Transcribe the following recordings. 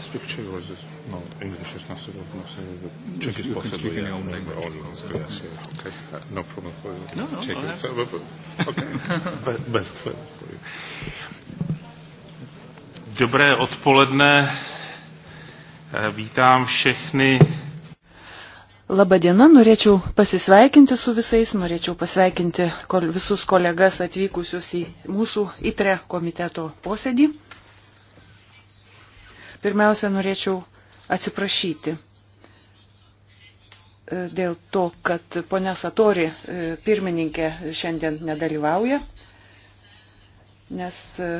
aspect check was this? No, English is not suitable. No, so the Czech is possible. Yeah, own language. All language. Yes, yeah. Okay, uh, no problem for you. No, no, Czech is, uh, okay. Best for you. Dobré odpoledne. Eh, vítám všechny. Labadiena, norėčiau pasisveikinti su visais, norėčiau pasveikinti visus kolegas atvykusius į mūsų ITRE komiteto posėdį. Pirmiausia, norėčiau atsiprašyti e, dėl to, kad ponia Satori e, pirmininkė šiandien nedalyvauja, nes e,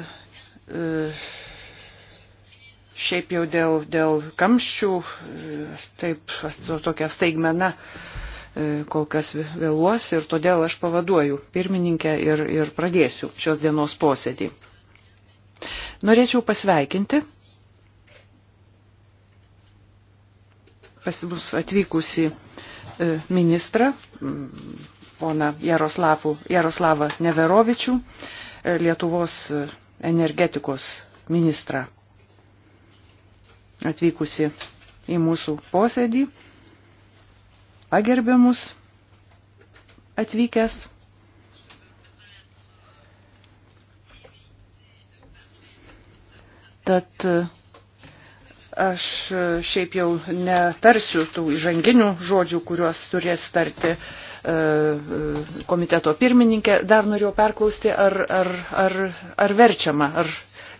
šiaip jau dėl, dėl kamščių, taip, tokia staigmena kol kas vėluos ir todėl aš pavaduoju pirmininkę ir, ir pradėsiu šios dienos posėdį. Norėčiau pasveikinti pas mus atvykusi e, ministrą, poną Jaroslavą Neverovičių, e, Lietuvos e, energetikos ministrą atvykusi į mūsų posėdį, pagerbiamus atvykęs. Tad Aš šiaip jau netarsiu tų įžanginių žodžių, kuriuos turės tarti e, e, komiteto pirmininkė. Dar norėjau perklausti, ar, ar, ar, ar verčiama, ar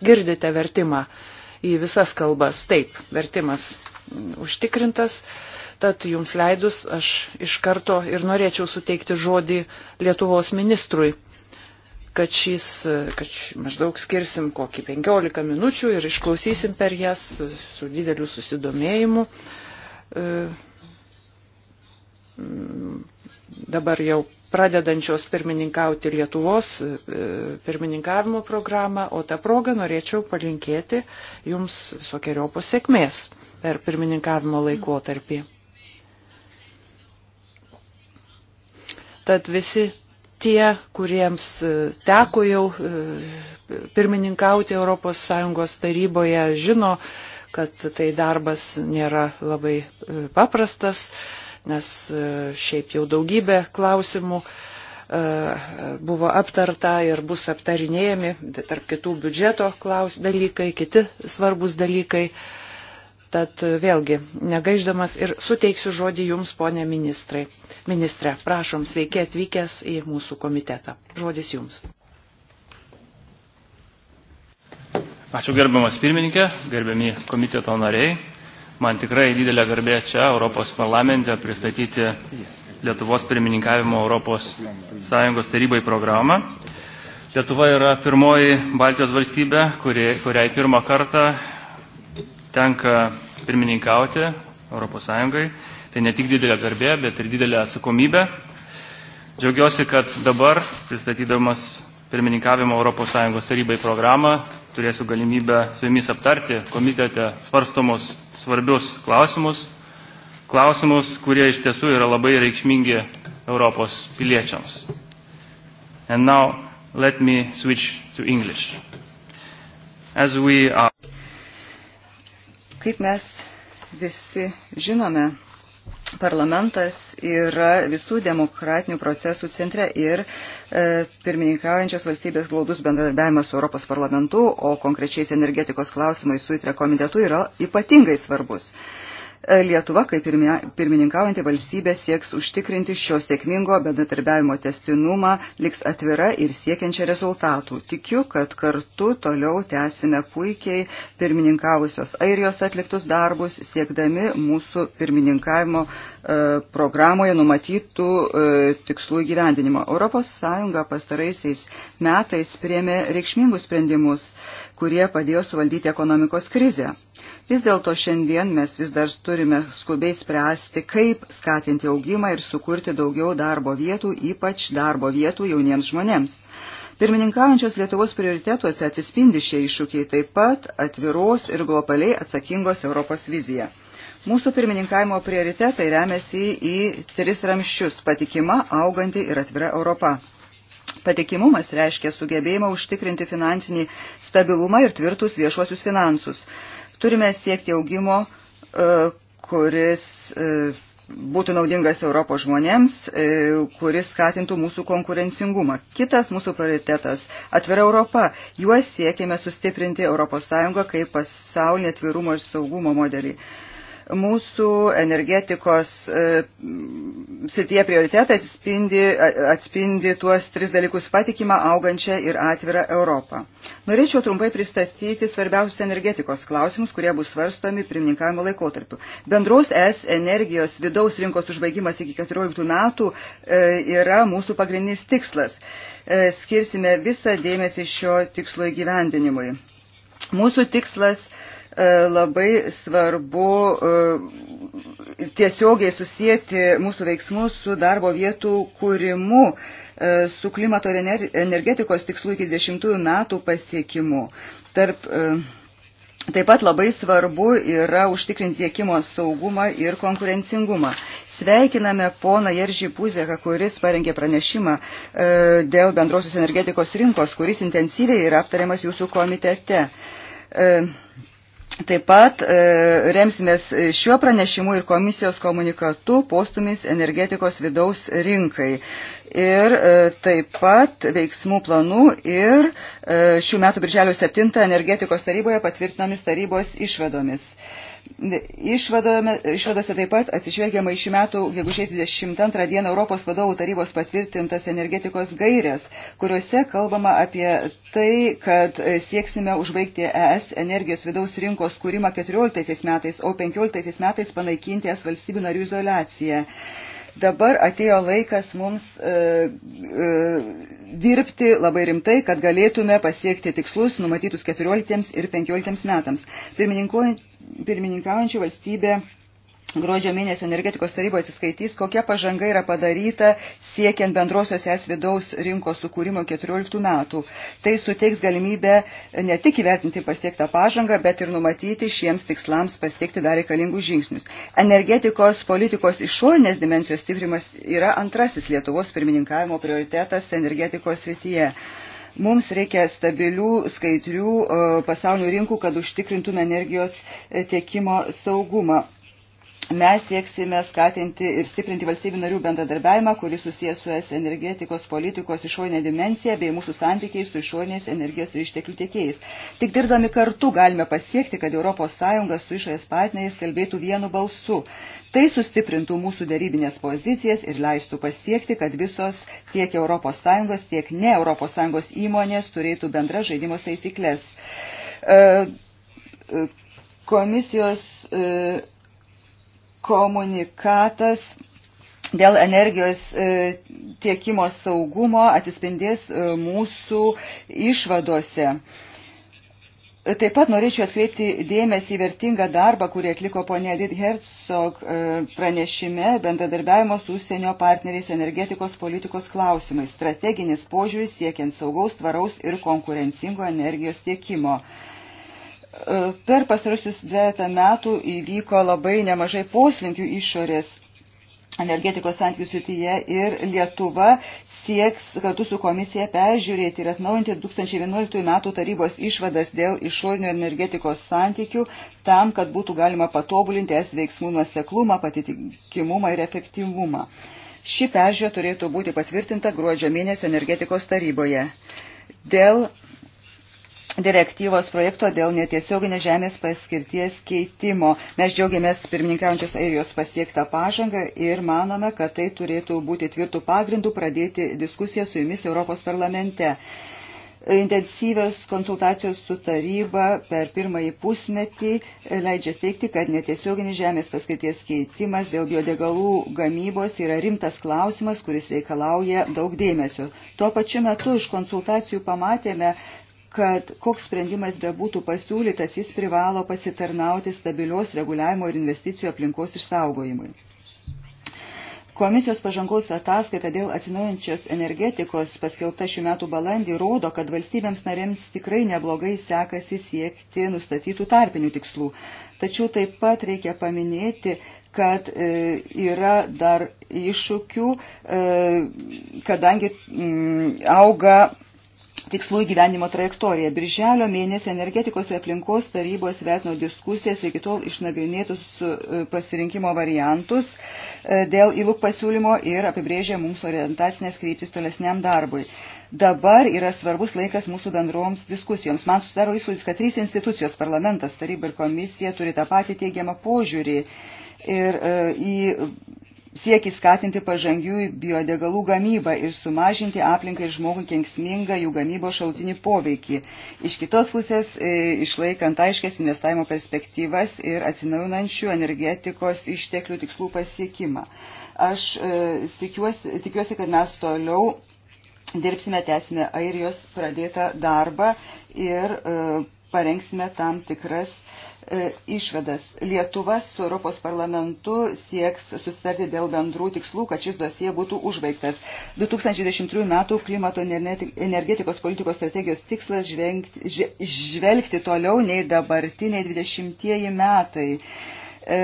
girdite vertimą į visas kalbas. Taip, vertimas užtikrintas. Tad jums leidus aš iš karto ir norėčiau suteikti žodį Lietuvos ministrui kad, šis, kad maždaug skirsim kokį 15 minučių ir išklausysim per jas su dideliu susidomėjimu. E, dabar jau pradedančios pirmininkauti Lietuvos e, pirmininkavimo programą, o tą progą norėčiau palinkėti jums visokiojopos sėkmės per pirmininkavimo laikotarpį. Tad visi tie, kuriems e, teko jau e, pirmininkauti ES taryboje, žino, kad tai darbas nėra labai e, paprastas, nes šiaip jau daugybė klausimų buvo aptarta ir bus aptarinėjami, tarp kitų biudžeto klaus, dalykai, kiti svarbus dalykai. Tad e, vėlgi, negaiždamas ir suteiksiu žodį Jums, ponė ministrai. Ministre, prašom, sveiki atvykęs į mūsų komitetą. Žodis Jums. Ačiū gerbiamas pirmininkė, gerbiami komiteto nariai. Man tikrai didelė garbė čia Europos parlamente pristatyti Lietuvos pirmininkavimo Europos Sąjungos tarybai programą. Lietuva yra pirmoji Baltijos valstybė, kuriai pirmą kartą tenka pirmininkauti ES. Tai ne tik didelė garbė, bet ir didelė atsakomybė. Džiaugiuosi, kad dabar, pristatydamas pirmininkavimo ES tarybai programą, turėsiu galimybę su jumis aptarti komitete svarstomus svarbius klausimus, klausimus, kurie iš tiesų yra labai reikšmingi Europos piliečiams. And now let me switch to English. As we are Kaip mes visi žinome, parlamentas yra visų demokratinių procesų centre ir e, pirmininkaujančios valstybės glaudus bendradarbiavimas su Europos parlamentu, o konkrečiais energetikos klausimais su įtre komitetu yra ypatingai svarbus. E, Lietuva, kaip pirmininkaujantį valstybę, sieks užtikrinti šio sėkmingo bendradarbiavimo testinumą, liks atvira ir siekiančia rezultatų. Tikiu, kad kartu toliau tęsime puikiai pirmininkavusios Airijos atliktus darbus, siekdami mūsų pirmininkavimo e, programoje numatytų e, tikslų įgyvendinimo. ES pastaraisiais metais priemė reikšmingus sprendimus, kurie padėjo suvaldyti ekonomikos krizę. Vis dėlto šiandien mes vis dar turime skubiai spręsti, kaip skatinti augimą ir sukurti daugiau darbo vietų, ypač darbo vietų jauniems žmonėms. Pirmininkaujančios Lietuvos prioritetuose atsispindi šie iššūkiai taip pat atviros ir globaliai atsakingos Europos vizija. Mūsų pirmininkavimo prioritetai remiasi į tris ramščius - patikima, auganti ir atvira Europa. Patikimumas reiškia sugebėjimą užtikrinti finansinį stabilumą ir tvirtus viešuosius finansus. Turime siekti augimo, e, kuris e, būtų naudingas Europos žmonėms, e, kuris skatintų mūsų konkurencingumą. Kitas mūsų prioritetas - atvira Europa. Juos siekime sustiprinti ES kaip pasaulinė atvirumo ir saugumo modelį. Mūsų energetikos e, srityje prioritetai atspindi, atspindi tuos tris dalykus patikimą, augančią ir atvirą Europą. Norėčiau trumpai pristatyti svarbiausius energetikos klausimus, kurie bus svarstomi pirmininkavimo laikotarpiu. Bendros es energijos vidaus rinkos užbaigimas iki 2014 metų e, yra mūsų pagrindinis tikslas. E, skirsime visą dėmesį šio tikslo įgyvendinimui. Mūsų tikslas E, labai svarbu e, tiesiogiai susijęti mūsų veiksmus su darbo vietų kūrimu, e, su klimato ir energetikos tikslų iki 10 metų pasiekimu. Tarp Taip pat labai svarbu yra užtikrinti tiekimo saugumą ir konkurencingumą. Sveikiname poną Jeržį Puzeką, kuris parengė pranešimą e, dėl bendrosios energetikos rinkos, kuris intensyviai yra aptariamas jūsų komitete. E, Taip pat e, remsimės šiuo pranešimu ir komisijos komunikatu postumis energetikos vidaus rinkai. Ir e, taip pat veiksmų planų ir e, šių metų birželio 7 energetikos taryboje patvirtinomis tarybos išvedomis. E, Išvadose taip pat atsižvelgiama iš metų, gegužės 22 dieną Europos vadovų tarybos patvirtintas energetikos gairės, kuriuose kalbama apie tai, kad e, sieksime užbaigti ES energijos vidaus rinkos kūrimą 14 metais, o 15 metais panaikinti es valstybių narių izolaciją. Dabar atėjo laikas mums e, e, dirbti labai rimtai, kad galėtume pasiekti tikslus numatytus 14 ir 15 metams. Pirmininkuojant pirmininkaujančių valstybė gruodžio mėnesio energetikos taryboje atsiskaitys, kokia pažanga yra padaryta siekiant bendrosios es vidaus rinkos sukūrimo 14 metų. Tai suteiks galimybę ne tik įvertinti pasiektą pažangą, bet ir numatyti šiems tikslams pasiekti dar reikalingus žingsnius. Energetikos politikos išorinės dimensijos stiprimas yra antrasis Lietuvos pirmininkavimo prioritetas energetikos srityje. Mums reikia stabilių, skaidrių e, pasaulio rinkų, kad užtikrintume energijos e, tiekimo saugumą. Mes sieksime skatinti ir stiprinti valstybių narių bendradarbiavimą, kuris susijęs su es energetikos politikos išorinė dimencija bei mūsų santykiai su išoriniais energijos ir išteklių tiekėjais. Tik dirbdami kartu galime pasiekti, kad ES su išorės partneriais kalbėtų vienu balsu. Tai sustiprintų mūsų darybinės pozicijas ir leistų pasiekti, kad visos tiek ES, tiek ne ES įmonės turėtų bendras žaidimos taisyklės. E, e, komisijos e, komunikatas dėl energijos e, tiekimo saugumo atsispindės e, mūsų išvadose. Taip pat norėčiau atkreipti dėmesį į vertingą darbą, kurį atliko ponė Edith Herzog e, pranešime bendradarbiavimo su užsienio partneriais energetikos politikos klausimais, strateginis požiūris siekiant saugaus, tvaraus ir konkurencingo energijos tiekimo. Per pasarusius dviejatą metų įvyko labai nemažai poslinkių išorės energetikos santykių srityje ir Lietuva sieks kartu su komisija peržiūrėti ir atnaujinti 2011 metų tarybos išvadas dėl išorinio energetikos santykių tam, kad būtų galima patobulinti es veiksmų nuoseklumą, patitikimumą ir efektyvumą. Ši peržiūra turėtų būti patvirtinta gruodžio mėnesio energetikos taryboje. Dėl direktyvos projekto dėl netiesioginės žemės paskirties keitimo. Mes džiaugiamės pirmininkaujančios airijos pasiektą pažangą ir manome, kad tai turėtų būti tvirtų pagrindų pradėti diskusiją su jumis Europos parlamente. Intensyvios konsultacijos su taryba per pirmąjį pusmetį leidžia teikti, kad netiesioginis žemės paskirties keitimas dėl biodegalų gamybos yra rimtas klausimas, kuris reikalauja daug dėmesio. Tuo pačiu metu iš konsultacijų pamatėme, kad koks sprendimas bebūtų pasiūlytas, jis privalo pasitarnauti stabilios reguliavimo ir investicijų aplinkos išsaugojimui. Komisijos pažangos ataskaita dėl atsinaujančios energetikos paskelta šių metų balandį rodo, kad valstybėms narėms tikrai neblogai sekasi siekti nustatytų tarpinių tikslų. Tačiau taip pat reikia paminėti, kad e, yra dar iššūkių, e, kadangi m, mm, auga tikslų įgyvenimo trajektoriją. Birželio mėnesį energetikos ir aplinkos tarybos vertino diskusijas iki tol išnagrinėtus e, pasirinkimo variantus e, dėl įlūk pasiūlymo ir apibrėžė mums orientacinės kryptis tolesniam darbui. Dabar yra svarbus laikas mūsų bendroms diskusijoms. Man susidaro įspūdis, kad trys institucijos - parlamentas, taryba ir komisija - turi tą patį teigiamą požiūrį ir, e, į siekį skatinti pažangių biodegalų gamybą ir sumažinti aplinkai žmogui kenksmingą jų gamybos šaltinį poveikį. Iš kitos pusės e, išlaikant aiškės investavimo perspektyvas ir atsinaujinančių energetikos išteklių tikslų pasiekimą. Aš e, sikiuosi, tikiuosi, kad mes toliau dirbsime, tęsime airijos pradėtą darbą ir e, parengsime tam tikras E, išvadas. Lietuva su Europos parlamentu sieks susitarti dėl bendrų tikslų, kad šis dosie būtų užbaigtas. 2023 m. klimato energetikos politikos strategijos tikslas žvengti, žvelgti toliau nei dabartiniai 20 metai. E,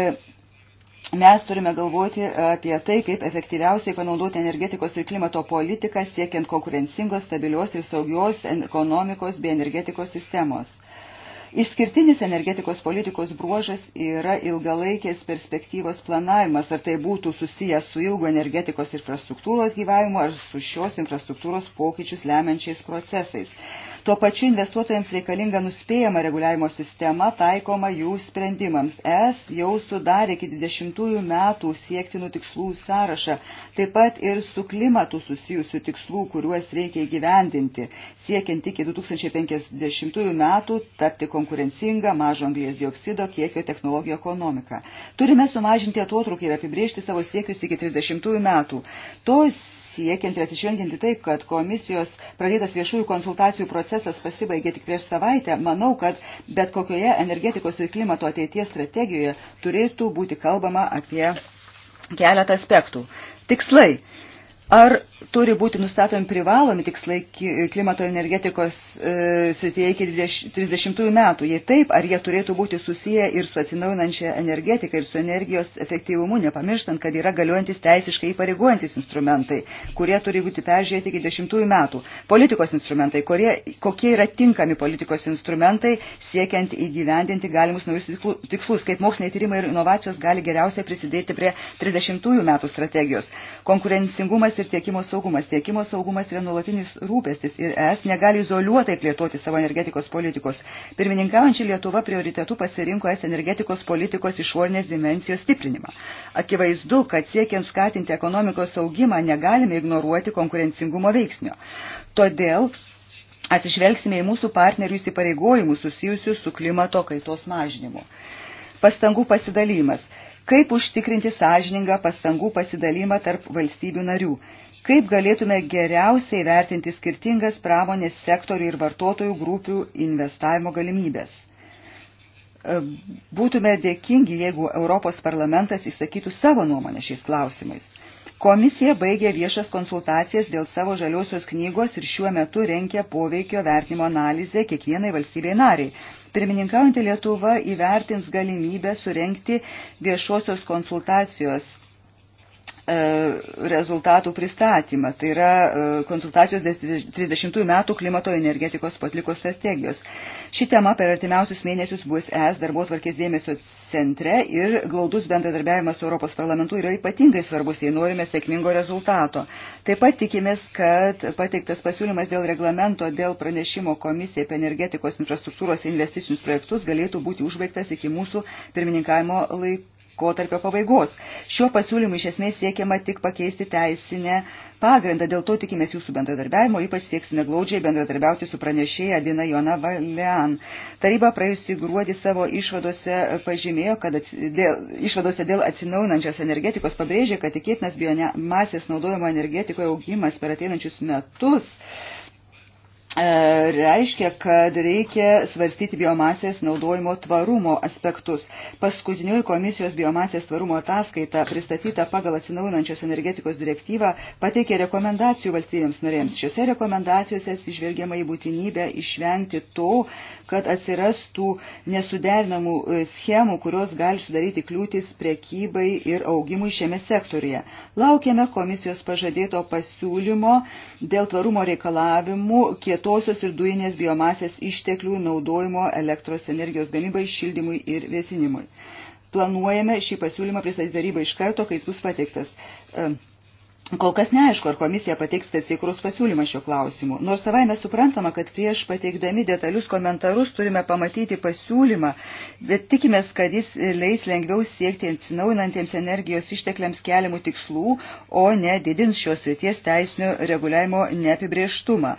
mes turime galvoti apie tai, kaip efektyviausiai panaudoti energetikos ir klimato politiką siekiant konkurencingos, stabilios ir saugios ekonomikos bei energetikos sistemos. Išskirtinis energetikos politikos bruožas yra ilgalaikės perspektyvos planavimas, ar tai būtų susijęs su ilgo energetikos infrastruktūros gyvavimu ar su šios infrastruktūros pokyčius lemiančiais procesais. Tuo pačiu investuotojams reikalinga nuspėjama reguliavimo sistema taikoma jų sprendimams. Es jau sudarė iki 20 metų siektinų tikslų sąrašą, taip pat ir su klimatu susijusių tikslų, kuriuos reikia įgyvendinti, siekiant iki 2050 metų tapti konkurencingą mažo anglės dioksido kiekio technologijų ekonomiką. Turime sumažinti atotrukį ir apibriežti savo siekius iki 30 metų. Tos siekiant ir atsižvelgiant į tai, kad komisijos pradėtas viešųjų konsultacijų procesas pasibaigė tik prieš savaitę, manau, kad bet kokioje energetikos ir klimato ateities strategijoje turėtų būti kalbama apie keletą aspektų. Tikslai Ar turi būti nustatomi privalomi tikslai klimato energetikos e, srityje iki 30 metų? Jei taip, ar jie turėtų būti susiję ir su atsinaujinančia energetika, ir su energijos efektyvumu, nepamirštant, kad yra galiuojantis teisiškai įpareigojantis instrumentai, kurie turi būti peržiūrėti iki 10 metų. Politikos instrumentai, kurie, kokie yra tinkami politikos instrumentai, siekiant įgyvendinti galimus naujus tikslus, kaip moksliniai tyrimai ir inovacijos gali geriausiai prisidėti prie 30 metų strategijos. Konkurencingumas saugumas ir tiekimo saugumas. Tiekimo saugumas yra nuolatinis rūpestis ir ES negali izoliuotai plėtoti savo energetikos politikos. Pirmininkaujančiai Lietuva prioritetu pasirinko ES energetikos politikos išornės dimensijos stiprinimą. Akivaizdu, kad siekiant skatinti ekonomikos augimą negalime ignoruoti konkurencingumo veiksnio. Todėl atsižvelgsime į mūsų partnerių įsipareigojimus susijusius su klimato kaitos mažinimu. Pastangų pasidalymas – Kaip užtikrinti sąžiningą pastangų pasidalymą tarp valstybių narių? Kaip galėtume geriausiai vertinti skirtingas pramonės sektorių ir vartotojų grupių investavimo galimybės? E, būtume dėkingi, jeigu Europos parlamentas įsakytų savo nuomonę šiais klausimais. Komisija baigė viešas konsultacijas dėl savo žaliosios knygos ir šiuo metu renkia poveikio vertinimo analizę kiekvienai valstybei nariai. Pirmininkaujantį Lietuva įvertins galimybę surenkti viešosios konsultacijos E, rezultatų pristatymą. Tai yra e, konsultacijos 30 metų klimato energetikos patlikos strategijos. Ši tema per artimiausius mėnesius bus es darbo tvarkės dėmesio centre ir glaudus bendradarbiavimas su Europos parlamentu yra ypatingai svarbus, jei norime sėkmingo rezultato. Taip pat tikimės, kad pateiktas pasiūlymas dėl reglamento dėl pranešimo komisijai apie energetikos infrastruktūros investicinius projektus galėtų būti užbaigtas iki mūsų pirmininkavimo laikų laikotarpio pabaigos. Šiuo pasiūlymu iš esmės siekiama tik pakeisti teisinę pagrindą, dėl to tikimės jūsų bendradarbiavimo, ypač sieksime glaudžiai bendradarbiauti su pranešėja Dina Jona Valian. Taryba praėjusį gruodį savo išvadose pažymėjo, kad ats, dėl, išvadose dėl atsinaunančios energetikos pabrėžė, kad tikėtinas biomasės naudojimo energetikoje augimas per ateinančius metus E, reiškia, kad reikia svarstyti biomasės naudojimo tvarumo aspektus. Paskutinioji komisijos biomasės tvarumo ataskaita, pristatyta pagal atsinaujinančios energetikos direktyvą, pateikė rekomendacijų valstybėms narėms. Šiuose rekomendacijose atsižvelgiama į būtinybę išvengti to, kad atsirastų nesuderinamų e, schemų, kurios gali sudaryti kliūtis prekybai ir augimui šiame sektoriuje. Laukiame komisijos pažadėto pasiūlymo dėl tvarumo reikalavimų kietų kietosios ir dujinės biomasės išteklių naudojimo elektros energijos gamybai, šildymui ir vėsinimui. Planuojame šį pasiūlymą pristatyti darybą iš karto, kai jis bus pateiktas. E, Kol kas neaišku, ar komisija pateiks teisėkrus pasiūlymą šiuo klausimu. Nors savai mes suprantama, kad prieš pateikdami detalius komentarus turime pamatyti pasiūlymą, bet tikimės, kad jis leis lengviau siekti atsinaujinantiems energijos ištekliams keliamų tikslų, o ne didins šios ryties teisinio reguliavimo neapibrieštumą.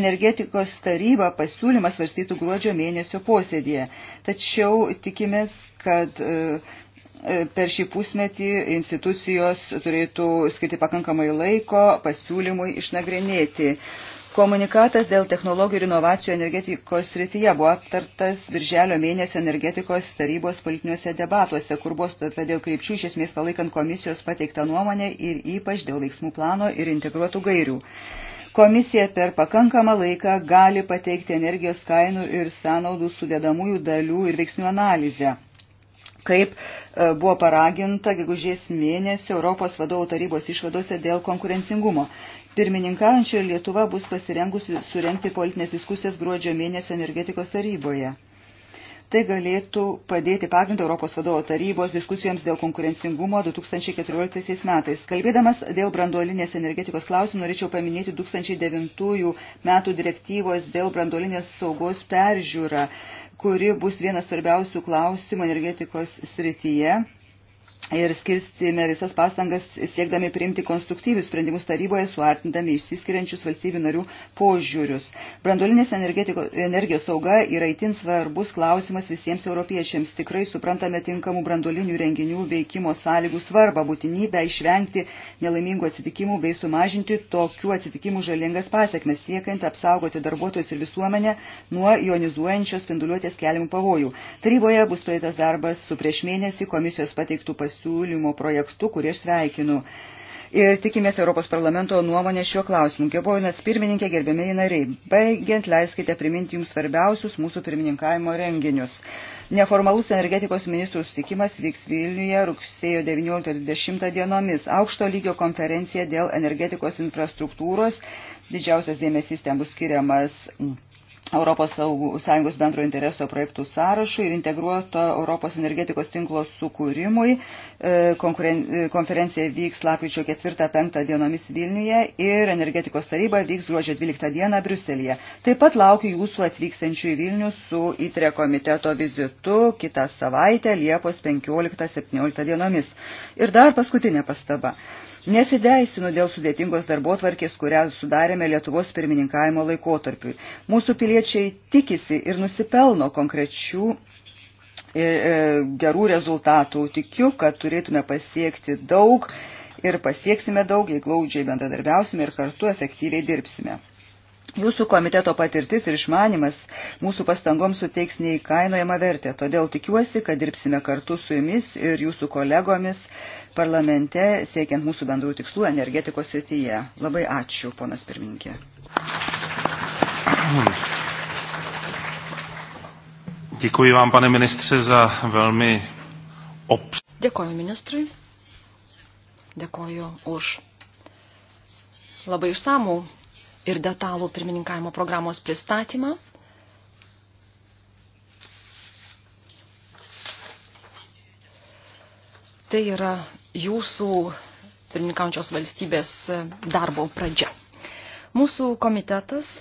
Energetikos taryba pasiūlymas varstytų gruodžio mėnesio posėdėje. Tačiau tikimės, kad. E, E, per šį pusmetį institucijos turėtų skirti pakankamai laiko pasiūlymui išnagrinėti. Komunikatas dėl technologijų ir inovacijų energetikos srityje buvo aptartas Birželio mėnesio energetikos tarybos politiniuose debatuose, kur buvo sutarta dėl krypčių, iš esmės palaikant komisijos pateiktą nuomonę ir ypač dėl veiksmų plano ir integruotų gairių. Komisija per pakankamą laiką gali pateikti energijos kainų ir sąnaudų sudėdamųjų dalių ir veiksnių analizę kaip e, buvo paraginta gegužės mėnesio Europos vadovų tarybos išvadose dėl konkurencingumo. Pirmininkaujančioje Lietuva bus pasirengusi surenkti politinės diskusijas gruodžio mėnesio energetikos taryboje. Tai galėtų padėti pagrindą Europos vadovo tarybos diskusijoms dėl konkurencingumo 2014 metais. Kalbėdamas dėl branduolinės energetikos klausimų, norėčiau paminėti 2009 metų direktyvos dėl branduolinės saugos peržiūrą kuri bus vienas svarbiausių klausimų energetikos srityje ir skirsime visas pastangas siekdami priimti konstruktyvius sprendimus taryboje, suartindami išsiskiriančius valstybių narių požiūrius. Brandolinės energijos sauga yra itin svarbus klausimas visiems europiečiams. Tikrai suprantame tinkamų brandolinių renginių veikimo sąlygų svarbą, būtinybę išvengti nelaimingų atsitikimų bei sumažinti tokių atsitikimų žalingas pasiekmes, siekiant apsaugoti darbuotojus ir visuomenę nuo jonizuojančios spinduliuotės keliamų pavojų. Taryboje bus praeitas darbas su prieš mėnesį komisijos pateiktų pasiūlymų pasiūlymų projektų, kurie aš sveikinu. Ir tikimės Europos parlamento nuomonę šiuo klausimu. Gebojinas pirmininkė, gerbėmiai nariai. Baigiant, leiskite priminti jums svarbiausius mūsų pirmininkavimo renginius. Neformalus energetikos ministrų susitikimas vyks Vilniuje rugsėjo 19-20 dienomis. Aukšto lygio konferencija dėl energetikos infrastruktūros. Didžiausias dėmesys ten bus skiriamas ES bendro intereso projektų sąrašui ir integruoto Europos energetikos tinklo sukūrimui. E, e, konferencija vyks lapkričio 4-5 dienomis Vilniuje ir energetikos taryba vyks gruodžio 12 dieną Briuselėje. Taip pat laukiu jūsų atvykstančių į Vilnių su ITRE komiteto vizitu kitą savaitę Liepos 15-17 dienomis. Ir dar paskutinė pastaba nesideisinu dėl sudėtingos darbo tvarkės, kurią sudarėme Lietuvos pirmininkavimo laikotarpiui. Mūsų piliečiai tikisi ir nusipelno konkrečių ir e, e, gerų rezultatų. Tikiu, kad turėtume pasiekti daug ir pasieksime daug, jei glaudžiai bendradarbiausime ir kartu efektyviai dirbsime. Jūsų komiteto patirtis ir išmanimas mūsų pastangoms suteiks neįkainojama vertė, todėl tikiuosi, kad dirbsime kartu su jumis ir jūsų kolegomis parlamente, siekiant mūsų bendrų tikslų energetikos srityje. Labai ačiū, ponas pirmininkė. Dėkuoju vam, pane ministrė, za velmi op... Dėkuoju ministrui. Dėkuoju už labai išsamų ir detalų pirmininkavimo programos pristatymą. Tai yra jūsų pirmininkaujančios valstybės darbo pradžia. Mūsų komitetas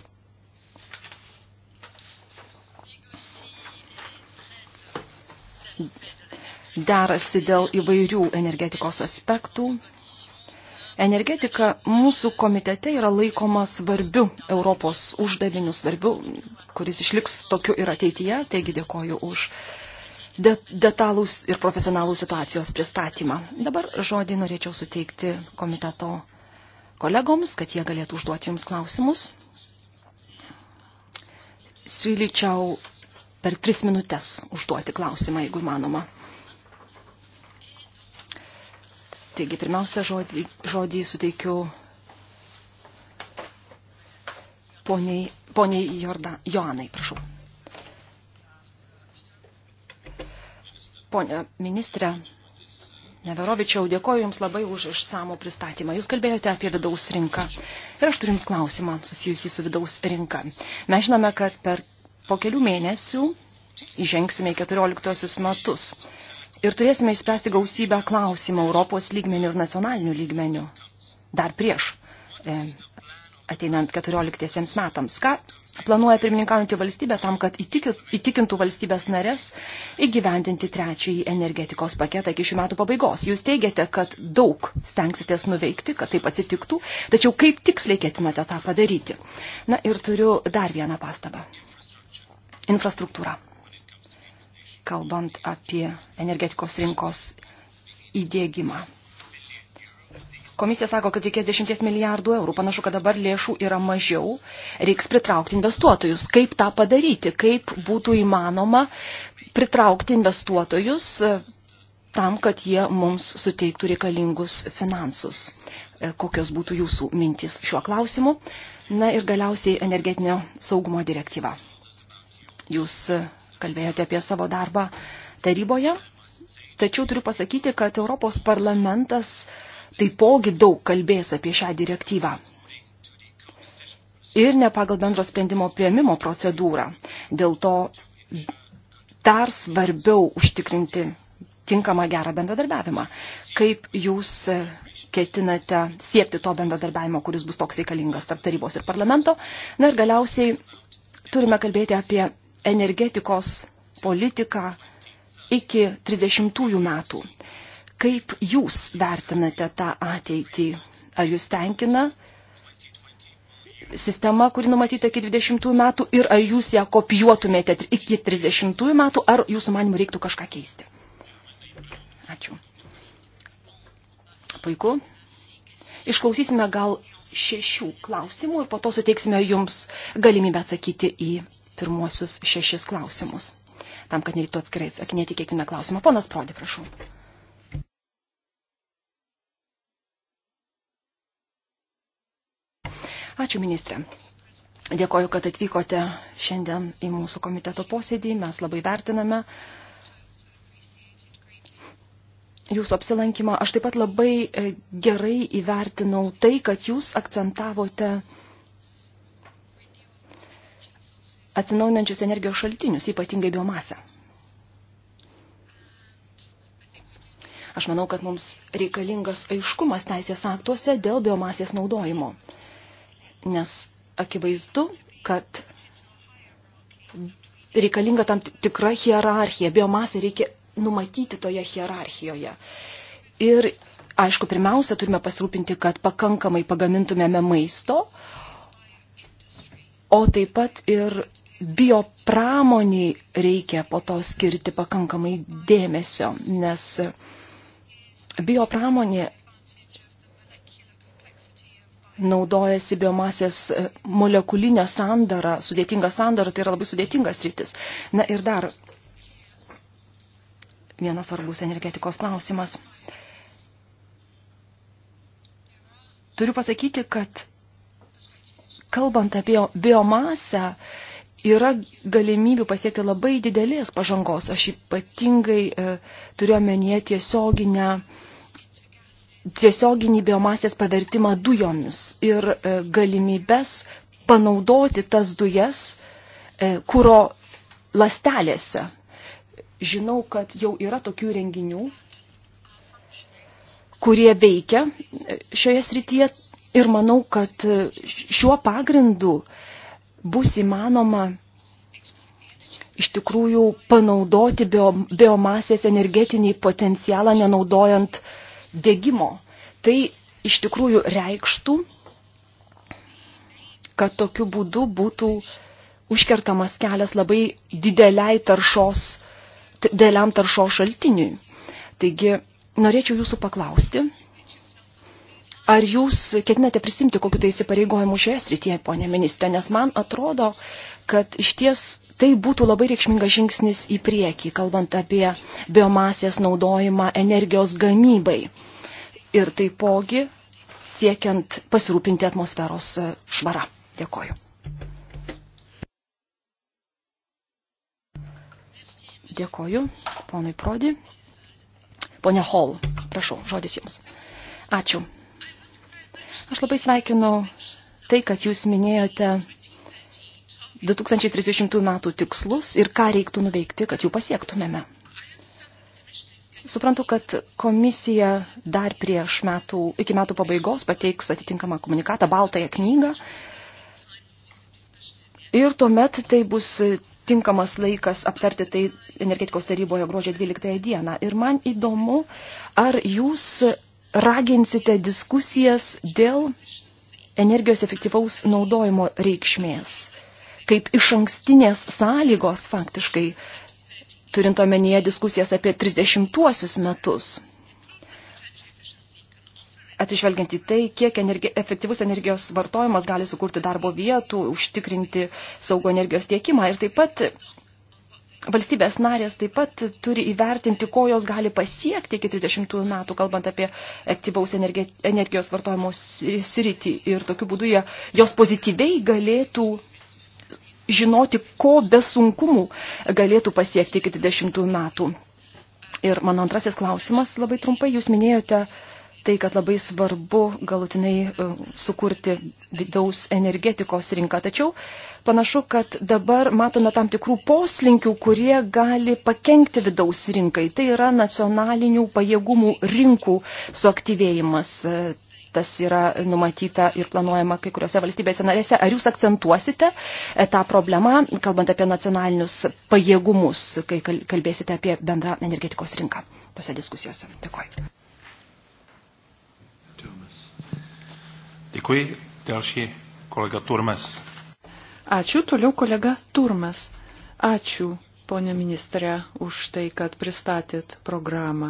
derasi dėl įvairių energetikos aspektų Energetika mūsų komitete yra laikoma svarbiu Europos uždaviniu, svarbiu, kuris išliks tokiu ir ateityje, taigi dėkoju už detalus ir profesionalų situacijos pristatymą. Dabar žodį norėčiau suteikti komiteto kolegoms, kad jie galėtų užduoti jums klausimus. Siūlyčiau per tris minutės užduoti klausimą, jeigu įmanoma. Taigi, pirmiausia, žodį, žodį suteikiu poniai, poniai Jorda, Joanai, prašau. Pone ministrė, Neverovičiau, dėkoju Jums labai už išsamų pristatymą. Jūs kalbėjote apie vidaus rinką. Ir aš turiu Jums klausimą susijusį su vidaus rinka. Mes žinome, kad per po kelių mėnesių įžengsime į 14 metus. Ir turėsime išspręsti gausybę klausimų Europos lygmenių ir nacionalinių lygmenių. Dar prieš e, ateinant 14 metams. Ką planuoja pirmininkaujantį valstybę tam, kad įtikintų valstybės narės įgyvendinti trečiąjį energetikos paketą iki šių metų pabaigos. Jūs teigiate, kad daug stengsitės nuveikti, kad taip atsitiktų, tačiau kaip tiksliai ketinate tą padaryti? Na ir turiu dar vieną pastabą. Infrastruktūra kalbant apie energetikos rinkos įdėgymą. Komisija sako, kad reikės 10 milijardų eurų. Panašu, kad dabar lėšų yra mažiau. Reiks pritraukti investuotojus. Kaip tą padaryti? Kaip būtų įmanoma pritraukti investuotojus e, tam, kad jie mums suteiktų reikalingus finansus? E, kokios būtų jūsų mintys šiuo klausimu? Na ir galiausiai energetinio saugumo direktyva. Jūs e, kalbėjote apie savo darbą taryboje. Tačiau turiu pasakyti, kad Europos parlamentas taipogi daug kalbės apie šią direktyvą. Ir ne pagal bendro sprendimo prieimimo procedūrą. Dėl to dar svarbiau užtikrinti tinkamą gerą bendradarbiavimą. Kaip jūs ketinate siekti to bendradarbiavimo, kuris bus toks reikalingas tarp tarybos ir parlamento. Na ir galiausiai turime kalbėti apie energetikos politiką iki 30 metų. Kaip jūs vertinate tą ateitį? Ar jūs tenkina sistema, kuri numatyta iki 20 metų ir ar jūs ją kopijuotumėte iki 30 metų, ar jūsų manimų reiktų kažką keisti? Ačiū. Puiku. Išklausysime gal šešių klausimų ir po to suteiksime jums galimybę atsakyti į pirmuosius šešis klausimus. Tam, kad nereiktų atskirai atsakinėti kiekvieną klausimą. Ponas Prodi, prašau. Ačiū, ministrė. Dėkoju, kad atvykote šiandien į mūsų komiteto posėdį. Mes labai vertiname jūsų apsilankymą. Aš taip pat labai e, gerai įvertinau tai, kad jūs akcentavote atsinaujinančius energijos šaltinius, ypatingai biomasę. Aš manau, kad mums reikalingas aiškumas teisės aktuose dėl biomasės naudojimo, nes akivaizdu, kad reikalinga tam tikra hierarchija, biomasę reikia numatyti toje hierarchijoje. Ir aišku, pirmiausia, turime pasirūpinti, kad pakankamai pagamintumėme maisto, o taip pat ir biopramoniai reikia po to skirti pakankamai dėmesio, nes biopramonė naudojasi biomasės molekulinę sandarą, sudėtingą sandarą, tai yra labai sudėtingas rytis. Na ir dar vienas svarbus energetikos klausimas. Turiu pasakyti, kad kalbant apie biomasę, bio yra galimybių pasiekti labai didelės pažangos. Aš ypatingai e, turiuomenyje tiesioginę tiesioginį biomasės pavertimą dujomis ir e, galimybės panaudoti tas dujas e, kūro lastelėse. Žinau, kad jau yra tokių renginių, kurie veikia e, šioje srityje ir manau, kad e, šiuo pagrindu e, bus įmanoma iš tikrųjų panaudoti bio, biomasės energetinį potencialą nenaudojant degimo. Tai iš tikrųjų reikštų, kad tokiu būdu būtų užkertamas kelias labai dideliai taršos, dideliam taršos šaltiniui. Taigi norėčiau jūsų paklausti, Ar jūs ketinate prisimti kokiu tai įsipareigojimu šioje srityje, ponė ministrė? Nes man atrodo, kad iš ties tai būtų labai reikšmingas žingsnis į priekį, kalbant apie biomasės naudojimą energijos gamybai. Ir taipogi siekiant pasirūpinti atmosferos e, švara. Dėkoju. Dėkoju, ponui Prodi. Pone Hall, prašau, žodis jums. Ačiū, Aš labai sveikinu tai, kad jūs minėjote 2030 metų tikslus ir ką reiktų nuveikti, kad jų pasiektumėme. Suprantu, kad komisija dar prieš metų, iki metų pabaigos pateiks atitinkamą komunikatą, baltąją knygą. Ir tuomet tai bus tinkamas laikas aptarti tai energetikos taryboje gruodžio 12 dieną. Ir man įdomu, ar jūs raginsite diskusijas dėl energijos efektyvaus naudojimo reikšmės, kaip iš ankstinės sąlygos faktiškai, turint omenyje diskusijas apie 30-uosius metus. Atsižvelgiant į tai, kiek energi efektyvus energijos vartojimas gali sukurti darbo vietų, užtikrinti saugo energijos tiekimą ir taip pat valstybės narės taip pat turi įvertinti, ko jos gali pasiekti iki 30 metų, kalbant apie aktyvaus energijos vartojimo sritį. Ir tokiu būdu jie, jos pozityviai galėtų žinoti, ko be sunkumų galėtų pasiekti iki 20 metų. Ir mano antrasis klausimas labai trumpai, jūs minėjote uh, tai, kad labai svarbu galutinai e, sukurti vidaus energetikos rinką. Tačiau panašu, kad dabar matome tam tikrų poslinkių, kurie gali pakengti vidaus rinkai. Tai yra nacionalinių pajėgumų rinkų suaktyvėjimas e, tas yra numatyta ir planuojama kai kuriuose valstybėse narėse. Ar jūs akcentuosite e, tą problemą, kalbant apie nacionalinius pajėgumus, kai kalbėsite apie bendrą energetikos rinką tose diskusijose? Dėkuoju. Děkuji. Další kolega Turmes. Ačiū toliau kolega Turmes. Ačiū, ponė ministrė, už tai, kad pristatėt programą.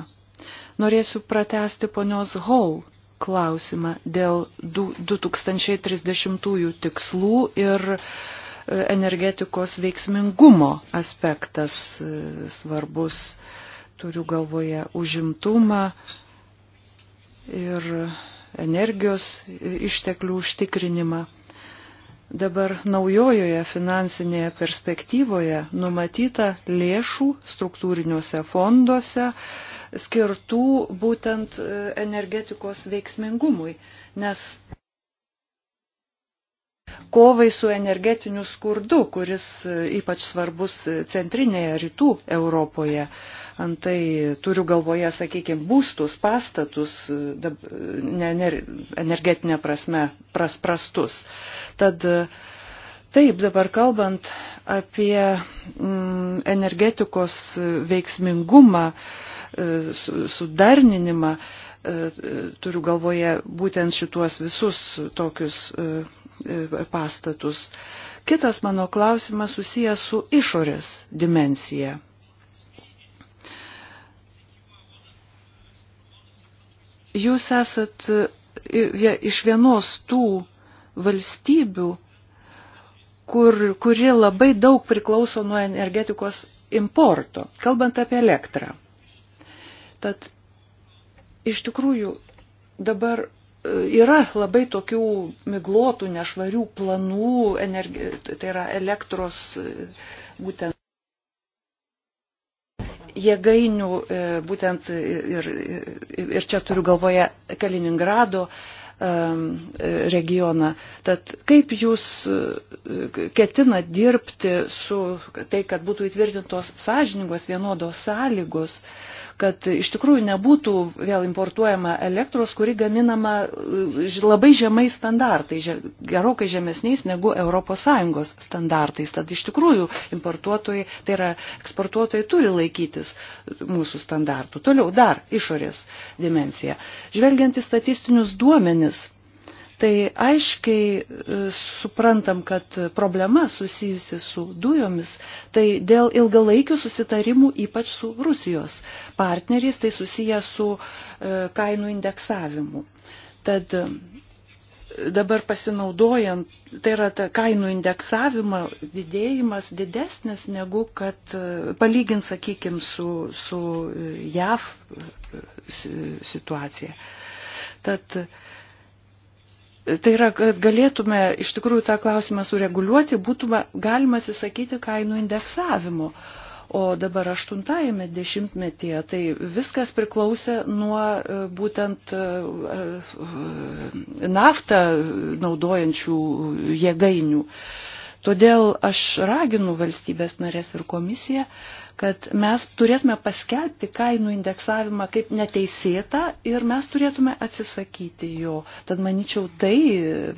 Norėsiu pratesti ponios Hall klausimą dėl 2030 tikslų ir e, energetikos veiksmingumo aspektas e, svarbus. Turiu galvoje užimtumą ir energijos išteklių užtikrinimą. Dabar naujojoje finansinėje perspektyvoje numatyta lėšų struktūriniuose fonduose skirtų būtent e, energetikos veiksmingumui, nes kovai su energetiniu skurdu, kuris ypač svarbus centrinėje rytų Europoje. Antai turiu galvoje, sakykime, būstus, pastatus, ne, ne, energetinė prasme pras, prastus. Tad taip, dabar kalbant apie mm, energetikos veiksmingumą, e, sudarninimą, e, turiu galvoje būtent šitos visus tokius e, E, pastatus. Kitas mano klausimas susijęs su išorės dimensija. Jūs esat e, iš vienos tų valstybių, kur, kuri labai daug priklauso nuo energetikos importo, kalbant apie elektrą. Tad iš tikrųjų dabar yra labai tokių miglotų, nešvarių planų, energi, tai yra elektros būtent jėgainių, e, būtent ir, ir čia turiu galvoje Kaliningrado e, regioną. Tad kaip jūs e, ketinat dirbti su tai, kad būtų įtvirtintos sąžiningos vienodos sąlygos, kad iš tikrųjų nebūtų vėl importuojama elektros, kuri gaminama e, labai žemai standartai, gerokai žemesniais negu ES standartais. Tad iš tikrųjų importuotojai, tai yra eksportuotojai turi laikytis mūsų standartų. Toliau dar išorės dimencija. Žvelgiant į statistinius duomenis, tai aiškiai e, suprantam, kad problema susijusi su dujomis, tai dėl ilgalaikių susitarimų, ypač su Rusijos partneriais, tai susiję su e, kainų indeksavimu. Tad e, dabar pasinaudojant, tai yra ta kainų indeksavimo didėjimas didesnis negu kad palygint, sakykime, su, su JAV situacija. Tad uh, Tai yra, kad galėtume iš tikrųjų tą klausimą sureguliuoti, būtume galima atsisakyti kainų indeksavimo. O dabar aštuntajame dešimtmetyje tai viskas priklausė nuo e, būtent e, e, naftą naudojančių jėgainių. Todėl aš raginu valstybės narės ir komisiją, kad mes turėtume paskelbti kainų indeksavimą kaip neteisėtą ir mes turėtume atsisakyti jo. Tad manyčiau, tai,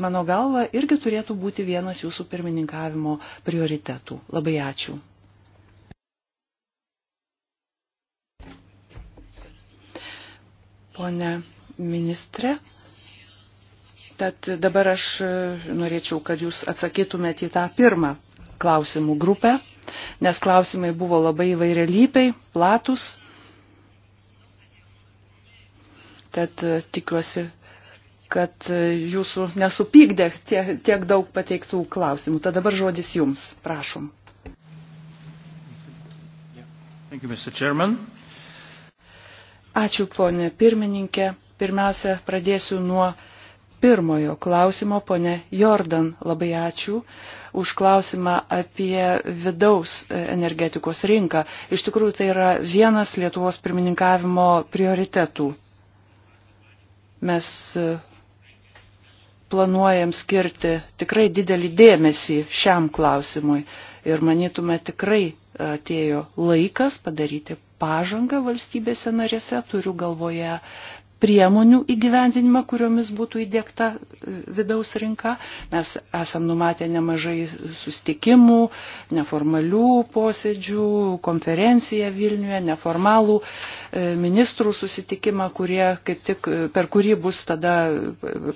mano galva, irgi turėtų būti vienas jūsų pirmininkavimo prioritetų. Labai ačiū. Pone ministre, Tad dabar aš e, norėčiau, kad jūs atsakytumėte į tą pirmą klausimų grupę, nes klausimai buvo labai įvairialypiai, platus. Tad e, tikiuosi, kad e, jūsų nesupykdė tiek, tiek daug pateiktų klausimų. Tad dabar žodis jums, prašom. Ačiū, ponė pirmininkė. Pirmiausia, pradėsiu nuo pirmojo klausimo, ponė Jordan, labai ačiū už klausimą apie vidaus e, energetikos rinką. Iš tikrųjų, tai yra vienas Lietuvos pirmininkavimo prioritetų. Mes e, planuojam skirti tikrai didelį dėmesį šiam klausimui ir manytume tikrai atėjo laikas padaryti pažangą valstybėse narėse, turiu galvoje priemonių įgyvendinimą, kuriomis būtų įdėkta e, vidaus rinka. Mes esam numatę nemažai sustikimų, neformalių posėdžių, konferenciją Vilniuje, neformalų e, ministrų susitikimą, kurie, kaip tik, e, per kurį bus tada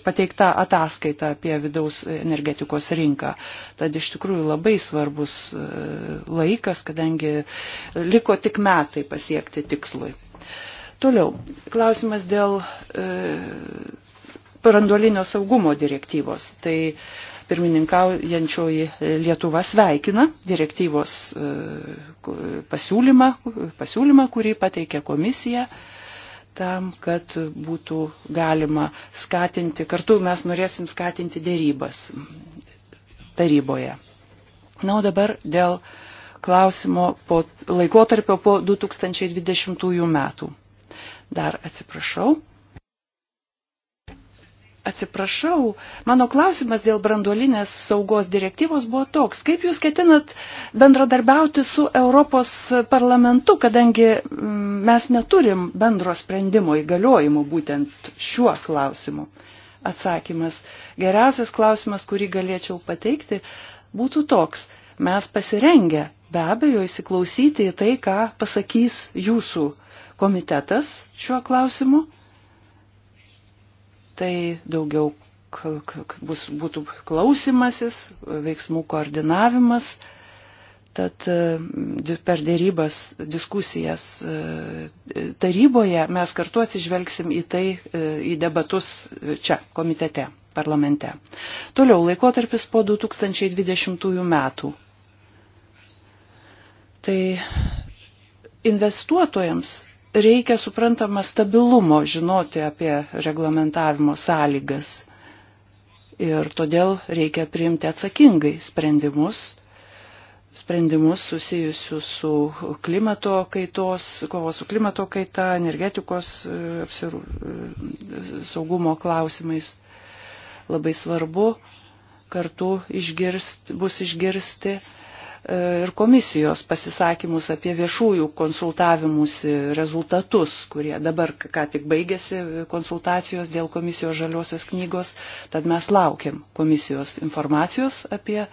pateikta ataskaita apie vidaus energetikos rinką. Tad iš tikrųjų labai svarbus laikas, kadangi liko tik metai pasiekti tikslui. Toliau, klausimas dėl e, paranduolinio saugumo direktyvos. Tai pirmininkaujančioji Lietuva sveikina direktyvos e, pasiūlymą, pasiūlymą kurį pateikė komisija tam, kad būtų galima skatinti, kartu mes norėsim skatinti dėrybas taryboje. Na, o dabar dėl klausimo po laikotarpio po 2020 metų. Dar atsiprašau. Atsiprašau, mano klausimas dėl branduolinės saugos direktyvos buvo toks, kaip jūs ketinat bendradarbiauti su Europos parlamentu, kadangi mm, mes neturim bendro sprendimo įgaliojimų būtent šiuo klausimu. Atsakymas. Geriausias klausimas, kurį galėčiau pateikti, būtų toks. Mes pasirengę be abejo įsiklausyti į tai, ką pasakys jūsų komitetas šiuo klausimu. Tai daugiau bus, būtų klausimasis, veiksmų koordinavimas. Tad e, per dėrybas, diskusijas e, taryboje mes kartu atsižvelgsim į tai, e, į debatus čia, komitete, parlamente. Toliau laikotarpis po 2020 metų. Tai investuotojams reikia suprantama stabilumo žinoti apie reglamentavimo sąlygas. Ir todėl reikia priimti atsakingai sprendimus, sprendimus susijusius su klimato kaitos, kovos su klimato kaita, energetikos e, apsirū, e, saugumo klausimais. Labai svarbu kartu išgirsti, bus išgirsti E, ir komisijos pasisakymus apie viešųjų konsultavimusi rezultatus, kurie dabar ką tik baigėsi konsultacijos dėl komisijos žaliosios knygos, tad mes laukiam komisijos informacijos apie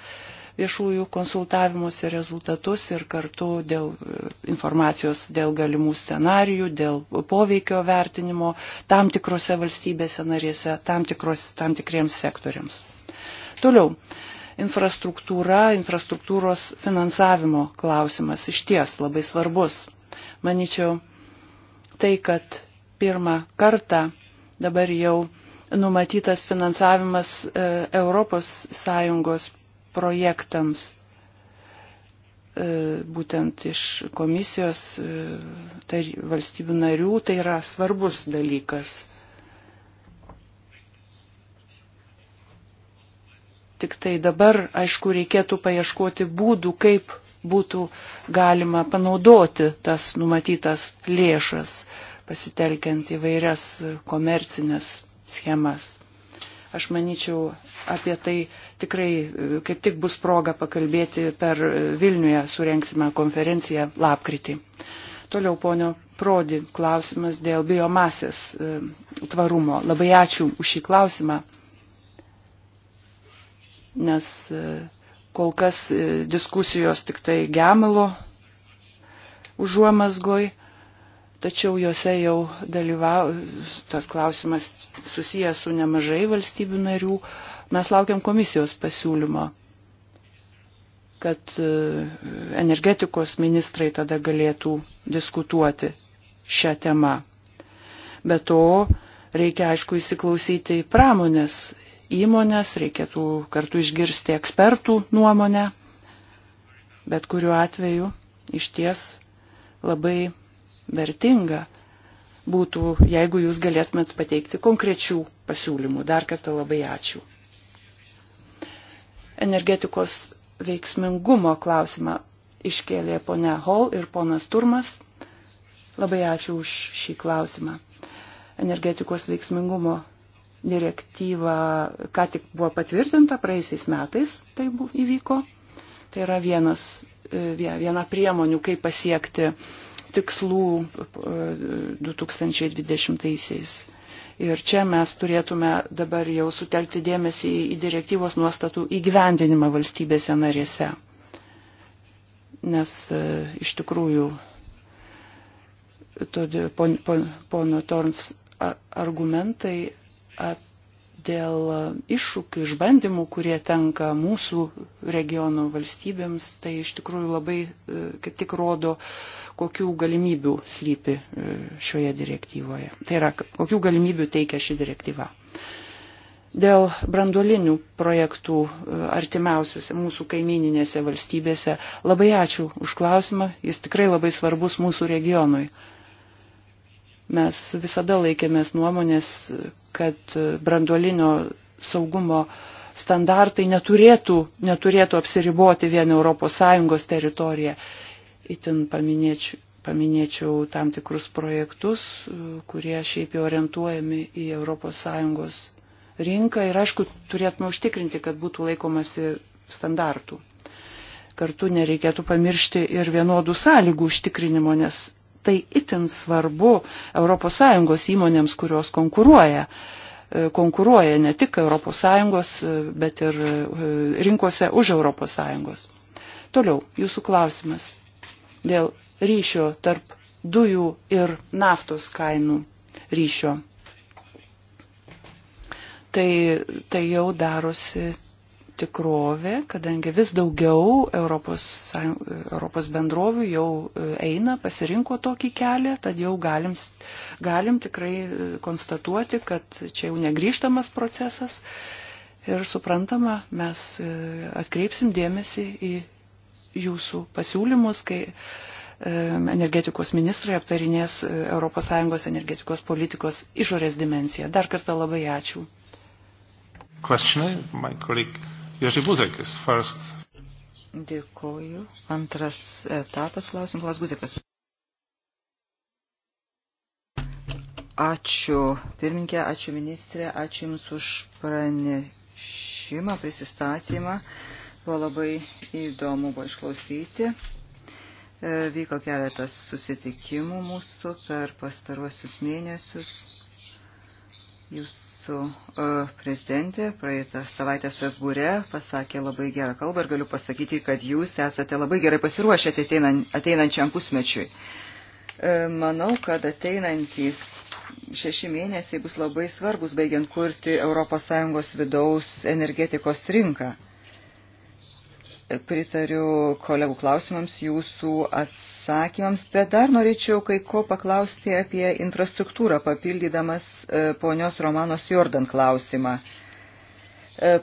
viešųjų konsultavimuose rezultatus ir kartu dėl e, informacijos dėl galimų scenarijų, dėl poveikio vertinimo tam tikrose valstybėse narėse, tam, tikros, tam tikriems sektoriams. Toliau, infrastruktūra, infrastruktūros finansavimo klausimas iš ties labai svarbus. Maničiau, tai, kad pirmą kartą dabar jau numatytas finansavimas ES projektams e, būtent iš komisijos tai valstybių narių, tai yra svarbus dalykas Tik tai dabar, aišku, reikėtų paieškoti būdų, kaip būtų galima panaudoti tas numatytas lėšas, pasitelkiant įvairias komercinės schemas. Aš manyčiau, apie tai tikrai kaip tik bus proga pakalbėti per Vilniuje, surenksime konferenciją lapkritį. Toliau ponio Prodi klausimas dėl biomasės e, tvarumo. Labai ačiū už šį klausimą nes e, kol kas e, diskusijos tik tai gemalo užuomasgoj, tačiau juose jau dalyvau, tas klausimas susijęs su nemažai valstybių narių, mes laukiam komisijos pasiūlymo kad e, energetikos ministrai tada galėtų diskutuoti šią temą. Be to, reikia aišku įsiklausyti į pramonės įmonės, reikėtų kartu išgirsti ekspertų nuomonę, bet kuriuo atveju iš ties labai vertinga būtų, jeigu jūs galėtumėt pateikti konkrečių pasiūlymų. Dar kartą labai ačiū. Energetikos veiksmingumo klausimą iškėlė ponia Hall ir ponas Turmas. Labai ačiū už šį klausimą. Energetikos veiksmingumo direktyva ką tik buvo patvirtinta, praeisiais metais tai įvyko. Tai yra vienas, e, viena priemonių, kaip pasiekti tikslų 2020-aisiais. E, Ir čia mes turėtume dabar jau sutelkti dėmesį į direktyvos nuostatų įgyvendinimą valstybėse narėse. Nes e, iš tikrųjų todė, pon, pon, pono Torns argumentai dėl iššūkių, išbandymų, kurie tenka mūsų regiono valstybėms, tai iš tikrųjų labai e, kaip tik rodo, kokių galimybių slypi e, šioje direktyvoje. Tai yra, kokių galimybių teikia ši direktyva. Dėl branduolinių projektų e, artimiausiuose mūsų kaimininėse valstybėse labai ačiū už klausimą, jis tikrai labai svarbus mūsų regionui. Mes visada laikėmės nuomonės, kad branduolinio saugumo standartai neturėtų, neturėtų apsiriboti vien ES teritoriją. Itin paminėčiau, paminėčiau tam tikrus projektus, kurie šiaip jau orientuojami į ES rinką ir aišku, turėtume užtikrinti, kad būtų laikomasi standartų. Kartu nereikėtų pamiršti ir vienodų sąlygų užtikrinimo, nes tai itin svarbu ES įmonėms, kurios konkuruoja e, konkuruoja ne tik ES, e, bet ir e, rinkose už ES. Toliau, jūsų klausimas dėl ryšio tarp dujų ir naftos kainų ryšio. Tai, tai jau darosi tikrovė, kadangi vis daugiau Europos, Europos bendrovių jau e, eina, pasirinko tokį kelią, tad jau galim, galim tikrai e, konstatuoti, kad čia jau negryžtamas procesas ir suprantama, mes e, atkreipsim dėmesį į jūsų pasiūlymus, kai energetikos ministrai aptarinės ES energetikos politikos išorės dimenciją. Dar kartą labai ačiū. Questioner, my colleague. Ježi Buzek is first. Dėkoju. Antras etapas klausim, Klas Buzekas. Ačiū pirminkė, ačiū ministrė, ačiū Jums už pranešimą, prisistatymą. Buvo labai įdomu buvo išklausyti. E, vyko keletas susitikimų mūsų per pastaruosius mėnesius. Jūs mūsų e, prezidentė praeitą savaitę Strasbūre pasakė labai gerą kalbą ir galiu pasakyti, kad jūs esate labai gerai pasiruošę ateinančiam pusmečiui. E, manau, kad ateinantys šeši mėnesiai bus labai svarbus, baigiant kurti ES vidaus energetikos rinką pritariu kolegų klausimams, jūsų atsakymams, bet dar norėčiau kai ko paklausti apie infrastruktūrą, papildydamas e, ponios Romanos Jordan klausimą e,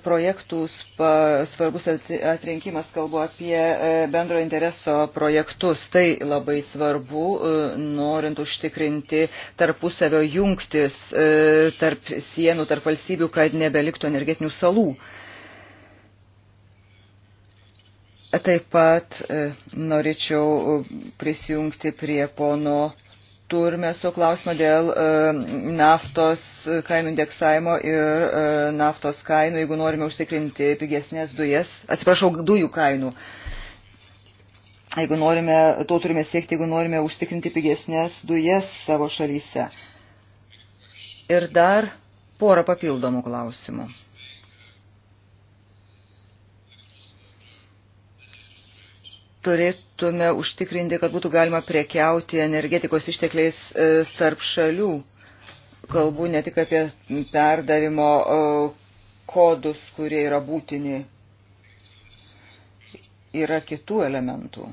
projektų svarbus atrinkimas, kalbu apie e, bendro intereso projektus. Tai labai svarbu, norint užtikrinti tarpusavio jungtis tarp sienų, tarp valstybių, kad nebeliktų energetinių salų. Taip pat e, norėčiau e, prisijungti prie pono Turmeso klausimo dėl e, naftos kainų indeksavimo ir naftos kainų, jeigu norime užsikrinti pigesnės dujas, atsiprašau, dujų kainų. Jeigu norime, to turime siekti, jeigu norime užtikrinti pigesnės dujas savo šalyse. Ir dar porą papildomų klausimų. turėtume užtikrinti, kad būtų galima prekiauti energetikos ištekliais e, tarp šalių. Kalbu ne tik apie perdavimo e, kodus, kurie yra būtini. Yra kitų elementų.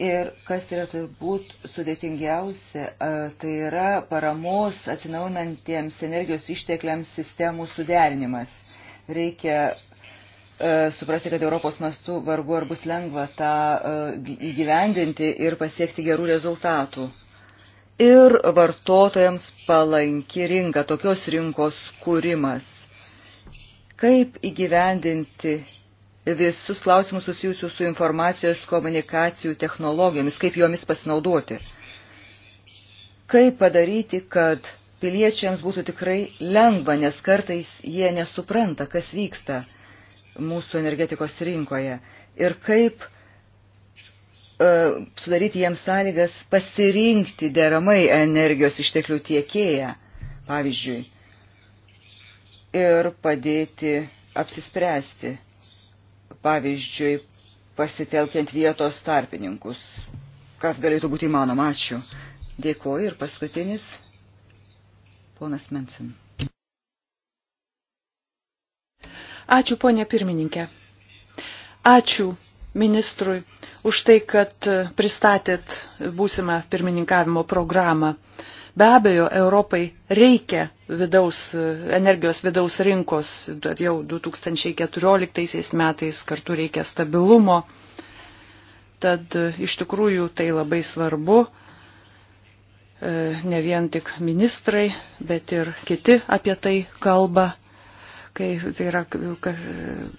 Ir kas yra turbūt sudėtingiausia, e, tai yra paramos atsinaunantiems energijos ištekliams sistemų suderinimas. Reikia E, suprasti, kad Europos mastu vargu ar bus lengva tą e, įgyvendinti ir pasiekti gerų rezultatų. Ir vartotojams palanki rinka, tokios rinkos kūrimas. Kaip įgyvendinti visus klausimus susijusius su informacijos komunikacijų technologijomis, kaip jomis pasinaudoti. Kaip padaryti, kad piliečiams būtų tikrai lengva, nes kartais jie nesupranta, kas vyksta mūsų energetikos rinkoje ir kaip e, sudaryti jiems sąlygas pasirinkti deramai energijos išteklių tiekėją, pavyzdžiui, ir padėti apsispręsti, pavyzdžiui, pasitelkiant vietos tarpininkus. Kas galėtų būti įmanoma? Ačiū. Dėkuoju ir paskutinis, ponas Mensin. Ačiū, ponė pirmininkė. Ačiū ministrui už tai, kad pristatėt būsimą pirmininkavimo programą. Be abejo, Europai reikia vidaus, energijos vidaus rinkos, jau 2014 metais kartu reikia stabilumo. Tad iš tikrųjų tai labai svarbu, e, ne vien tik ministrai, bet ir kiti apie tai kalba kai, tai yra,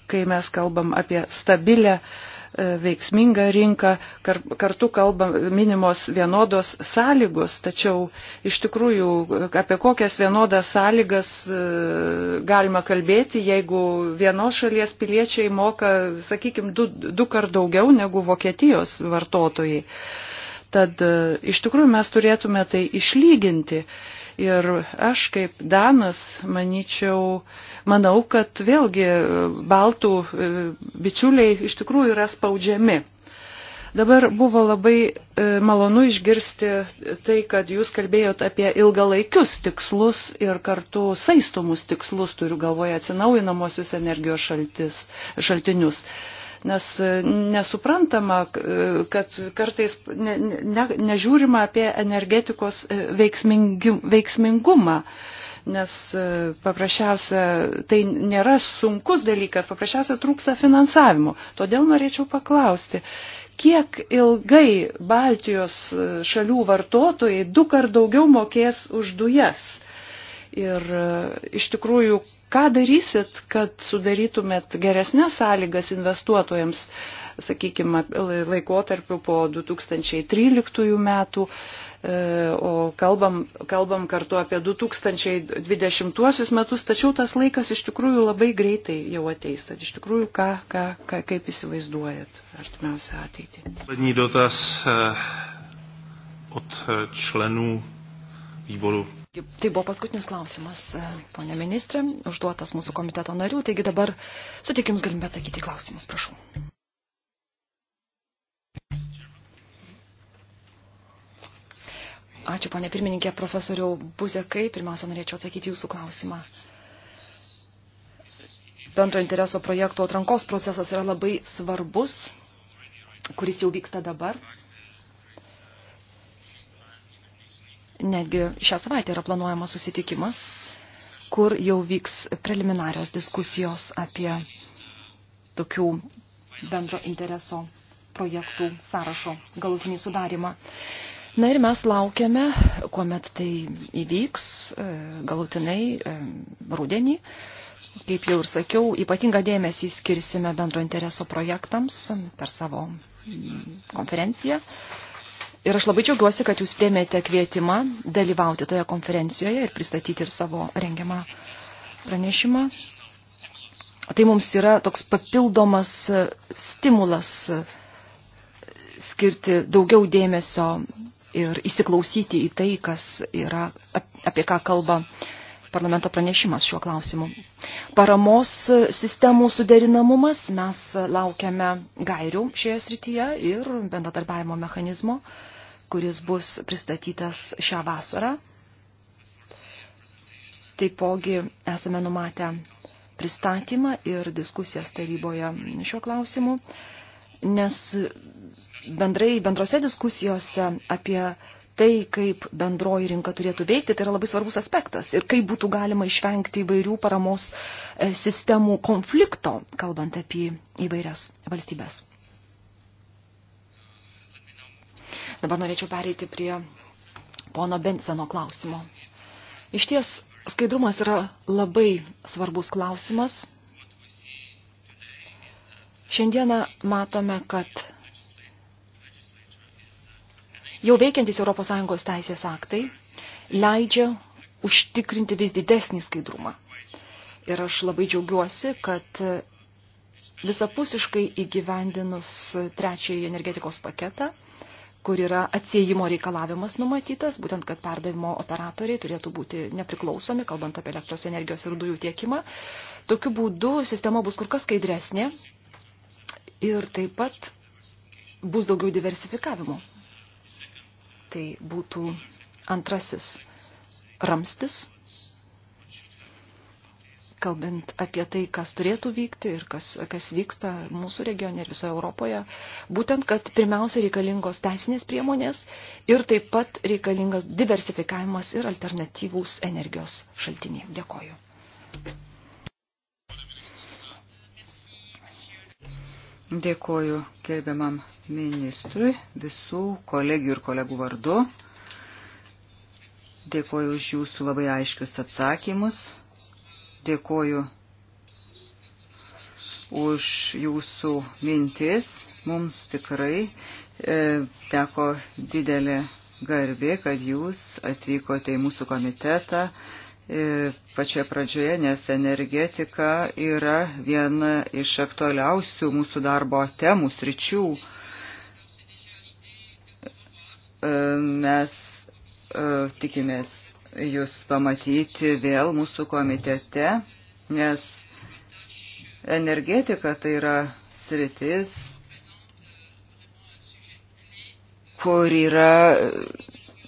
kai mes kalbam apie stabilę e, veiksmingą rinką, kar, kartu kalbam minimos vienodos sąlygos, tačiau iš tikrųjų apie kokias vienodas sąlygas e, galima kalbėti, jeigu vienos šalies piliečiai moka, sakykime, du, du kart daugiau negu Vokietijos vartotojai. Tad e, iš tikrųjų mes turėtume tai išlyginti Ir aš kaip Danas, manyčiau, manau, kad vėlgi e, baltų e, bičiuliai iš tikrųjų yra spaudžiami. Dabar buvo labai e, malonu išgirsti tai, kad jūs kalbėjot apie ilgalaikius tikslus ir kartu saistomus tikslus, turiu galvoje atsinaujinamosius energijos šaltis, šaltinius nes e, nesuprantama, e, kad kartais ne, ne, nežiūrima apie energetikos e, veiksmingumą nes paprasčiausia tai nėra sunkus dalykas, paprasčiausia trūksta finansavimo. Todėl norėčiau paklausti, kiek ilgai Baltijos šalių vartotojai du kart daugiau mokės už dujas? Ir iš tikrųjų, Ką darysit, kad sudarytumėt geresnės sąlygas investuotojams, sakykime, laikotarpiu po 2013 metų, e, o kalbam, kalbam kartu apie 2020 metus, tačiau tas laikas iš tikrųjų labai greitai jau ateis. Tad iš tikrųjų, ką, ką, ką, kaip įsivaizduojat artimiausią ateitį? Zadnji dotas eh, od eh, členų výboru Tai buvo paskutinis klausimas, e, ponė ministrė, užduotas mūsų komiteto narių, taigi dabar sutikim jums galimybę atsakyti klausimus, prašau. Ačiū, ponė pirmininkė, profesoriau Buzekai, pirmiausia, norėčiau atsakyti jūsų klausimą bendro intereso projektų atrankos procesas yra labai svarbus, kuris jau vyksta dabar. netgi šią savaitę yra planuojamas susitikimas, kur jau vyks preliminarios diskusijos apie tokių bendro intereso projektų sąrašo galutinį sudarimą. Na ir mes laukiame, kuomet tai įvyks e, galutinai e, rudenį. Kaip jau ir sakiau, ypatingą dėmesį skirsime bendro intereso projektams per savo konferenciją. Ir aš labai džiaugiuosi, kad jūs priemėte kvietimą dalyvauti toje konferencijoje ir pristatyti ir savo rengiamą pranešimą. Tai mums yra toks papildomas stimulas skirti daugiau dėmesio ir įsiklausyti į tai, kas yra, apie ką kalba uh, parlamento pranešimas šiuo klausimu. Paramos sistemų suderinamumas, mes laukiame gairių šioje srityje ir bendradarbiavimo mechanizmo, kuris bus pristatytas šią vasarą. Taipogi esame numatę pristatymą ir diskusijas taryboje šiuo klausimu, nes bendrai bendrose diskusijose apie tai, kaip bendroji rinka turėtų veikti, tai yra labai svarbus aspektas ir kaip būtų galima išvengti įvairių paramos e, sistemų konflikto, kalbant apie įvairias valstybės. Dabar norėčiau pereiti prie pono Benseno klausimo. Iš ties, skaidrumas yra labai svarbus klausimas. Šiandieną matome, kad Jau veikiantis ES teisės aktai leidžia užtikrinti vis didesnį skaidrumą. Ir aš labai džiaugiuosi, kad visapusiškai įgyvendinus trečiąjį energetikos paketą, kur yra atsiejimo reikalavimas numatytas, būtent kad perdavimo operatoriai turėtų būti nepriklausomi, kalbant apie elektros energijos ir dujų tiekimą. Tokiu būdu sistema bus kur kas skaidresnė ir taip pat bus daugiau diversifikavimo Tai būtų antrasis ramstis, kalbant apie tai, kas turėtų vykti ir kas, kas vyksta mūsų regione ir visoje Europoje. Būtent, kad pirmiausia reikalingos teisinės priemonės ir taip pat reikalingas diversifikavimas ir alternatyvūs energijos šaltiniai. Dėkoju. Dėkoju gerbiamam ministrui visų kolegijų ir kolegų vardu. Dėkoju už jūsų labai aiškius atsakymus. Dėkoju už jūsų mintis. Mums tikrai e, teko didelė garbė, kad jūs atvykote į mūsų komitetą E, pačioje pradžioje, nes energetika yra viena iš aktualiausių mūsų darbo temų, sričių. E, mes e, tikimės jūs pamatyti vėl mūsų komitete, nes energetika tai yra sritis, kur yra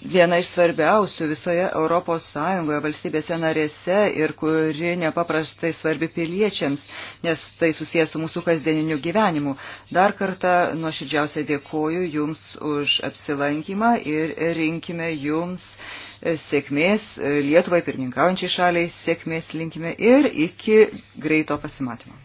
viena iš svarbiausių visoje Europos Sąjungoje valstybėse narėse ir kuri nepaprastai svarbi piliečiams, nes tai susijęs su mūsų kasdieniniu gyvenimu. Dar kartą nuoširdžiausiai dėkoju Jums už apsilankymą ir rinkime Jums sėkmės Lietuvai pirmininkaujančiai šaliai, sėkmės linkime ir iki greito pasimatymo.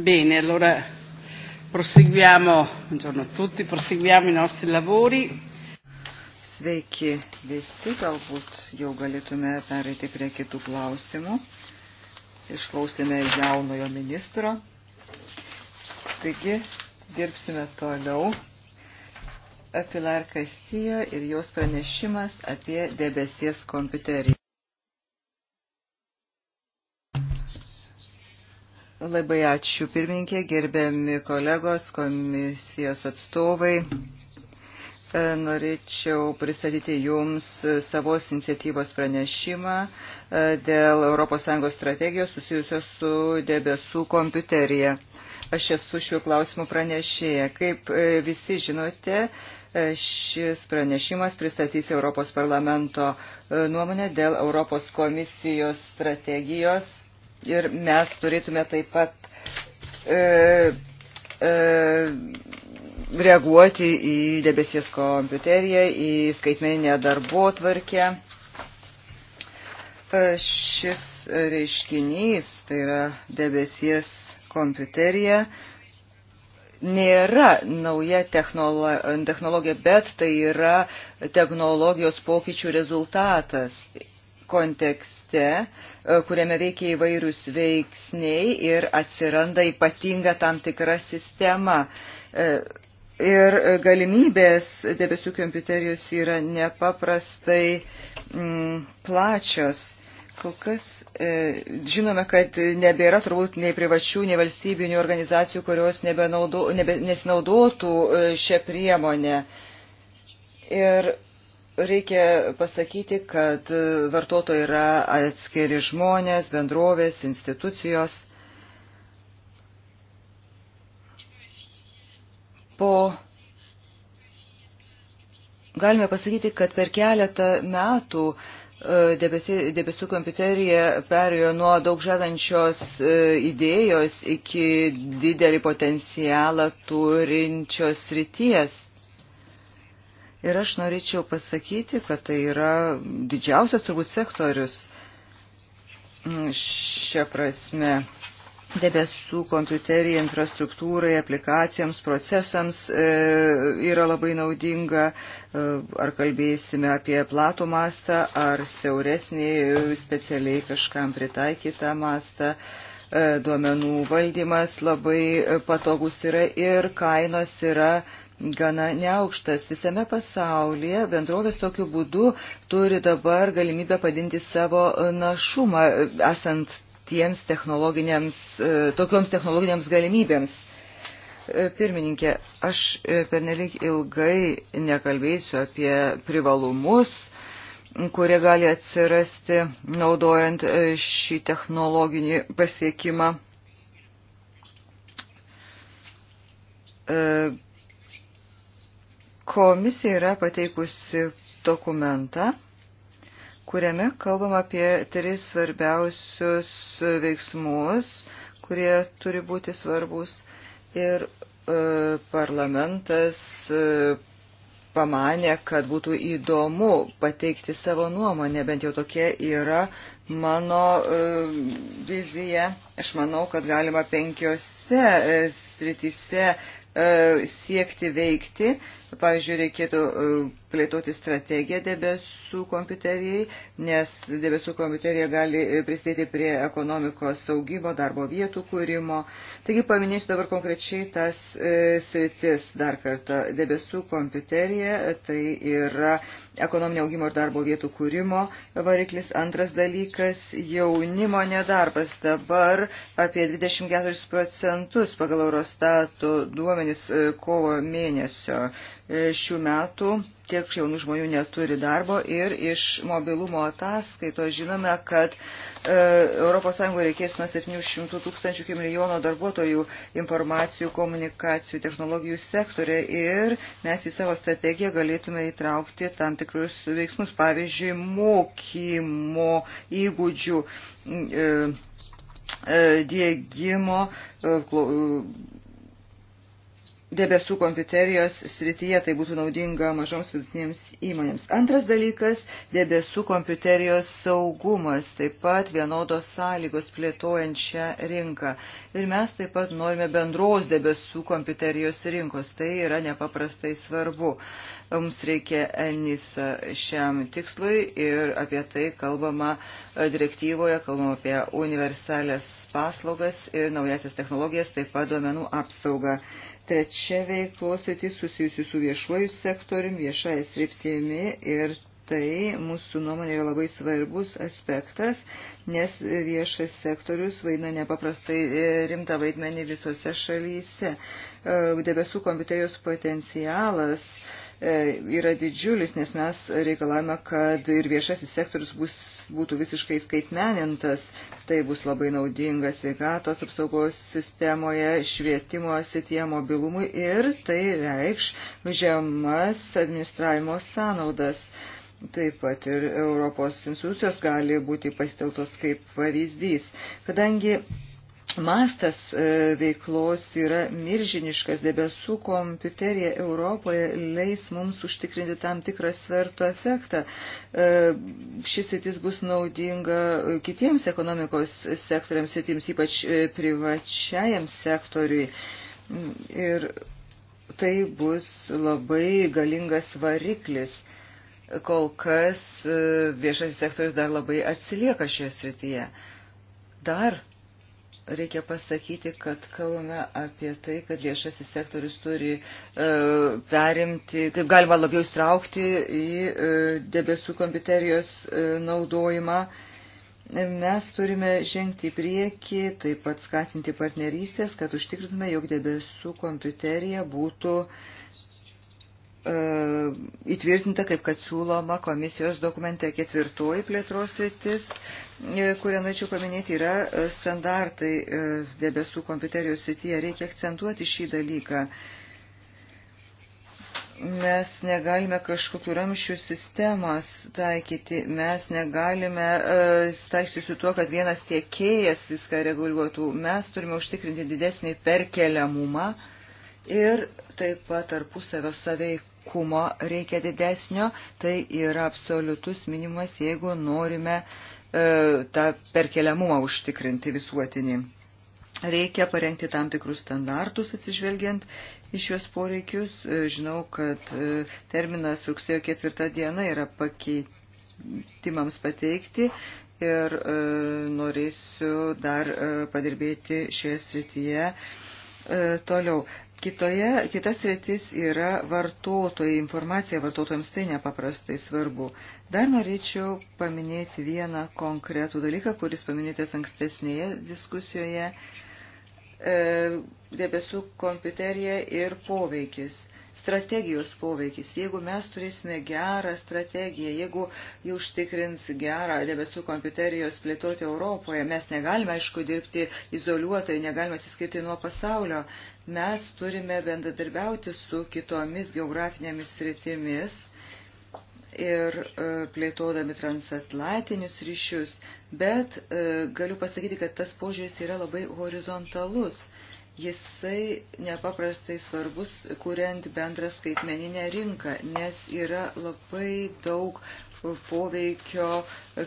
Bene, allora proseguiamo, buongiorno a tutti, proseguiamo i nostri lavori. Sveiki visi, galbūt jau galėtume pereiti prie kitų klausimų. Išklausėme jaunojo ministro. Taigi, dirbsime toliau. Pilar Kastijo ir jos pranešimas apie debesies kompiuterį. Labai ačiū pirmininkė, gerbiami kolegos, komisijos atstovai. E, norėčiau pristatyti Jums savos iniciatyvos pranešimą e, dėl ES strategijos susijusios su debesų kompiuterija. Aš esu šiuo klausimu pranešėja. Kaip e, visi žinote, šis pranešimas pristatys Europos parlamento nuomonę dėl Europos komisijos strategijos ir mes turėtume taip pat e, e, reaguoti į debesies kompiuteriją, į skaitmeninę darbo tvarkę. E, šis reiškinys, tai yra debesies kompiuterija, nėra nauja technolo, technologija, bet tai yra technologijos pokyčių rezultatas kontekste, e, kuriame veikia įvairūs veiksniai ir atsiranda ypatinga tam tikra sistema. E, ir galimybės debesų kompiuterijos yra nepaprastai mm, plačios. Kol kas e, žinome, kad nebėra turbūt nei privačių, nei valstybinių organizacijų, kurios nebenaudo, nebe, nesinaudotų e, šią priemonę. Ir Reikia pasakyti, kad vartotojai yra atskiri žmonės, bendrovės, institucijos. Po galime pasakyti, kad per keletą metų e, debesį, debesų kompiuterija perėjo nuo daug žadančios e, idėjos iki didelį potencialą turinčios ryties. Ir aš norėčiau pasakyti, kad tai yra didžiausias turbūt sektorius mm, šią prasme debesų kompiuterija infrastruktūrai, aplikacijoms, procesams e, yra labai naudinga, e, ar kalbėsime apie platų mastą, ar siauresnį specialiai kažkam pritaikytą mastą. E, duomenų valdymas labai patogus yra ir kainos yra gana neaukštas. Visame pasaulyje bendrovės tokiu būdu turi dabar galimybę padinti savo našumą, esant tiems technologiniams, e, tokioms technologiniams galimybėms. E, pirmininkė, aš e, pernelyg ilgai nekalbėsiu apie privalumus, kurie gali atsirasti naudojant šį technologinį pasiekimą Komisija yra pateikusi dokumentą, kuriame kalbam apie tris svarbiausius veiksmus, kurie turi būti svarbus. Ir e, parlamentas e, pamanė, kad būtų įdomu pateikti savo nuomonę, bent jau tokia yra mano e, vizija. Aš manau, kad galima penkiose e, sritise e, siekti veikti Pavyzdžiui, reikėtų e, plėtoti strategiją debesų kompiuterijai, nes debesų kompiuterija gali e, prisidėti prie ekonomikos saugimo, darbo vietų kūrimo. Taigi paminėsiu dabar konkrečiai tas e, sritis dar kartą. Debesų kompiuterija e, tai yra ekonominio augimo ir darbo vietų kūrimo variklis. Antras dalykas - jaunimo nedarbas. Dabar apie 24 procentus pagal Eurostato duomenis kovo mėnesio E, šių metų tiek jaunų žmonių neturi darbo ir iš mobilumo ataskaito žinome, kad ES reikės nuo 700 tūkstančių iki milijono darbuotojų informacijų, komunikacijų, technologijų sektorė ir mes į savo strategiją galėtume įtraukti tam tikrus veiksmus, pavyzdžiui, mokymo įgūdžių e, e, dėgymo debesų kompiuterijos srityje tai būtų naudinga mažoms vidutinėms įmonėms. Antras dalykas - debesų kompiuterijos saugumas, taip pat vienodos sąlygos plėtojant šią rinką. Ir mes taip pat norime bendros debesų kompiuterijos rinkos. Tai yra nepaprastai svarbu. Mums reikia ENISA šiam tikslui ir apie tai kalbama direktyvoje, kalbama apie universalės paslaugas ir naujasias technologijas, taip pat duomenų apsaugą trečia veiklos sritis susijusi su viešuoju sektorium, viešai sriptimi ir tai mūsų nuomonė yra labai svarbus aspektas, nes viešas sektorius vaidina nepaprastai e, rimtą vaidmenį visose šalyse. E, debesų kompiuterijos potencialas E, yra didžiulis, nes mes reikalavome, kad ir viešasis sektorius bus, būtų visiškai skaitmenintas. Tai bus labai naudinga sveikatos apsaugos sistemoje, švietimo sitie mobilumui ir tai reikš žemas administravimo sąnaudas. Taip pat ir Europos institucijos gali būti pasiteltos kaip pavyzdys, kadangi mastas e, veiklos yra miržiniškas, debesų kompiuterija Europoje leis mums užtikrinti tam tikrą svertų efektą. E, šis sėtis bus naudinga kitiems ekonomikos sektoriams sėtims, ypač e, privačiajam sektoriui. Ir tai bus labai galingas variklis. Kol kas viešasis sektorius dar labai atsilieka šioje srityje. Dar reikia pasakyti, kad kalbame apie tai, kad viešasis sektorius turi e, perimti, kaip galima labiau įstraukti į e, debesų kompiuterijos e, naudojimą. Mes turime žengti į priekį, taip pat skatinti partnerystės, kad užtikrintume, jog debesų kompiuterija būtų e, E, įtvirtinta, kaip kad siūloma komisijos dokumente ketvirtoji plėtros rytis, e, kurią norėčiau paminėti, yra standartai e, debesų kompiuterijos srityje. Reikia akcentuoti šį dalyką. Mes negalime kažkokių ramščių sistemos taikyti, mes negalime staiksti su tuo, kad vienas tiekėjas viską reguliuotų. Mes turime užtikrinti didesnį perkeliamumą ir taip pat tarpusavio sąveiką nuosaikumo reikia didesnio, tai yra absoliutus minimas, jeigu norime e, tą perkeliamumą užtikrinti visuotinį. Reikia parengti tam tikrus standartus atsižvelgiant iš juos poreikius. E, žinau, kad e, terminas rugsėjo ketvirtą dieną yra pakeitimams pateikti ir e, norėsiu dar e, padirbėti šioje srityje. E, toliau, Kitoje, kitas rytis yra vartotojai, informacija vartotojams tai nepaprastai svarbu. Dar norėčiau paminėti vieną konkretų dalyką, kuris paminėtas ankstesnėje diskusijoje e, - debesų kompiuterija ir poveikis strategijos poveikis. Jeigu mes turėsime gerą strategiją, jeigu jį užtikrins gerą debesų kompiuterijos plėtoti Europoje, mes negalime, aišku, dirbti izoliuotai, negalime atsiskirti nuo pasaulio. Mes turime bendradarbiauti su kitomis geografinėmis sritimis ir e, plėtodami transatlantinius ryšius, bet e, galiu pasakyti, kad tas požiūris yra labai horizontalus. Jisai nepaprastai svarbus, kuriant bendrą skaitmeninę rinką, nes yra labai daug poveikio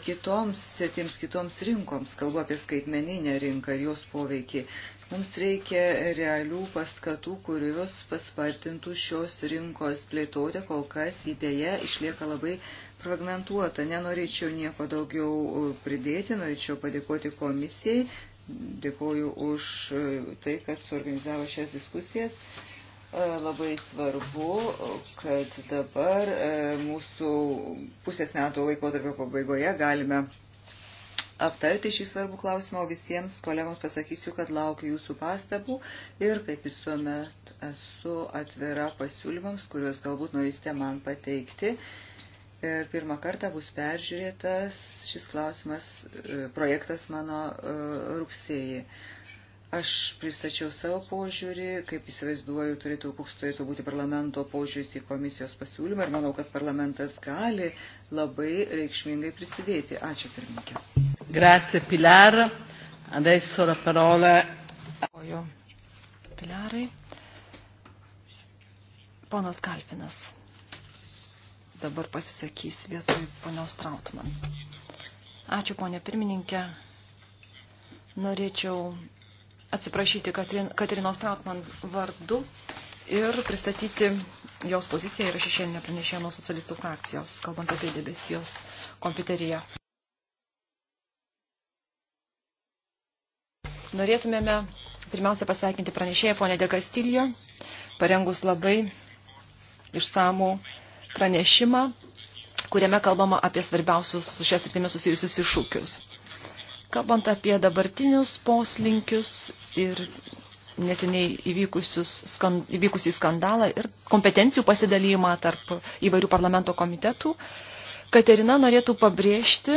kitoms sritims, kitoms rinkoms. Kalbu apie skaitmeninę rinką ir jos poveikį. Mums reikia realių paskatų, kurios paspartintų šios rinkos plėtotę, kol kas idėja išlieka labai fragmentuota. Nenorėčiau nieko daugiau pridėti, norėčiau padėkoti komisijai dėkoju už e, tai, kad suorganizavo šias diskusijas. E, labai svarbu, kad dabar e, mūsų pusės metų laikotarpio pabaigoje galime aptarti šį svarbų klausimą, o visiems kolegoms pasakysiu, kad laukiu jūsų pastabų ir kaip visuomet esu atvira pasiūlymams, kuriuos galbūt norite man pateikti. Ir e, pirmą kartą bus peržiūrėtas šis klausimas, e, projektas mano e, rugsėjai. Aš pristačiau savo požiūrį, kaip įsivaizduoju, turėtų, koks turėtų būti parlamento požiūris į komisijos pasiūlymą ir manau, kad parlamentas gali labai reikšmingai prisidėti. Ačiū pirmininkė. Grazie Pilar. Adesso la parola. Pilarai. Ponas Kalpinas dabar pasisakys vietoj ponios Trautman. Ačiū, ponė pirmininkė. Norėčiau atsiprašyti Katrin, Katrinos Trautman vardu ir pristatyti jos poziciją ir šešėlinę pranešėją nuo socialistų frakcijos, kalbant apie debesijos kompiuteriją. Norėtumėme pirmiausia pasveikinti pranešėją ponę De Castillo, parengus labai išsamų pranešimą, kuriame kalbama apie svarbiausius su šias rytimis susijusius iššūkius. Kalbant apie dabartinius poslinkius ir neseniai skan, įvykusį skandalą ir kompetencijų pasidalymą tarp įvairių parlamento komitetų, Katerina norėtų pabrėžti,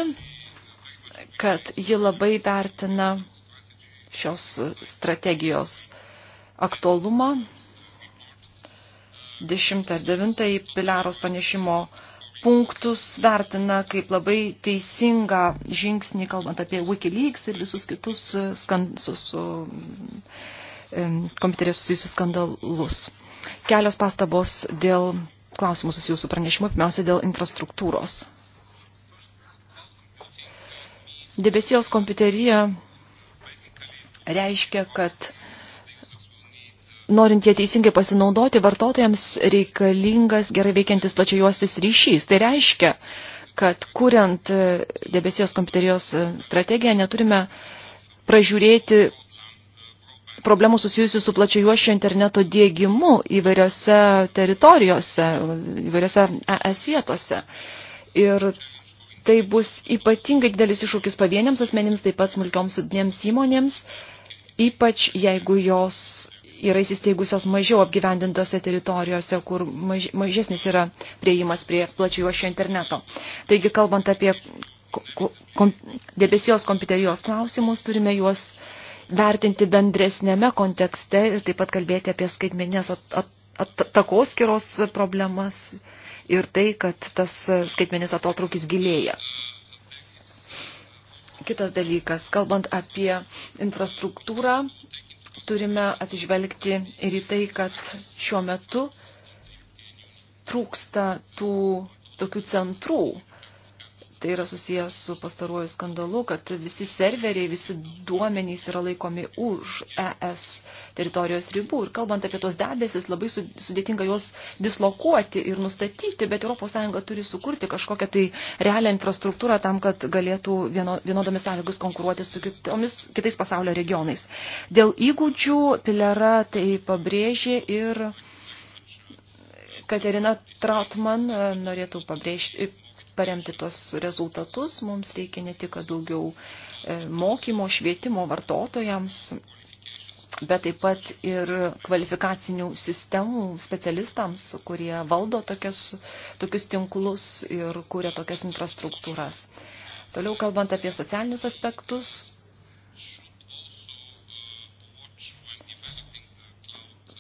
kad ji labai vertina šios strategijos aktualumą 10 ir 9 Pilaros panešimo punktus vertina kaip labai teisingą žingsnį, kalbant apie Wikileaks ir visus kitus e, skand, su, su, kompiuterė susijusius skandalus. Kelios pastabos dėl klausimų susijusių pranešimų, pirmiausia dėl infrastruktūros. Debesijos kompiuterija reiškia, kad norint jie teisingai pasinaudoti, vartotojams reikalingas gerai veikiantis plačiajuostis ryšys. Tai reiškia, kad kuriant e, debesijos kompiuterijos e, strategiją neturime pražiūrėti problemų susijusių su plačiajuoščio interneto dėgymu įvairiose teritorijose, įvairiose ES vietose. Ir tai bus ypatingai didelis iššūkis pavieniams asmenims, taip pat smulkioms sudinėms įmonėms, ypač jeigu jos yra įsisteigusios mažiau apgyvendintose teritorijose, kur maž, mažesnis yra prieimas prie plačiojuošio interneto. Taigi, kalbant apie kom, debesijos kompiuterijos klausimus, turime juos vertinti bendresnėme kontekste ir taip pat kalbėti apie skaitmenės takoskiros problemas ir tai, kad tas skaitmenis atotrukis gilėja. Kitas dalykas, kalbant apie infrastruktūrą turime atsižvelgti ir į tai, kad šiuo metu trūksta tų tokių centrų, tai yra susijęs su pastaruoju skandalu, kad visi serveriai, visi duomenys yra laikomi už ES teritorijos ribų. Ir kalbant apie tos debesis, labai sudėtinga juos dislokuoti ir nustatyti, bet ES turi sukurti kažkokią tai realią infrastruktūrą tam, kad galėtų vieno, vienodomis sąlygus konkuruoti su kitomis, kitais pasaulio regionais. Dėl įgūdžių Pilera tai pabrėžė ir. Katerina Trautman e, norėtų pabrėžti, paremti tuos rezultatus, mums reikia ne tik daugiau e, mokymo, švietimo vartotojams, bet taip pat ir kvalifikacinių sistemų specialistams, kurie valdo tokias, tokius tinklus ir kūrė tokias infrastruktūras. Toliau kalbant apie socialinius aspektus,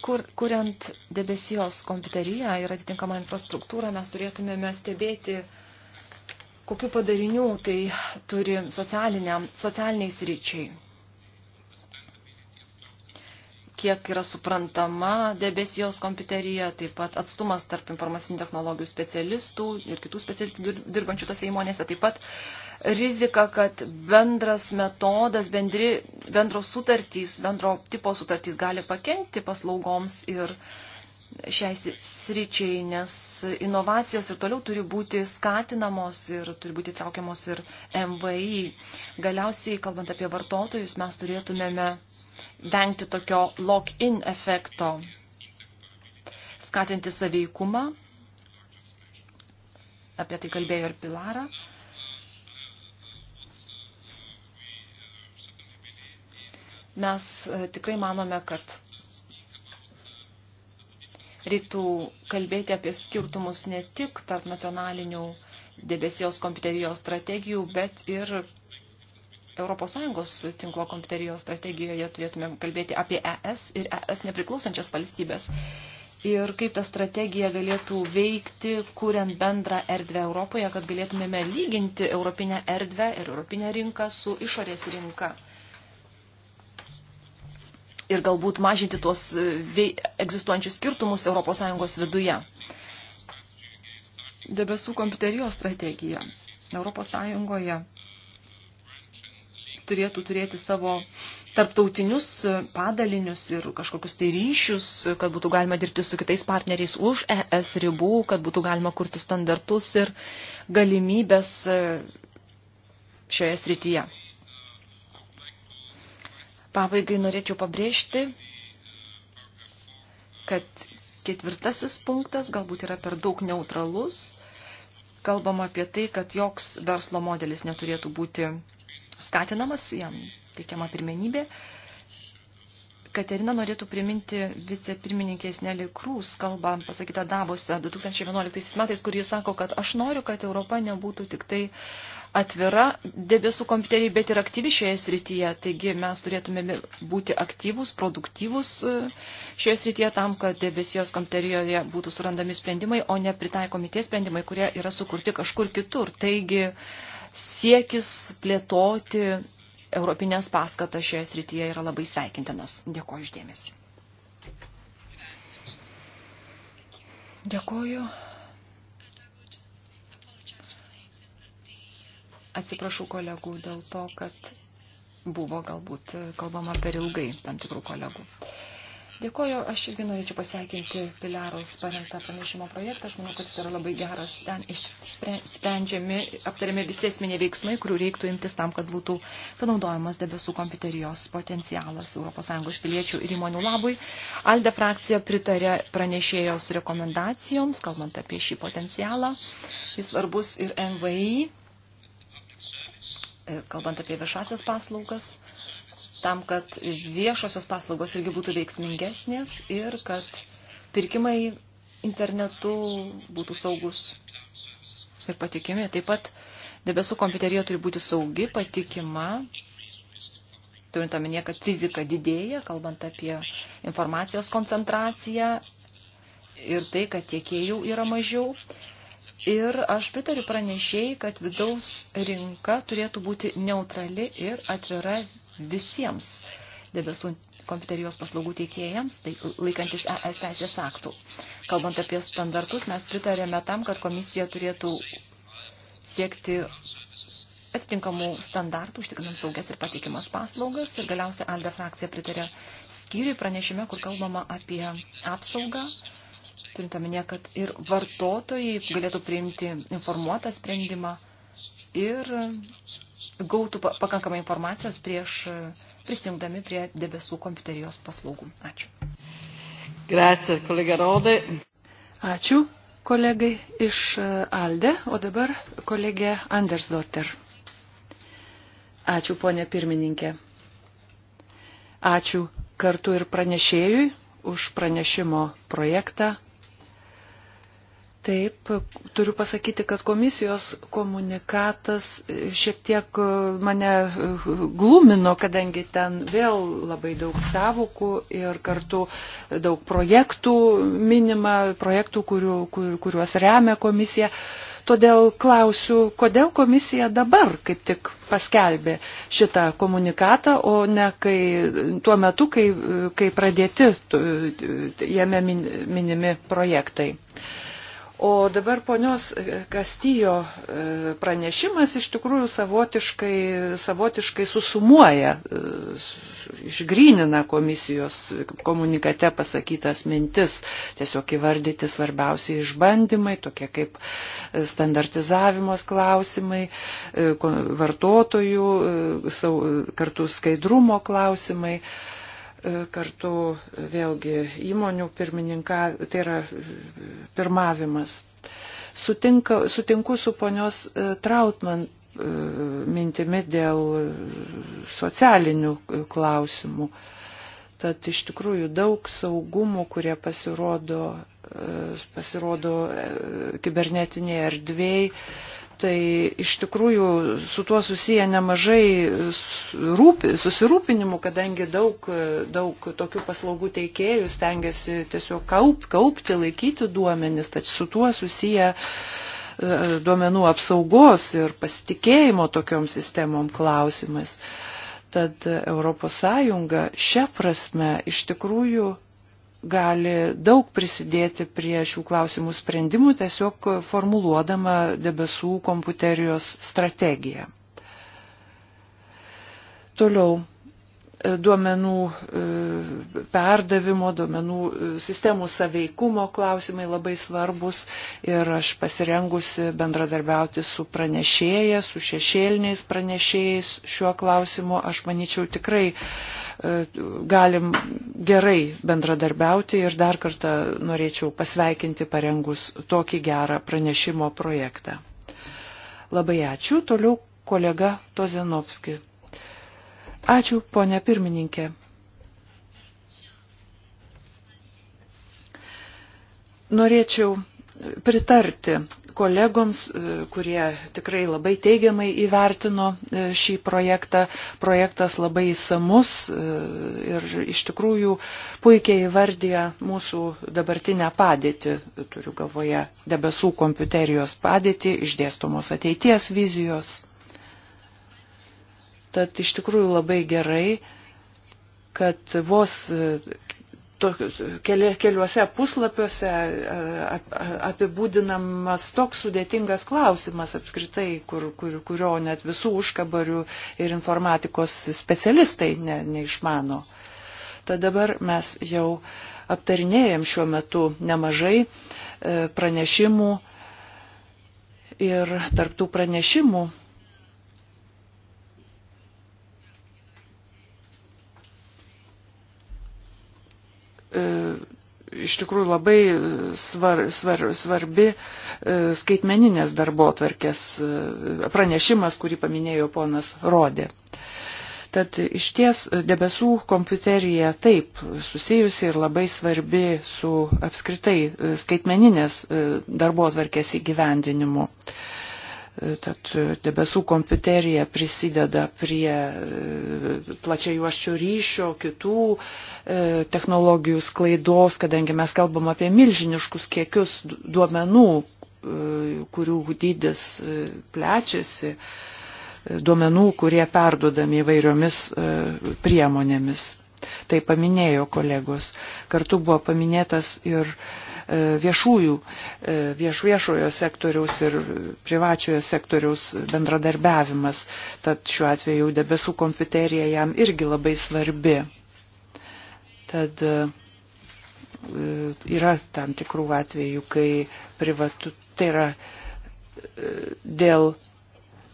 kur, kuriant debesijos kompiuteriją ir atitinkamą infrastruktūrą, mes turėtumėme stebėti uh, kokiu padarinių tai turi socialiniai sričiai. Kiek yra suprantama debesijos kompiuterija, taip pat atstumas tarp informacinių technologijų specialistų ir kitų specialistų dirbančių tose įmonėse, taip pat rizika, kad bendras metodas, bendri, bendros sutartys, bendro tipo sutartys gali pakengti paslaugoms ir uh, šiai sričiai, nes inovacijos ir toliau turi būti skatinamos ir turi būti traukiamos ir MVI. Galiausiai, kalbant apie vartotojus, mes turėtumėme vengti tokio lock-in efekto, skatinti saveikumą, apie tai kalbėjo ir Pilara. Mes e, tikrai manome, kad reiktų kalbėti apie skirtumus ne tik tarp nacionalinių debesijos kompiuterijos strategijų, bet ir ES tinklo kompiuterijos strategijoje turėtume kalbėti apie ES ir ES nepriklausančias valstybės. Ir kaip ta strategija galėtų veikti, kuriant bendrą erdvę Europoje, kad galėtumėme lyginti europinę erdvę ir europinę rinką su išorės rinka ir galbūt mažinti tuos e, egzistuojančius skirtumus ES viduje. Debesų kompiuterijos strategija ES turėtų turėti savo tarptautinius e, padalinius ir kažkokius tai ryšius, kad būtų galima dirbti su kitais partneriais už ES ribų, kad būtų galima kurti standartus ir galimybės e, šioje srityje. Pabaigai norėčiau pabrėžti, kad ketvirtasis punktas galbūt yra per daug neutralus. Kalbama apie tai, kad joks verslo modelis neturėtų būti skatinamas, jam teikiama pirmenybė. Uh, Katerina norėtų priminti vicepirmininkės Nelly Krūs kalbą pasakytą Davose 2011 metais, kur jis sako, kad aš noriu, kad Europa nebūtų tik tai atvira debesų kompiuteriai, bet ir aktyvi šioje srityje. Taigi mes turėtumėme būti aktyvus, produktyvus e, šioje srityje tam, kad debesijos kompiuterijoje būtų surandami sprendimai, o ne pritaikomi tie sprendimai, kurie yra sukurti kažkur kitur. Taigi siekis plėtoti europinės paskatas šioje srityje yra labai sveikintinas. Dėkuoju išdėmesi. Dėkuoju. Atsiprašau kolegų dėl to, kad buvo galbūt kalbama per ilgai tam tikrų kolegų. Dėkoju, aš irgi norėčiau pasveikinti Pilaros parengtą pranešimo projektą. Aš manau, kad jis yra labai geras. Ten sprendžiami, aptariami visi esminiai veiksmai, kurių reiktų imtis tam, kad būtų panaudojamas debesų kompiuterijos potencialas ES piliečių ir įmonių labui. Alde frakcija pritarė pranešėjos rekomendacijoms, kalbant apie šį potencialą. Jis svarbus ir NVI, kalbant apie viešasias paslaugas tam, kad viešosios paslaugos irgi būtų veiksmingesnės ir kad pirkimai internetu būtų saugus ir patikimi. Taip pat debesų kompiuterija turi būti saugi, patikima, turint omenyje, kad fizika didėja, kalbant apie informacijos koncentraciją ir tai, kad tiekėjų yra mažiau. Ir aš pritariu pranešėjai, kad vidaus rinka turėtų būti neutrali ir atvira visiems debesų kompiuterijos paslaugų teikėjams, tai laikantis ES teisės aktų. Kalbant apie standartus, mes pritarėme tam, kad komisija turėtų siekti atitinkamų standartų, užtikrinant saugias ir patikimas paslaugas. Ir galiausiai ALDE frakcija pritarė skyriui pranešime, kur kalbama apie apsaugą. Turint omenyje, kad ir vartotojai galėtų priimti informuotą sprendimą ir gautų pakankamai informacijos prieš e, prisijungdami prie debesų kompiuterijos paslaugų. Ačiū. Gracias, kolega Rode. Ačiū kolegai iš e, Alde, o dabar kolegė Andersdotter. Ačiū, ponė pirmininkė. Ačiū kartu ir pranešėjui už pranešimo projektą Taip, turiu pasakyti, kad komisijos komunikatas šiek tiek mane glumino, kadangi ten vėl labai daug savukų ir kartu daug projektų minima, projektų, kuriu, kur, kuriuos remia komisija. Todėl klausiu, kodėl komisija dabar kaip tik paskelbė šitą komunikatą, o ne kai, tuo metu, kai, kai pradėti jame minimi projektai. Uh, O dabar ponios Kastijo e, pranešimas iš tikrųjų savotiškai, savotiškai susumuoja, e, išgrynina komisijos komunikate pasakytas mintis, tiesiog įvardyti svarbiausiai išbandymai, tokie kaip standartizavimos klausimai, e, vartotojų kartu skaidrumo klausimai. E, kartu vėlgi įmonių pirmininką, tai yra e, pirmavimas. Sutinka, sutinku su ponios e, Trautman mintimi dėl socialinių klausimų. Tad iš tikrųjų daug saugumų, kurie pasirodo, pasirodo kibernetinėje erdvėje, Tai iš tikrųjų su tuo susiję nemažai rūpi, susirūpinimų, kadangi daug, daug tokių paslaugų teikėjų stengiasi tiesiog kaup, kaupti, laikyti duomenis, tačiau su tuo susiję e, duomenų apsaugos ir pasitikėjimo tokiom sistemom klausimas. Tad ES šia prasme iš tikrųjų gali daug prisidėti prie šių klausimų sprendimų, tiesiog formuluodama debesų kompiuterijos strategiją. Toliau e, duomenų e, perdavimo, duomenų e, sistemų saveikumo klausimai labai svarbus ir aš pasirengusi bendradarbiauti su pranešėja, su šešėliniais pranešėjais šiuo klausimu. Aš manyčiau tikrai uh, E, galim gerai bendradarbiauti ir dar kartą norėčiau pasveikinti parengus tokį gerą pranešimo projektą. Labai ačiū. Toliau kolega Tozenovski. Ačiū, ponė pirmininkė. Norėčiau pritarti kolegoms, e, kurie tikrai labai teigiamai įvertino e, šį projektą. Projektas labai įsamus e, ir iš tikrųjų puikiai įvardyja mūsų dabartinę padėtį, turiu galvoje debesų kompiuterijos padėtį, išdėstomos ateities vizijos. Tad iš tikrųjų labai gerai kad vos tokius, keli, keliuose puslapiuose apibūdinamas toks sudėtingas klausimas apskritai, kur, kur, kurio net visų užkabarių ir informatikos specialistai ne, neišmano. Tad dabar mes jau aptarinėjom šiuo metu nemažai e, pranešimų ir tarptų pranešimų iš tikrųjų labai svar, svar, svarbi e, skaitmeninės darbo tvarkės e, pranešimas, kurį paminėjo ponas Rodė. Tad iš ties debesų kompiuterija taip susijusi ir labai svarbi su apskritai e, skaitmeninės darbo tvarkės įgyvendinimu. Uh, Tad e, debesų kompiuterija prisideda prie e, plačiai juoščių ryšio, kitų e, technologijų sklaidos, kadangi mes kalbam apie milžiniškus kiekius duomenų, kurių dydis plečiasi, duomenų, kurie perdodami įvairiomis priemonėmis. Tai paminėjo kolegos. Kartu buvo paminėtas ir E, viešųjų, e, vieš, viešojo sektoriaus ir privačiojo sektoriaus bendradarbiavimas. Tad šiuo atveju debesų kompiuterija jam irgi labai svarbi. Tad e, yra tam tikrų atvejų, kai privatu, tai yra dėl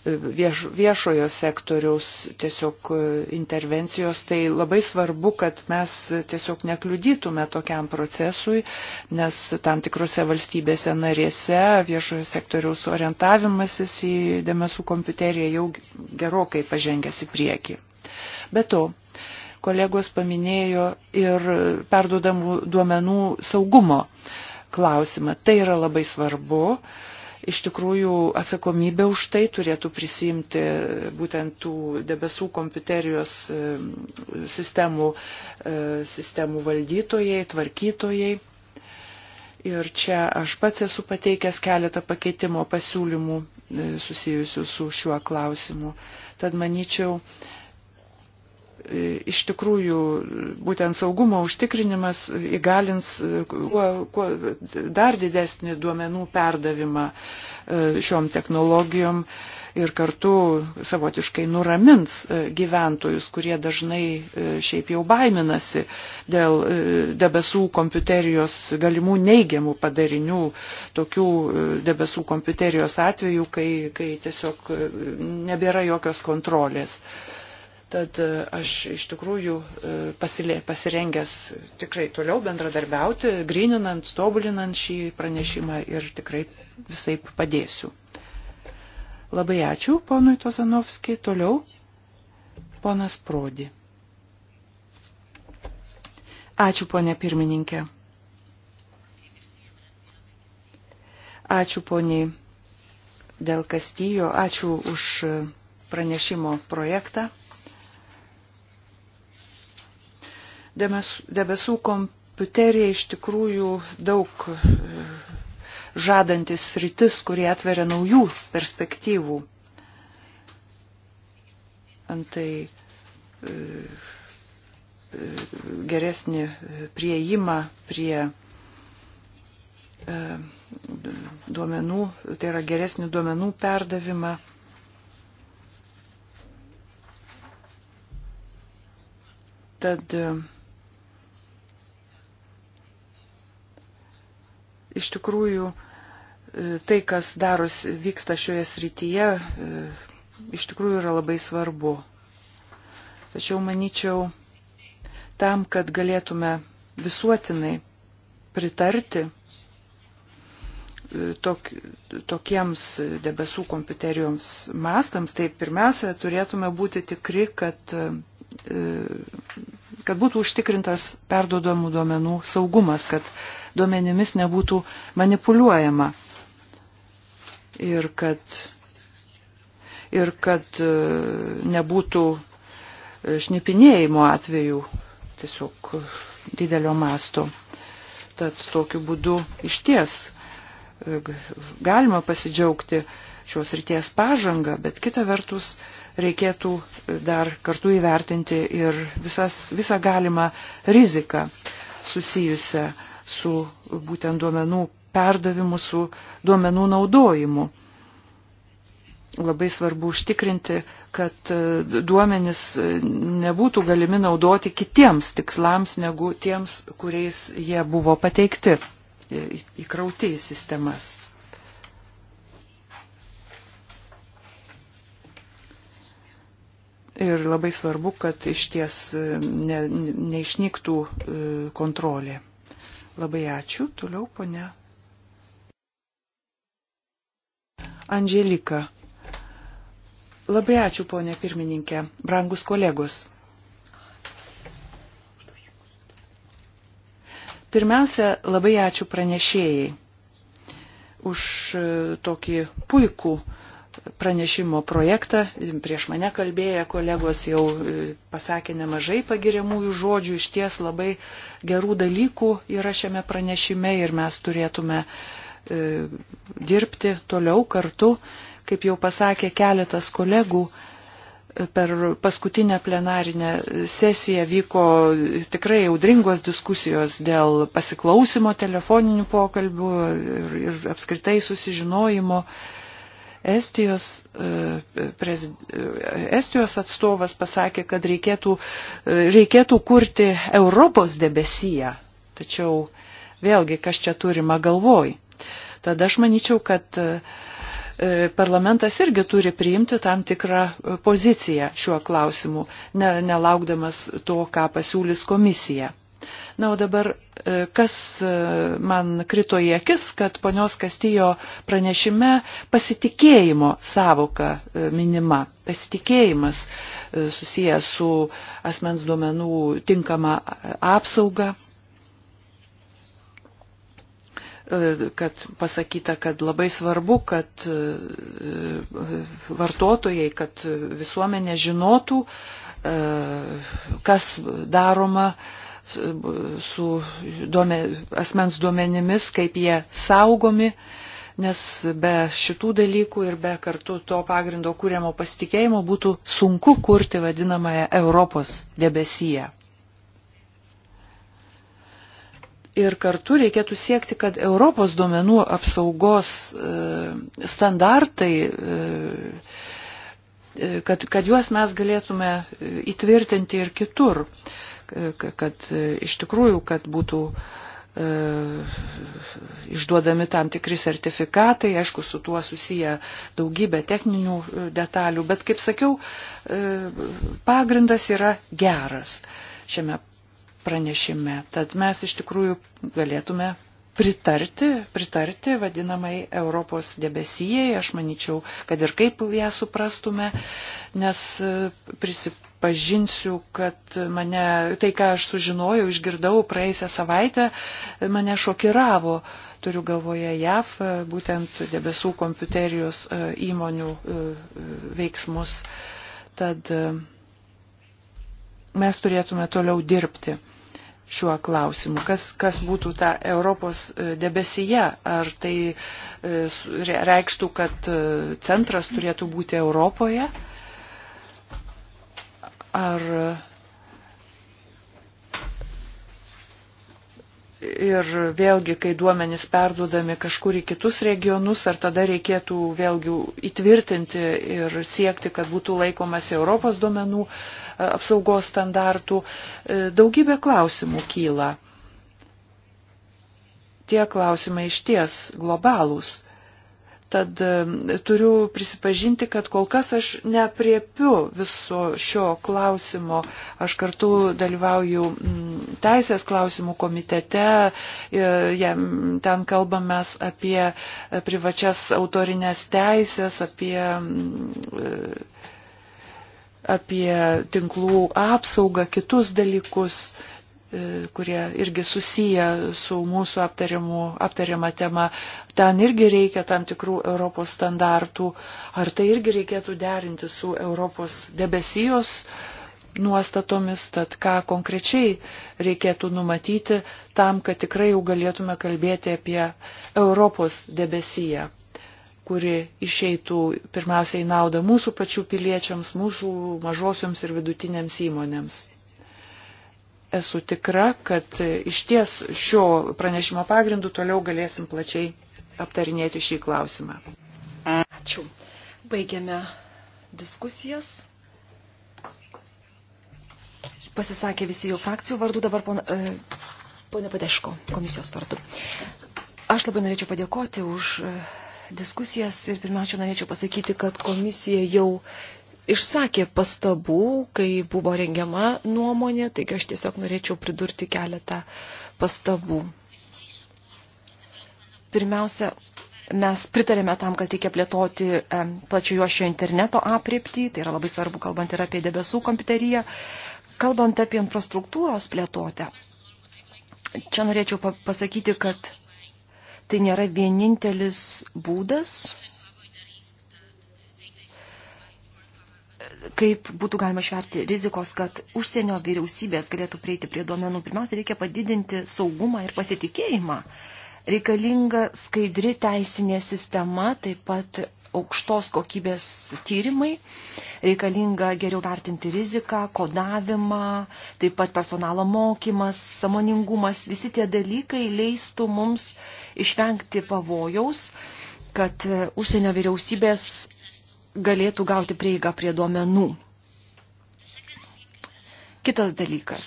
vieš, viešojo sektoriaus tiesiog e, intervencijos, tai labai svarbu, kad mes tiesiog nekliudytume tokiam procesui, nes tam tikrose valstybėse narėse viešojo sektoriaus orientavimasis į debesų kompiuteriją jau gerokai pažengęs į priekį. Be to, kolegos paminėjo ir perdodamų duomenų saugumo klausimą. Tai yra labai svarbu iš tikrųjų atsakomybę už tai turėtų prisimti būtent tų debesų kompiuterijos e, sistemų, e, sistemų valdytojai, tvarkytojai. Ir čia aš pats esu pateikęs keletą pakeitimo pasiūlymų e, susijusių su šiuo klausimu. Tad manyčiau, iš tikrųjų būtent saugumo užtikrinimas įgalins e, kuo, kuo dar didesnį duomenų perdavimą e, šiom technologijom ir kartu savotiškai nuramins e, gyventojus, kurie dažnai šiaip jau baiminasi dėl debesų kompiuterijos galimų neigiamų padarinių, tokių debesų kompiuterijos atvejų, kai, kai tiesiog nebėra jokios kontrolės. Tad e, aš iš tikrųjų e, pasirengęs tikrai toliau bendradarbiauti, grininant, tobulinant šį pranešimą ir tikrai visai padėsiu. Labai ačiū ponui Tozanovskiai. Toliau ponas Prodi. Ačiū ponė pirmininkė. Ačiū poniai Del Kastijo, ačiū už pranešimo projektą. Debesų kompiuterija iš tikrųjų daug e, žadantis rytis, kurie atveria naujų perspektyvų. Antai e, e, geresnį prieimą prie duomenų, tai yra geresnį duomenų perdavimą. Tad iš tikrųjų e, tai, kas daros vyksta šioje srityje, e, iš tikrųjų yra labai svarbu. Tačiau manyčiau, tam, kad galėtume visuotinai pritarti e, tok, tokiems debesų kompiuterijoms mastams, tai pirmiausia, turėtume būti tikri, kad, kad būtų užtikrintas perdodamų duomenų saugumas, kad duomenimis nebūtų manipuliuojama. Ir kad, ir kad e, nebūtų e, šnipinėjimo atveju tiesiog didelio masto. Tad tokiu būdu išties e, galima pasidžiaugti šios ryties pažangą, bet kita vertus reikėtų dar kartu įvertinti ir visas, visą galimą riziką susijusią su būtent duomenų perdavimu, su duomenų naudojimu. Labai svarbu užtikrinti, kad e, duomenys e, nebūtų galimi naudoti kitiems tikslams negu tiems, kuriais jie buvo pateikti įkrauti į sistemas. Ir labai svarbu, kad iš ties e, ne, neišnyktų kontrolė. Labai ačiū. Toliau, ponia. Andželika. Labai ačiū, ponė pirmininkė, brangus kolegos. Pirmiausia, labai ačiū pranešėjai už tokį puikų uh, pranešimo projektą. Prieš mane kalbėję kolegos jau e, pasakė nemažai pagiriamųjų žodžių, iš ties labai gerų dalykų yra šiame pranešime ir mes turėtume e, dirbti toliau kartu, kaip jau pasakė keletas kolegų, e, per paskutinę plenarinę sesiją vyko tikrai audringos diskusijos dėl pasiklausimo telefoninių pokalbių ir, ir apskritai susižinojimo. Uh, Estijos, e, prez, e, Estijos atstovas pasakė, kad reikėtų, e, reikėtų kurti Europos debesiją. Tačiau vėlgi, kas čia turima galvoj. Tada aš manyčiau, kad parlamentas irgi turi priimti tam tikrą poziciją šiuo klausimu, ne, nelaukdamas to, ką pasiūlys komisija. Na, o dabar e, kas e, man krito į akis, kad ponios Kastijo pranešime pasitikėjimo savoka e, minima. Pasitikėjimas susijęs su asmens duomenų tinkama apsauga kad pasakyta, kad labai svarbu, kad vartotojai, kad visuomenė žinotų, kas daroma su duome, asmens duomenimis, kaip jie saugomi, nes be šitų dalykų ir be kartu to pagrindo kūriamo pasitikėjimo būtų sunku kurti vadinamąją Europos debesyje. Ir kartu reikėtų siekti, kad Europos duomenų apsaugos e, standartai, e, e, kad, kad juos mes galėtume įtvirtinti ir kitur kad iš tikrųjų, kad būtų e, išduodami tam tikri sertifikatai, aišku, su tuo susiję daugybė techninių e, detalių, bet, kaip sakiau, e, pagrindas yra geras šiame pranešime. Tad mes iš tikrųjų galėtume pritarti, pritarti vadinamai Europos debesijai, aš manyčiau, kad ir kaip ją suprastume, nes e, prisipažinsiu, kad mane, tai ką aš sužinojau, išgirdau praeisę savaitę, e, mane šokiravo, turiu galvoje JAV, e, būtent debesų kompiuterijos įmonių veiksmus. Tad mes turėtume toliau dirbti šiuo klausimu? Kas, kas būtų ta Europos e, debesyje? Ar tai e, reikštų, kad e, centras turėtų būti Europoje? Ar ir vėlgi, kai duomenys perduodami kažkur į kitus regionus, ar tada reikėtų vėlgi įtvirtinti ir siekti, kad būtų laikomas Europos duomenų e, apsaugos standartų. E, daugybė klausimų kyla. Tie klausimai iš ties globalūs. Tad turiu prisipažinti, kad kol kas aš nepriepiu viso šio klausimo. Aš kartu dalyvauju teisės klausimų komitete, e, ten kalbame apie e, privačias autorinės teisės, apie e, apie tinklų apsaugą, kitus dalykus. E, kurie irgi susiję su mūsų aptariamu, aptariama tema, ten irgi reikia tam tikrų Europos standartų, ar tai irgi reikėtų derinti su Europos debesijos nuostatomis, tad ką konkrečiai reikėtų numatyti tam, kad tikrai jau galėtume kalbėti apie Europos debesiją kuri išeitų pirmiausiai naudą mūsų pačių piliečiams, mūsų mažosioms ir vidutinėms įmonėms esu tikra, kad iš ties šio pranešimo pagrindų toliau galėsim plačiai aptarinėti šį klausimą. Ačiū. Baigiame diskusijas. Pasisakė visi jau frakcijų vardų, dabar pon, e, ponė Padeško komisijos vardu. Aš labai norėčiau padėkoti už e, diskusijas ir pirmiausia norėčiau pasakyti, kad komisija jau išsakė pastabų, kai buvo rengiama nuomonė, taigi aš tiesiog norėčiau pridurti keletą pastabų. Pirmiausia, mes pritarėme tam, kad reikia plėtoti plačiojo šio interneto apriepti, tai yra labai svarbu, kalbant ir apie debesų kompiuteriją, kalbant apie infrastruktūros plėtotę. Čia norėčiau pasakyti, kad tai nėra vienintelis būdas kaip būtų galima šverti rizikos, kad užsienio vyriausybės galėtų prieiti prie duomenų. Pirmiausia, reikia padidinti saugumą ir pasitikėjimą. Reikalinga skaidri teisinė sistema, taip pat aukštos kokybės tyrimai, reikalinga geriau vertinti riziką, kodavimą, taip pat personalo mokymas, samoningumas, visi tie dalykai leistų mums išvengti pavojaus, kad užsienio vyriausybės galėtų gauti prieigą prie duomenų. Kitas dalykas.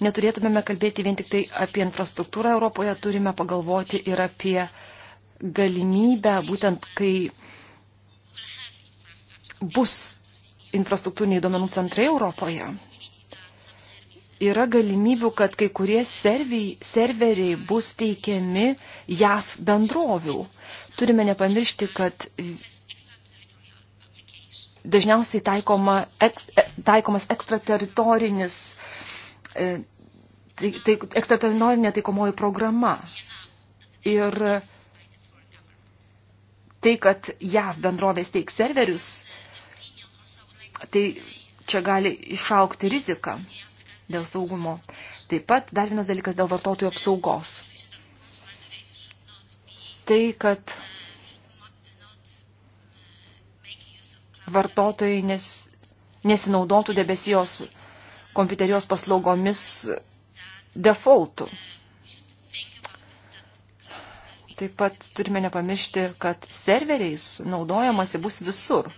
Neturėtumėme kalbėti vien tik tai apie infrastruktūrą Europoje, turime pagalvoti ir apie galimybę, būtent kai bus infrastruktūriniai duomenų centrai Europoje, yra galimybių, kad kai kurie serviai, serveriai bus teikiami JAF bendrovių. Turime nepamiršti, kad dažniausiai taikoma, eks, e, taikomas ekstrateritorinis, e, tai, tai, ekstrateritorinė taikomoji programa. Ir tai, kad JAV bendrovės teiks serverius, tai čia gali išaukti riziką dėl saugumo. Taip pat dar vienas dalykas dėl vartotojų apsaugos. Tai, kad vartotojai nes, nesinaudotų debesijos kompiuterijos paslaugomis defaultų. Taip pat turime nepamiršti, kad serveriais naudojamasi bus visur.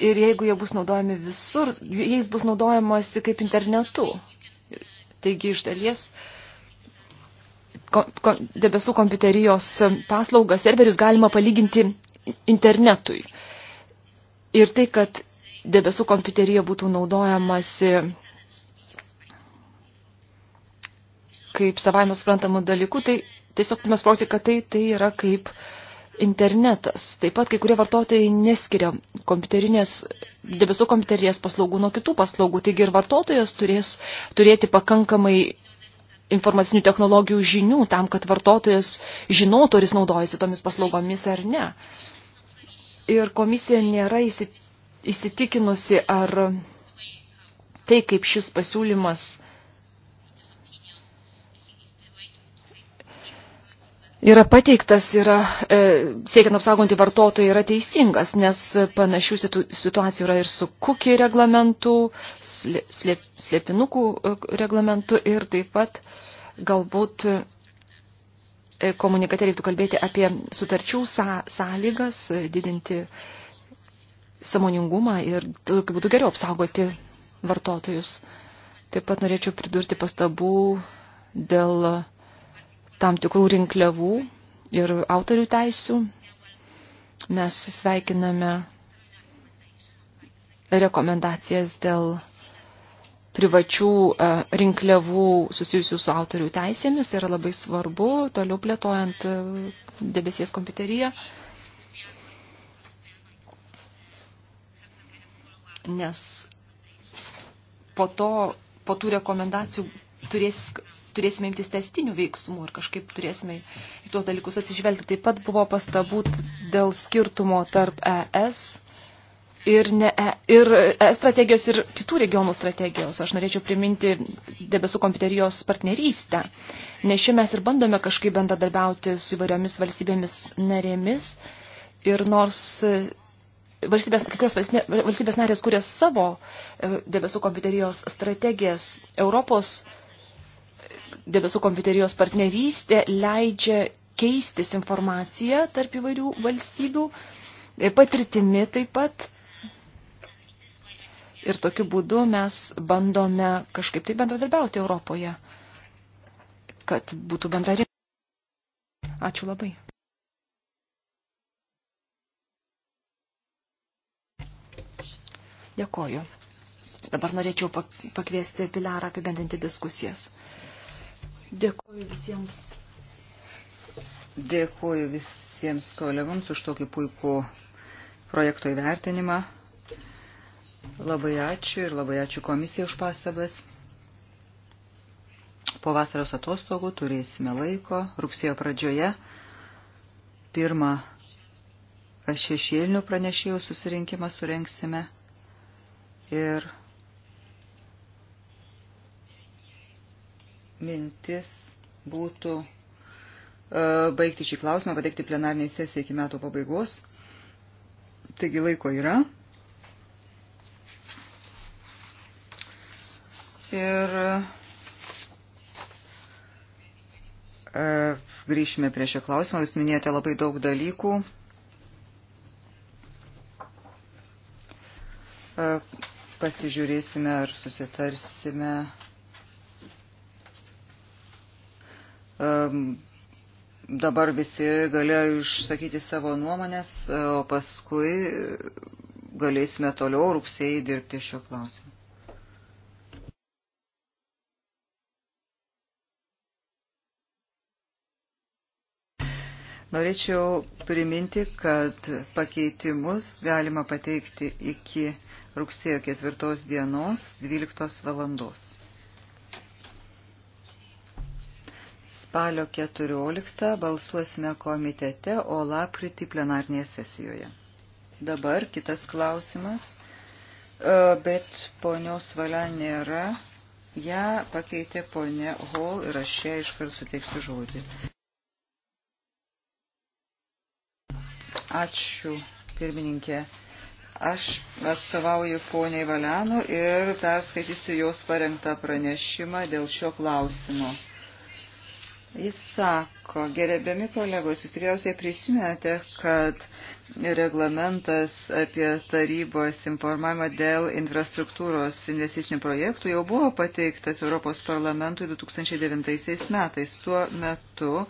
Ir jeigu jie bus naudojami visur, jais bus naudojamasi kaip internetu. Taigi iš dalies debesų kompiuterijos paslaugas serverius galima palyginti internetui ir tai, kad debesų kompiuterija būtų naudojamasi kaip savaime suprantamų dalykų, tai tiesiog mes prokti, kad tai, tai yra kaip internetas. Taip pat kai kurie vartotojai neskiria kompiuterinės, debesų kompiuterinės paslaugų nuo kitų paslaugų, taigi ir vartotojas turės turėti pakankamai informacinių technologijų žinių tam, kad vartotojas žinotų, ar jis naudojasi tomis paslaugomis ar ne. Uh, ir komisija nėra įsitikinusi, ar tai, kaip šis pasiūlymas yra pateiktas, yra e, siekiant apsaugoti vartotojai, yra teisingas, nes panašių situ, situacijų yra ir su kukiai reglamentu, slėp, slėpinukų e, reglamentu ir taip pat galbūt komunikate reiktų kalbėti apie sutarčių sąlygas, didinti samoningumą ir tokiu būtų geriau apsaugoti vartotojus. Taip pat norėčiau pridurti pastabų dėl tam tikrų rinkliavų ir autorių teisių. Mes sveikiname rekomendacijas dėl privačių e, rinkliavų susijusių su autorių teisėmis. Tai yra labai svarbu, toliau plėtojant e, debesies kompiuteriją. Nes po to, po tų rekomendacijų turės, turėsime imtis testinių veiksmų ir kažkaip turėsime į tuos dalykus atsižvelgti. Taip pat buvo pastabų dėl skirtumo tarp ES ir, ne, e, ir e strategijos, ir kitų regionų strategijos. Aš norėčiau priminti debesų kompiuterijos partnerystę, nes čia mes ir bandome kažkaip bendradarbiauti su įvairiomis valstybėmis narėmis. Ir nors e, valstybės, kai kurios valstybės narės kūrė savo e, debesų kompiuterijos strategijas, Europos debesų kompiuterijos partnerystė leidžia keistis informaciją tarp įvairių valstybių, patirtimi taip pat Ir tokiu būdu mes bandome kažkaip tai bendradarbiauti Europoje, kad būtų bendra rinka. Ačiū labai. Dėkoju. Dabar norėčiau pakviesti Pilarą apibendinti diskusijas. Dėkoju visiems. Dėkoju visiems kolegoms už tokį puikų projekto įvertinimą. Labai ačiū ir labai ačiū komisijai už pastabas. Po vasaros atostogų turėsime laiko rugsėjo pradžioje. Pirmą šešėlinių pranešėjų susirinkimą surenksime ir mintis būtų e, baigti šį klausimą, pateikti plenarniai sesijai iki metų pabaigos. Taigi laiko yra. Ir e, grįšime prie šio klausimo. Jūs minėjote labai daug dalykų. E, pasižiūrėsime, ar susitarsime. E, dabar visi galėjo išsakyti savo nuomonės, o paskui galėsime toliau rugsėjai dirbti šio klausimu. Norėčiau priminti, kad pakeitimus galima pateikti iki rugsėjo 4 dienos 12 valandos. Spalio 14 balsuosime komitete, o lapkritį plenarnėje sesijoje. Dabar kitas klausimas, e, bet ponios valia nėra. Ja pakeitė ponė Hall ir aš ją iškart suteiksiu žodį. Ačiū, pirmininkė. Aš atstovauju poniai Valianų ir perskaitysiu jos parengtą pranešimą dėl šio klausimo. Jis sako, gerbiami kolegos, jūs tikriausiai prisimenate, kad reglamentas apie tarybos informavimą dėl infrastruktūros investicinių projektų jau buvo pateiktas Europos parlamentui 2009 metais. Tuo metu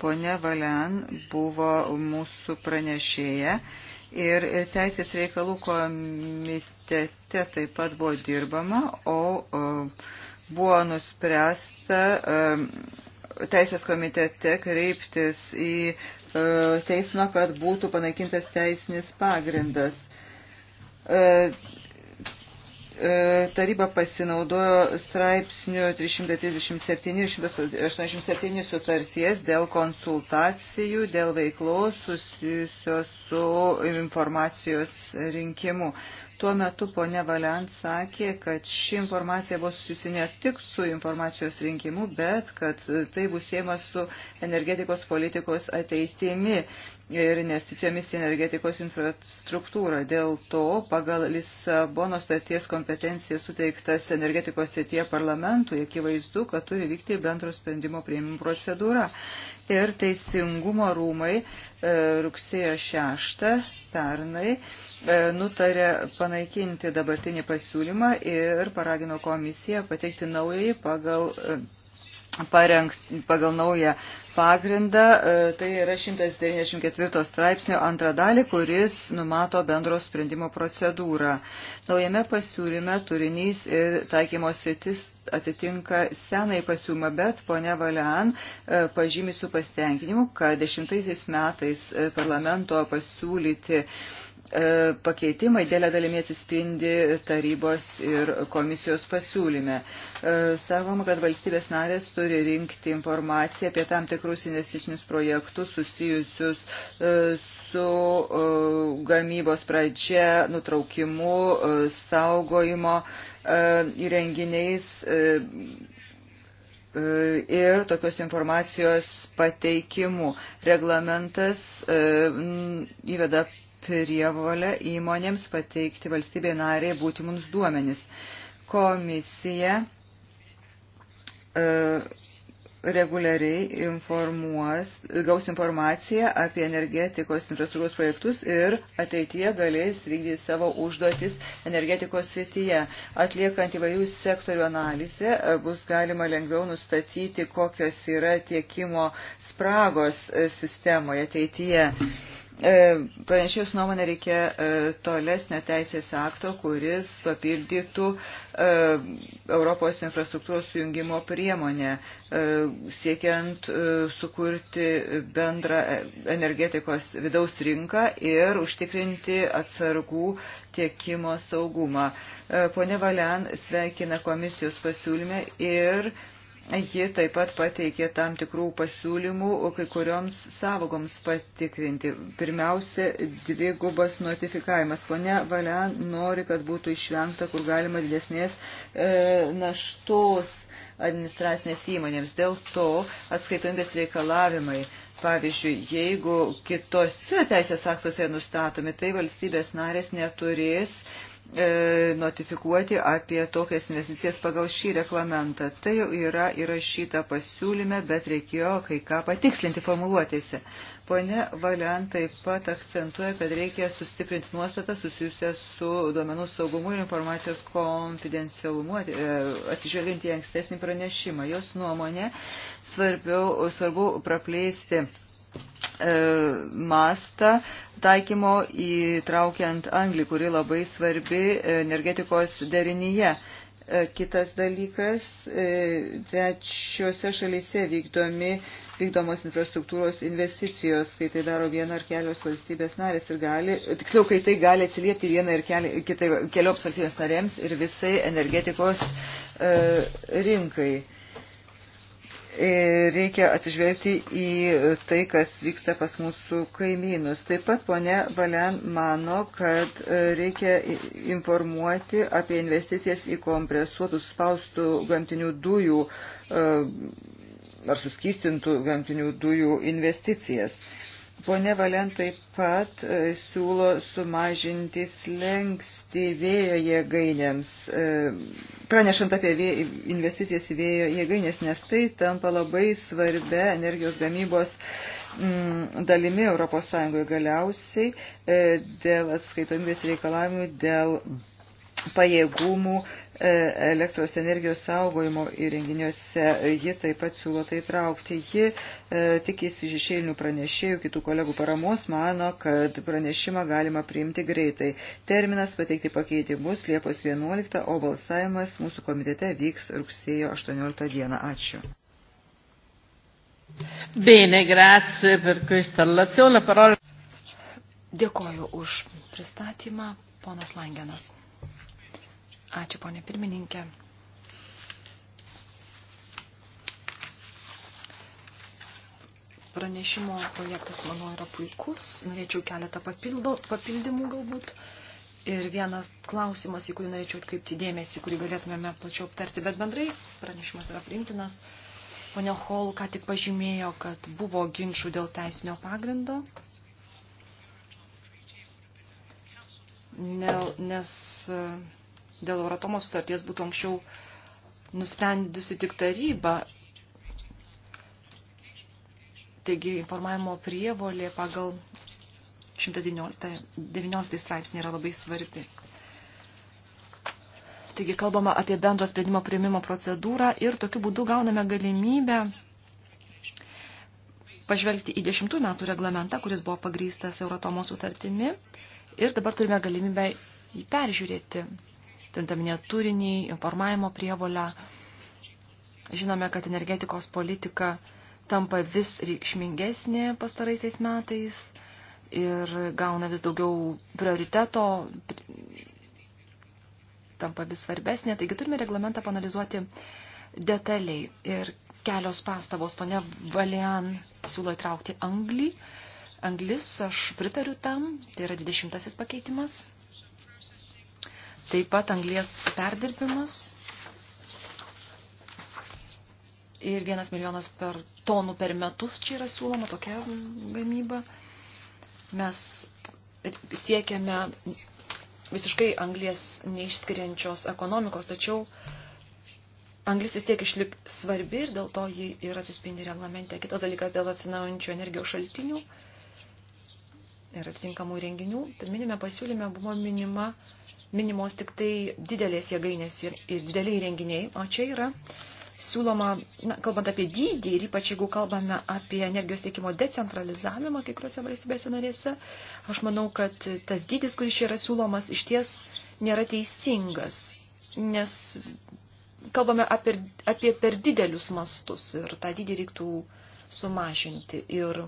Pone Valen buvo mūsų pranešėja ir Teisės reikalų komitete taip pat buvo dirbama, o buvo nuspręsta e, Teisės komitete kreiptis į e, teismą, kad būtų panaikintas teisinis pagrindas e, E, taryba pasinaudojo straipsnių 337 ir 187 sutarties dėl konsultacijų, dėl veiklos susijusios su informacijos rinkimu. Tuo metu ponia Valiant sakė, kad ši informacija bus susijusi ne tik su informacijos rinkimu, bet kad tai bus siejama su energetikos politikos ateitimi ir investicijomis į energetikos infrastruktūrą. Dėl to pagal Lisabono staties kompetenciją suteiktas energetikos sėtie parlamentui akivaizdu, kad turi vykti bendro sprendimo prieimimo procedūra. Ir teisingumo rūmai e, rugsėjo 6 pernai E, nutarė panaikinti dabartinį pasiūlymą ir paragino komisiją pateikti naujai pagal, e, parengt, pagal naują pagrindą. E, tai yra 194 straipsnio antrą dalį, kuris numato bendro sprendimo procedūrą. Naujame pasiūlyme turinys ir taikymo sritis atitinka senai pasiūlymą, bet ponia Valian pažymi su pasitenkinimu, kad dešimtaisiais metais parlamento pasiūlyti E, pakeitimai dėlė dalimi atsispindi tarybos ir komisijos pasiūlyme. E, sakoma, kad valstybės narės turi rinkti informaciją apie tam tikrus investicinius projektus susijusius e, su gamybos pradžia, nutraukimu, saugojimo įrenginiais ir tokios informacijos pateikimu. Reglamentas įveda prievolę įmonėms pateikti valstybė narė būtimus duomenis. Komisija e, reguliariai informuos, gaus informaciją apie energetikos infrastruktūros projektus ir ateityje galės vykdyti savo užduotis energetikos srityje. Atliekant įvairių sektorių analizę, e, bus galima lengviau nustatyti, kokios yra tiekimo spragos e, sistemoje ateityje. E, Pranešėjus nuomonė reikia e, tolesnio teisės akto, kuris papildytų e, Europos infrastruktūros sujungimo priemonę, siekiant sukurti bendrą energetikos vidaus rinką ir užtikrinti atsargų tiekimo saugumą. Pone Valian sveikina komisijos pasiūlymę ir Ji taip pat pateikė tam tikrų pasiūlymų kai kurioms savogoms patikrinti. Pirmiausia, dvi gubas notifikavimas. Pone Valian nori, kad būtų išvengta, kur galima didesnės e, naštos administracinės įmonėms. Dėl to atskaitomybės reikalavimai. Pavyzdžiui, jeigu kitose teisės aktuose nustatomi, tai valstybės narės neturės E, notifikuoti apie tokias investicijas pagal šį reglamentą. Tai jau yra įrašyta pasiūlyme, bet reikėjo kai ką patikslinti formuluotėse. Pone Valian taip pat akcentuoja, kad reikia sustiprinti nuostatą susijusią su duomenų saugumu ir informacijos konfidencialumu, e, atsižvelgiant į ankstesnį pranešimą. Jos nuomonė svarbiau, svarbu praplėsti E, mastą taikymo įtraukiant anglį, kuri labai svarbi energetikos derinyje. E, kitas dalykas, e, trečiose šalyse vykdomi, vykdomos infrastruktūros investicijos, kai tai daro viena ar kelios valstybės narės ir gali, tiksliau, kai tai gali atsiliepti vieną ir keli, kitai, kelioms valstybės narėms ir visai energetikos e, rinkai. E, reikia atsižvelgti į tai, kas vyksta pas mūsų kaimynus. Taip pat ponia Valen mano, kad reikia informuoti apie investicijas į kompresuotus spaustų gamtinių dujų e, ar suskystintų gamtinių dujų investicijas. Pone Valen taip pat e, siūlo sumažinti slengsti vėjo jėgainėms, e, pranešant apie investicijas į vėjo jėgainės, nes tai tampa labai svarbia energijos gamybos mm, dalimi ES galiausiai e, dėl atskaitomybės reikalavimų, dėl pajėgumų e, elektros energijos saugojimo įrenginiuose. Ji taip pat siūlo tai traukti. Ji e, tikisi žešėlinių pranešėjų, kitų kolegų paramos, mano, kad pranešimą galima priimti greitai. Terminas pateikti pakeitimus Liepos 11, o balsavimas mūsų komitete vyks rugsėjo 18 dieną. Ačiū. Bene, grazie per questa allazione. Parola... Dėkoju už pristatymą, ponas Langenas. Ačiū, ponė pirmininkė. Pranešimo projektas, manau, yra puikus. Norėčiau keletą papildo, papildymų galbūt. Ir vienas klausimas, į kurį norėčiau atkreipti dėmesį, kurį galėtumėme plačiau aptarti, bet bendrai pranešimas yra priimtinas. Pone Hol ką tik pažymėjo, kad buvo ginčių dėl teisinio pagrindo, nes dėl Euratomo sutarties būtų anksčiau nusprendusi tik taryba. Taigi informavimo prievolė pagal 119 straipsnį yra labai svarbi. Taigi kalbama apie bendro sprendimo priėmimo procedūrą ir tokiu būdu gauname galimybę pažvelgti į dešimtų metų reglamentą, kuris buvo pagrystas Euratomo sutartimi ir dabar turime galimybę jį peržiūrėti turintaminė turinį, informavimo prievolę. Žinome, kad energetikos politika tampa vis reikšmingesnė pastaraisiais metais ir gauna vis daugiau prioriteto, tampa vis svarbesnė. Taigi turime reglamentą panalizuoti detaliai. Ir kelios pastabos, ponia Valian siūlo įtraukti anglį. Anglis, aš pritariu tam, tai yra 20 pakeitimas. Taip pat anglies perdirbimas ir vienas milijonas per tonų per metus čia yra siūloma tokia gamyba. Mes siekiame visiškai anglės neišskiriančios ekonomikos, tačiau anglis vis tiek išlik svarbi ir dėl to jį ir atsispindi reglamente. Kitas dalykas dėl atsinaujančių energijos šaltinių. Uh, ir atitinkamų renginių, pirminėme pasiūlyme buvo minima, minimos tik tai didelės jėgainės ir, ir dideliai renginiai, o čia yra siūloma, na, kalbant apie dydį ir ypač jeigu kalbame apie energijos teikimo decentralizavimą kai kuriuose valstybėse narėse, aš manau, kad tas dydis, kuris čia yra siūlomas, iš ties nėra teisingas, nes kalbame apie, apie per didelius mastus ir tą dydį reiktų sumažinti. Ir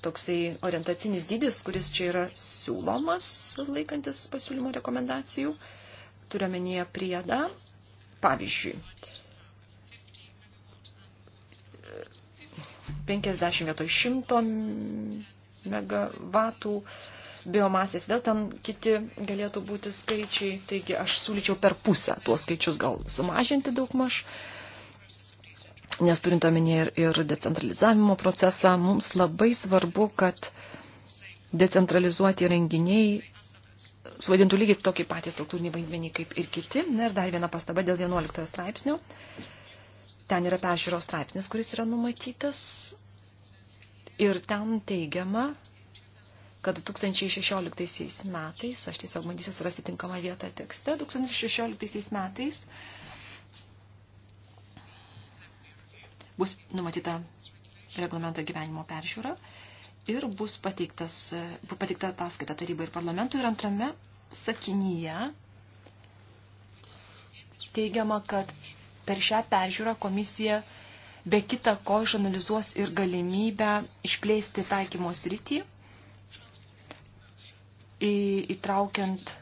toksai orientacinis dydis, kuris čia yra siūlomas, laikantis pasiūlymo rekomendacijų, turiuomenyje priedą. Pavyzdžiui, 50 vietoj 100 megavatų biomasės, vėl ten kiti galėtų būti skaičiai, taigi aš siūlyčiau per pusę tuos skaičius gal sumažinti daugmaž. maž nes turint omenyje ir, ir decentralizavimo procesą, mums labai svarbu, kad decentralizuoti renginiai suvaidintų lygiai tokį patį struktūrinį vaidmenį kaip ir kiti. Na ir dar viena pastaba dėl 11 straipsnio. Ten yra peržiūros straipsnis, kuris yra numatytas. Ir ten teigiama, kad 2016 metais, aš tiesiog bandysiu surasti tinkamą vietą tekste, 2016 metais bus numatyta reglamento gyvenimo peržiūra ir bus pateiktas, pateikta ataskaita tarybai ir parlamentui. Ir antrame sakinyje teigiama, kad per šią peržiūrą komisija be kita ko išanalizuos ir galimybę išplėsti taikymo sritį, įtraukiant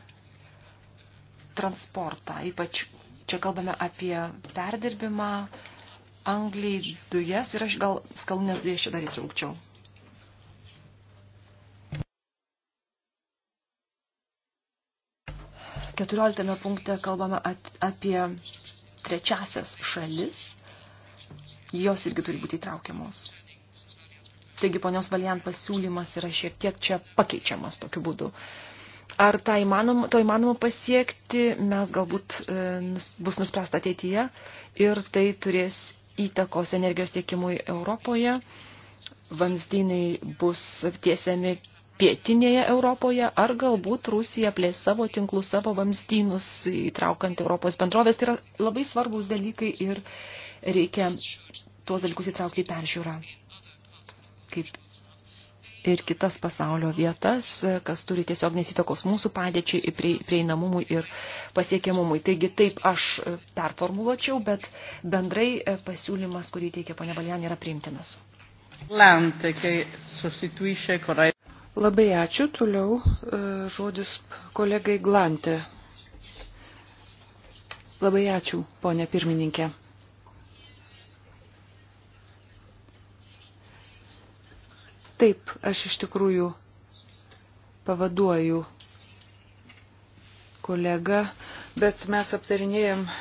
transportą. Ypač čia kalbame apie perdirbimą, angliai dujas ir aš gal skalūnės dujas čia dar įtraukčiau. Keturioliktame punkte kalbame at, apie trečiasias šalis. Jos irgi turi būti įtraukiamos. Taigi ponios Valiant pasiūlymas yra šiek tiek čia pakeičiamas tokiu būdu. Ar tai įmanoma, to įmanoma pasiekti, mes galbūt e, nus, bus nuspręsta ateityje ir tai turės įtakos energijos tiekimui Europoje. Vamzdynai bus tiesiami pietinėje Europoje, ar galbūt Rusija plės savo tinklų, savo vamzdynus, įtraukant Europos bendrovės. Tai yra labai svarbus dalykai ir reikia tuos dalykus įtraukti į peržiūrą, kaip ir kitas pasaulio vietas, kas turi tiesiog nesitakos mūsų padėčiai, prieinamumui ir pasiekiamumui. Taigi taip aš performuluočiau, bet bendrai e, pasiūlymas, kurį teikia ponia Baljan, yra priimtinas. Labai ačiū. Toliau e, žodis kolegai Glantė. Labai ačiū, ponė pirmininkė. Taip, aš iš tikrųjų pavaduoju kolegą, bet mes aptarinėjom e,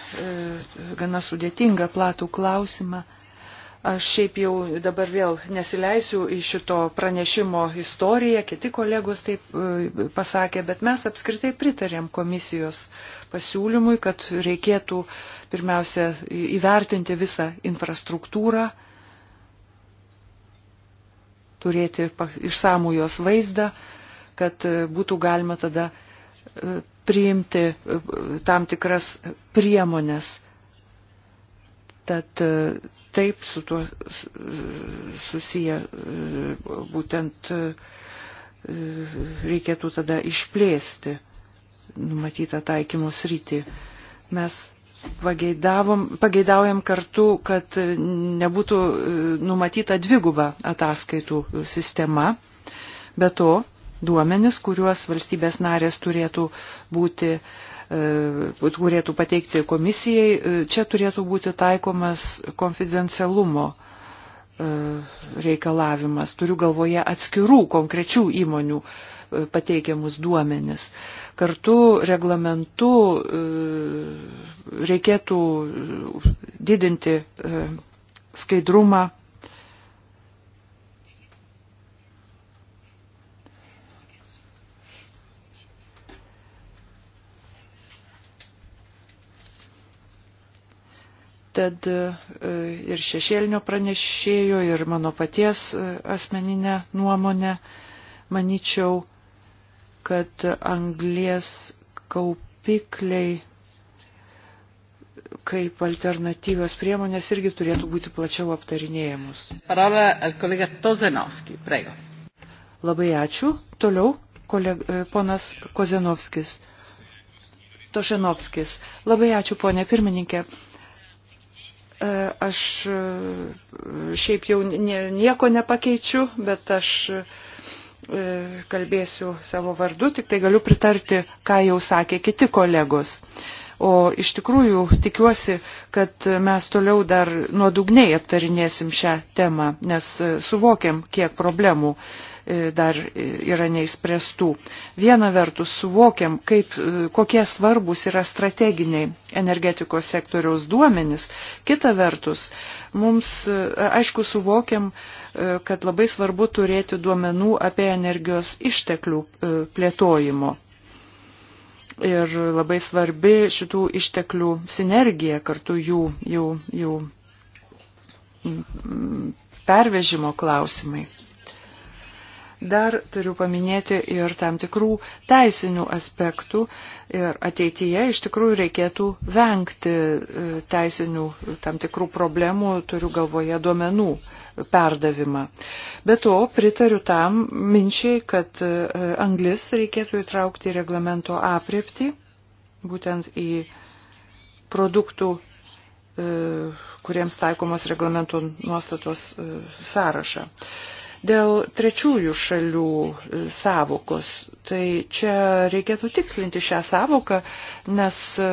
gana sudėtingą platų klausimą. Aš šiaip jau dabar vėl nesileisiu į šito pranešimo istoriją, kiti kolegos taip e, pasakė, bet mes apskritai pritarėm komisijos pasiūlymui, kad reikėtų pirmiausia įvertinti visą infrastruktūrą, turėti išsamų jos vaizdą, kad e, būtų galima tada e, priimti e, tam tikras priemonės. Tad taip su tuo susiję būtent reikėtų tada išplėsti numatytą taikymo sritį. Mes pageidaujam kartu, kad nebūtų e, numatyta dviguba ataskaitų sistema. Be to, duomenis, kuriuos valstybės narės turėtų būti e, turėtų pateikti komisijai, e, čia turėtų būti taikomas konfidencialumo reikalavimas. Turiu galvoje atskirų konkrečių įmonių pateikiamus duomenis. Kartu reglamentu e, reikėtų didinti e, skaidrumą. Tad e, ir šešėlinio pranešėjo, ir mano paties asmeninę nuomonę, manyčiau, kad anglės kaupikliai kaip alternatyvios priemonės irgi turėtų būti plačiau aptarinėjamos. Parola al kolega Tozenovski, prego. Labai ačiū. Toliau koleg, e, ponas Kozenovskis. Tošenovskis. Labai ačiū, ponė pirmininkė. E, aš e, šiaip jau nieko nepakeičiu, bet aš E, kalbėsiu savo vardu, tik tai galiu pritarti, ką jau sakė kiti kolegos. O iš tikrųjų tikiuosi, kad mes toliau dar nuodugniai aptarinėsim šią temą, nes e, suvokiam, kiek problemų E, dar yra neįspręstų. Viena vertus suvokiam, kaip, e, kokie svarbus yra strateginiai energetikos sektoriaus duomenys, kita vertus mums e, aišku suvokiam, kad labai svarbu turėti duomenų apie energijos išteklių plėtojimo ir labai svarbi šitų išteklių sinergija kartu jų, jų, jų pervežimo klausimai. Dar turiu paminėti ir tam tikrų teisinių aspektų ir ateityje iš tikrųjų reikėtų vengti e, teisinių tam tikrų problemų, turiu galvoje duomenų perdavimą. Be to, pritariu tam minčiai, kad e, anglis reikėtų įtraukti į reglamento apriepti, būtent į produktų e, kuriems taikomos reglamento nuostatos sąrašą. Dėl trečiųjų šalių e, savokos, tai čia reikėtų tikslinti šią savoką, nes e,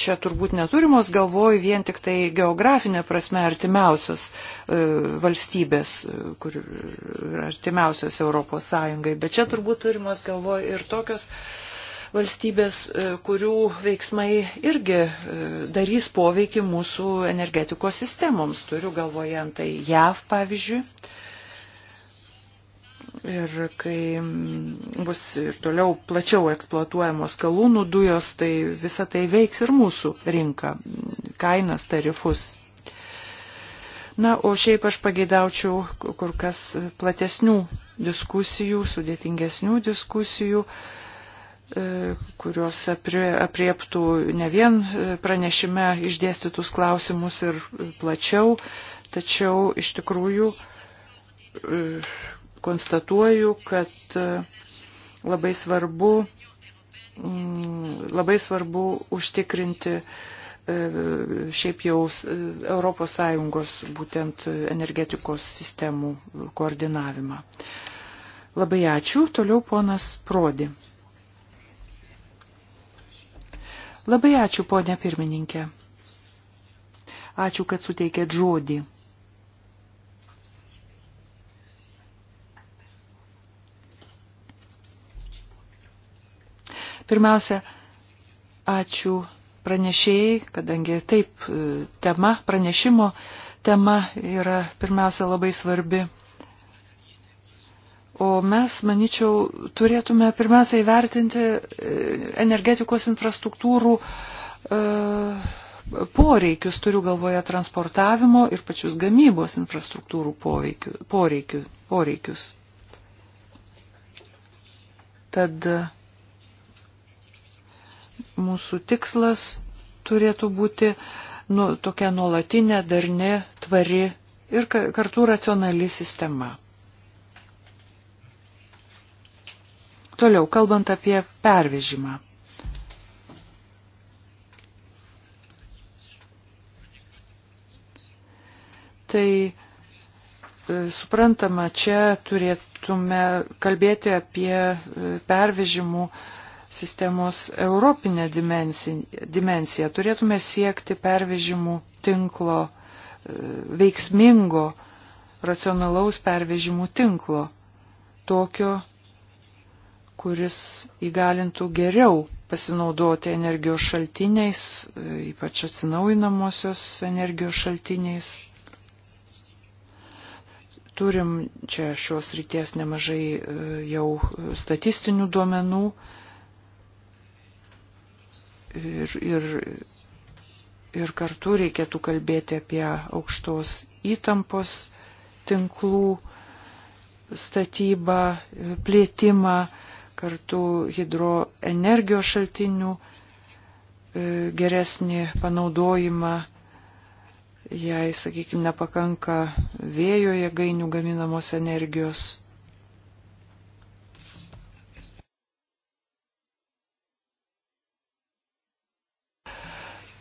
čia turbūt neturimos galvoj vien tik tai geografinė prasme artimiausios e, valstybės, kur artimiausios Europos Sąjungai, bet čia turbūt turimos galvoj ir tokios valstybės, kurių veiksmai irgi darys poveikį mūsų energetikos sistemoms. Turiu galvoje antai JAV pavyzdžiui Ir kai bus ir toliau plačiau eksploatuojamos kalūnų dujos, tai visa tai veiks ir mūsų rinką, kainas, tarifus. Na, o šiaip aš pageidaučiau kur kas platesnių diskusijų, sudėtingesnių diskusijų e, kurios apriektų ne vien pranešime išdėstytus klausimus ir plačiau, tačiau iš tikrųjų e, konstatuoju, kad e, labai svarbu, mm, labai svarbu užtikrinti e, šiaip jau ES e, būtent energetikos sistemų koordinavimą. Labai ačiū. Toliau ponas Prodi. Labai ačiū, ponė pirmininkė. Ačiū, kad suteikėt žodį. Pirmiausia, ačiū pranešėjai, kadangi taip e, tema, pranešimo tema yra pirmiausia labai svarbi. O mes, manyčiau, turėtume pirmiausia įvertinti e, energetikos infrastruktūrų e, poreikius, turiu galvoje transportavimo ir pačius gamybos infrastruktūrų poveikiu, poreikiu, poreikius. Tad Mūsų tikslas turėtų būti nu, tokia nuolatinė, darni, tvari ir kartu racionali sistema. Toliau, kalbant apie pervežimą. Tai e, suprantama, čia turėtume kalbėti apie e, pervežimų sistemos europinę dimensiją. Turėtume siekti pervežimų tinklo, e, veiksmingo, racionalaus pervežimų tinklo, tokio, kuris įgalintų geriau pasinaudoti energijos šaltiniais, e, ypač atsinaujinamosios energijos šaltiniais. Turim čia šios ryties nemažai e, jau statistinių duomenų, ir, ir, ir kartu reikėtų kalbėti apie aukštos įtampos tinklų statybą, plėtimą, kartu hidroenergijos šaltinių e, geresnį panaudojimą, jei, sakykime, nepakanka vėjo jėgainių gaminamos energijos.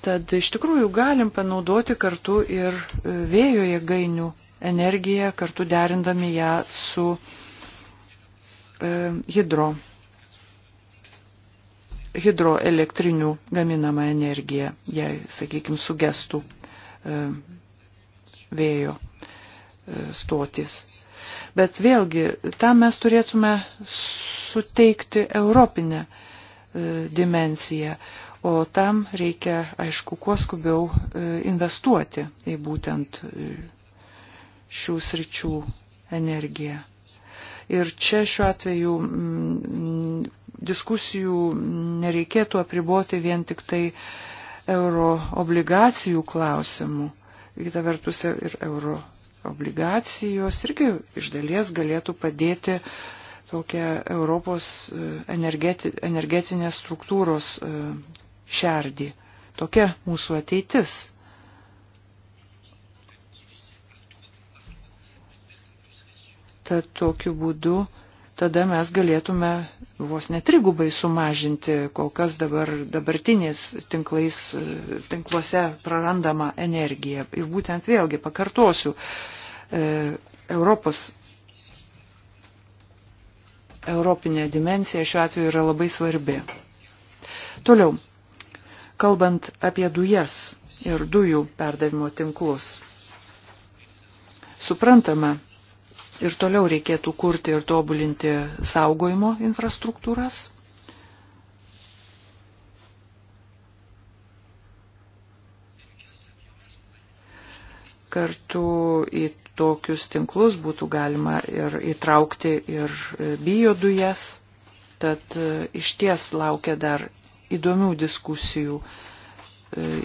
Tad iš tikrųjų galim panaudoti kartu ir e, vėjo jėgainių energiją, kartu derindami ją su e, hidro, hidroelektrinių gaminama energija, jei, sakykime, sugestų e, vėjo e, stotis. Bet vėlgi, tam mes turėtume suteikti europinę e, dimensiją, o tam reikia, aišku, kuo skubiau e, investuoti į būtent e, šių sričių energiją. Ir čia šiuo atveju m, mm, diskusijų nereikėtų apriboti vien tik tai euro obligacijų klausimų. Kita vertus e, ir euro obligacijos irgi iš dalies galėtų padėti tokią Europos energeti, energetinės struktūros šerdį. Tokia mūsų ateitis. Tad tokiu būdu tada mes galėtume vos netrigubai sumažinti kol kas dabar, dabartinės tinklais, tinkluose prarandama energija. Ir būtent vėlgi pakartosiu, e, Europos, europinė dimensija šiuo atveju yra labai svarbi. Toliau, kalbant apie dujas ir dujų perdavimo tinklus. Suprantama, ir toliau reikėtų kurti ir tobulinti saugojimo infrastruktūras. Kartu į tokius tinklus būtų galima ir įtraukti ir biodujas, tad e, iš ties laukia dar įdomių diskusijų e,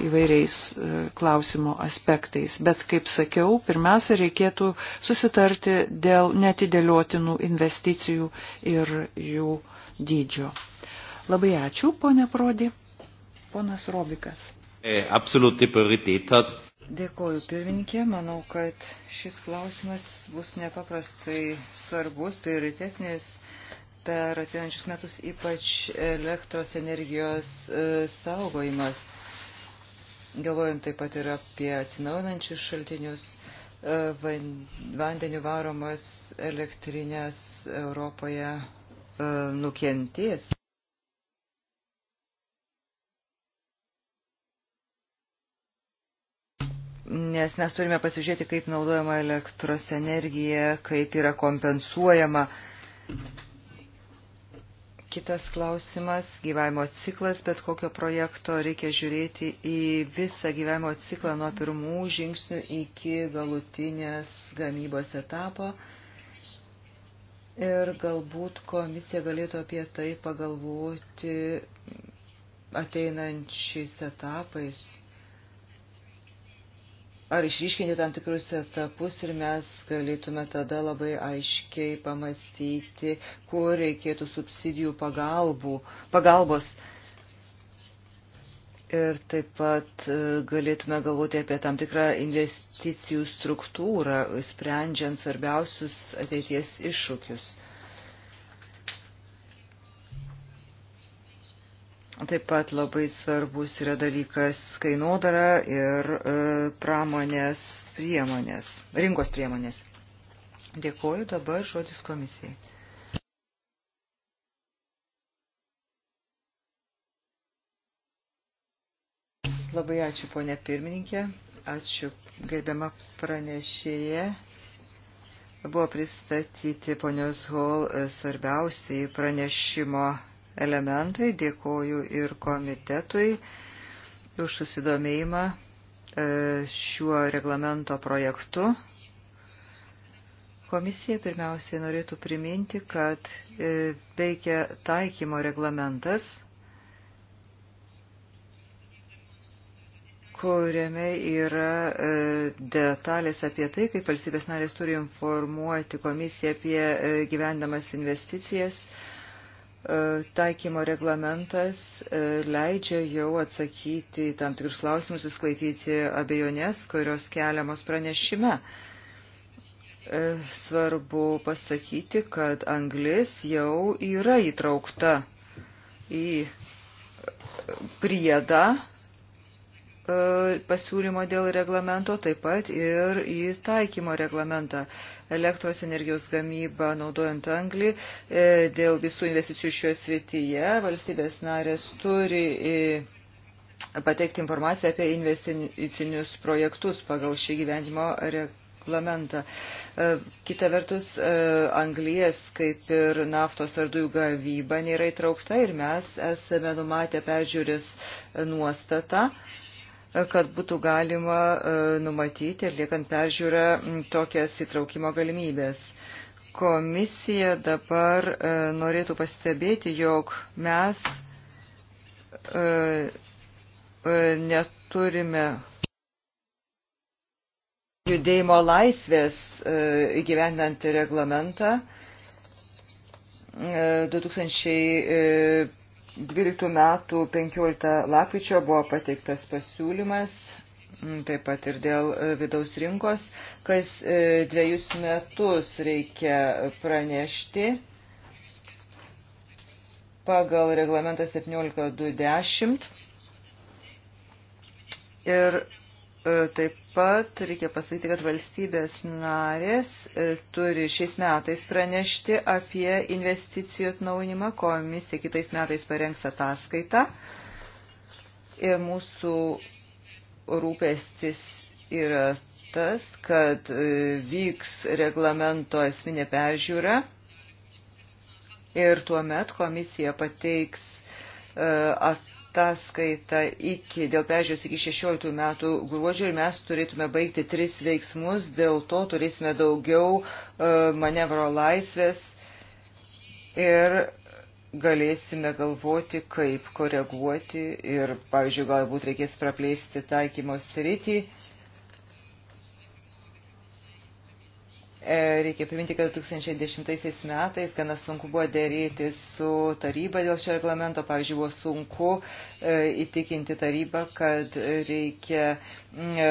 įvairiais e, klausimo aspektais. Bet, kaip sakiau, pirmiausia, reikėtų susitarti dėl netidėliotinų investicijų ir jų dydžio. Labai ačiū, ponė Prodi. Ponas Robikas. E, absoliuti prioritetą. Dėkoju, pirmininkė. Manau, kad šis klausimas bus nepaprastai svarbus, prioritetinis. Uh, per ateinančius metus, ypač elektros energijos e, saugojimas, galvojant taip pat ir apie atsinaujinančius šaltinius, e, vandeniu varomas elektrinės Europoje e, nukentės. nes mes turime pasižiūrėti, kaip naudojama elektros energija, kaip yra kompensuojama. Kitas klausimas - gyvavimo ciklas, bet kokio projekto reikia žiūrėti į visą gyvavimo ciklą nuo pirmų žingsnių iki galutinės gamybos etapo. Ir galbūt komisija galėtų apie tai pagalvoti ateinančiais etapais ar išryškinti tam tikrus etapus ir mes galėtume tada labai aiškiai pamastyti, kur reikėtų subsidijų pagalbų, pagalbos. Ir taip pat e, galėtume galvoti apie tam tikrą investicijų struktūrą, sprendžiant svarbiausius ateities iššūkius. Taip pat labai svarbus yra dalykas kainodara ir e, pramonės priemonės, rinkos priemonės. Dėkoju dabar žodis komisijai. Labai ačiū, ponė pirmininkė. Ačiū, gerbiama pranešėje. Buvo pristatyti ponios Hall e, svarbiausiai pranešimo elementai. Dėkoju ir komitetui už susidomėjimą e, šiuo reglamento projektu. Komisija pirmiausiai norėtų priminti, kad e, veikia taikymo reglamentas, kuriame yra e, detalės apie tai, kaip valstybės narės turi informuoti komisiją apie gyvendamas investicijas E, taikymo reglamentas e, leidžia jau atsakyti tam tikrus klausimus, įsklaityti abejonės, kurios keliamos pranešime. E, svarbu pasakyti, kad anglis jau yra įtraukta į priedą pasiūlymo dėl reglamento, taip pat ir į taikymo reglamentą elektros energijos gamybą naudojant anglį. E, dėl visų investicijų šioje srityje valstybės narės turi e, pateikti informaciją apie investicinius projektus pagal šį gyvenimo reglamentą. E, kita vertus, anglijas, kaip ir naftos ar dujų gavyba, nėra įtraukta ir mes esame numatę peržiūrės nuostatą kad būtų galima e, numatyti, atliekant peržiūrą, tokias įtraukimo galimybės. Komisija dabar e, norėtų pastebėti, jog mes e, neturime judėjimo laisvės įgyvendinti reglamentą 2000 12 metų 15 lakvičio buvo pateiktas pasiūlymas, taip pat ir dėl e, vidaus rinkos, kas e, dviejus metus reikia pranešti pagal reglamentą 17.210. Ir E, taip pat reikia pasakyti, kad valstybės narės e, turi šiais metais pranešti apie investicijų atnaujinimą, komisija kitais metais parengs ataskaitą. Ir e, mūsų rūpestis yra tas, kad vyks reglamento esminė peržiūra ir tuomet komisija pateiks ataskaitą ataskaitą iki, dėl peržiūros iki 16 metų gruodžio ir mes turėtume baigti tris veiksmus, dėl to turėsime daugiau e, manevro laisvės ir galėsime galvoti, kaip koreguoti ir, pavyzdžiui, galbūt reikės praplėsti taikymo sritį. E, reikia priminti, kad 2010 metais gana sunku buvo dėrėti su taryba dėl šio reglamento. Pavyzdžiui, buvo sunku e, įtikinti tarybą, kad reikia e,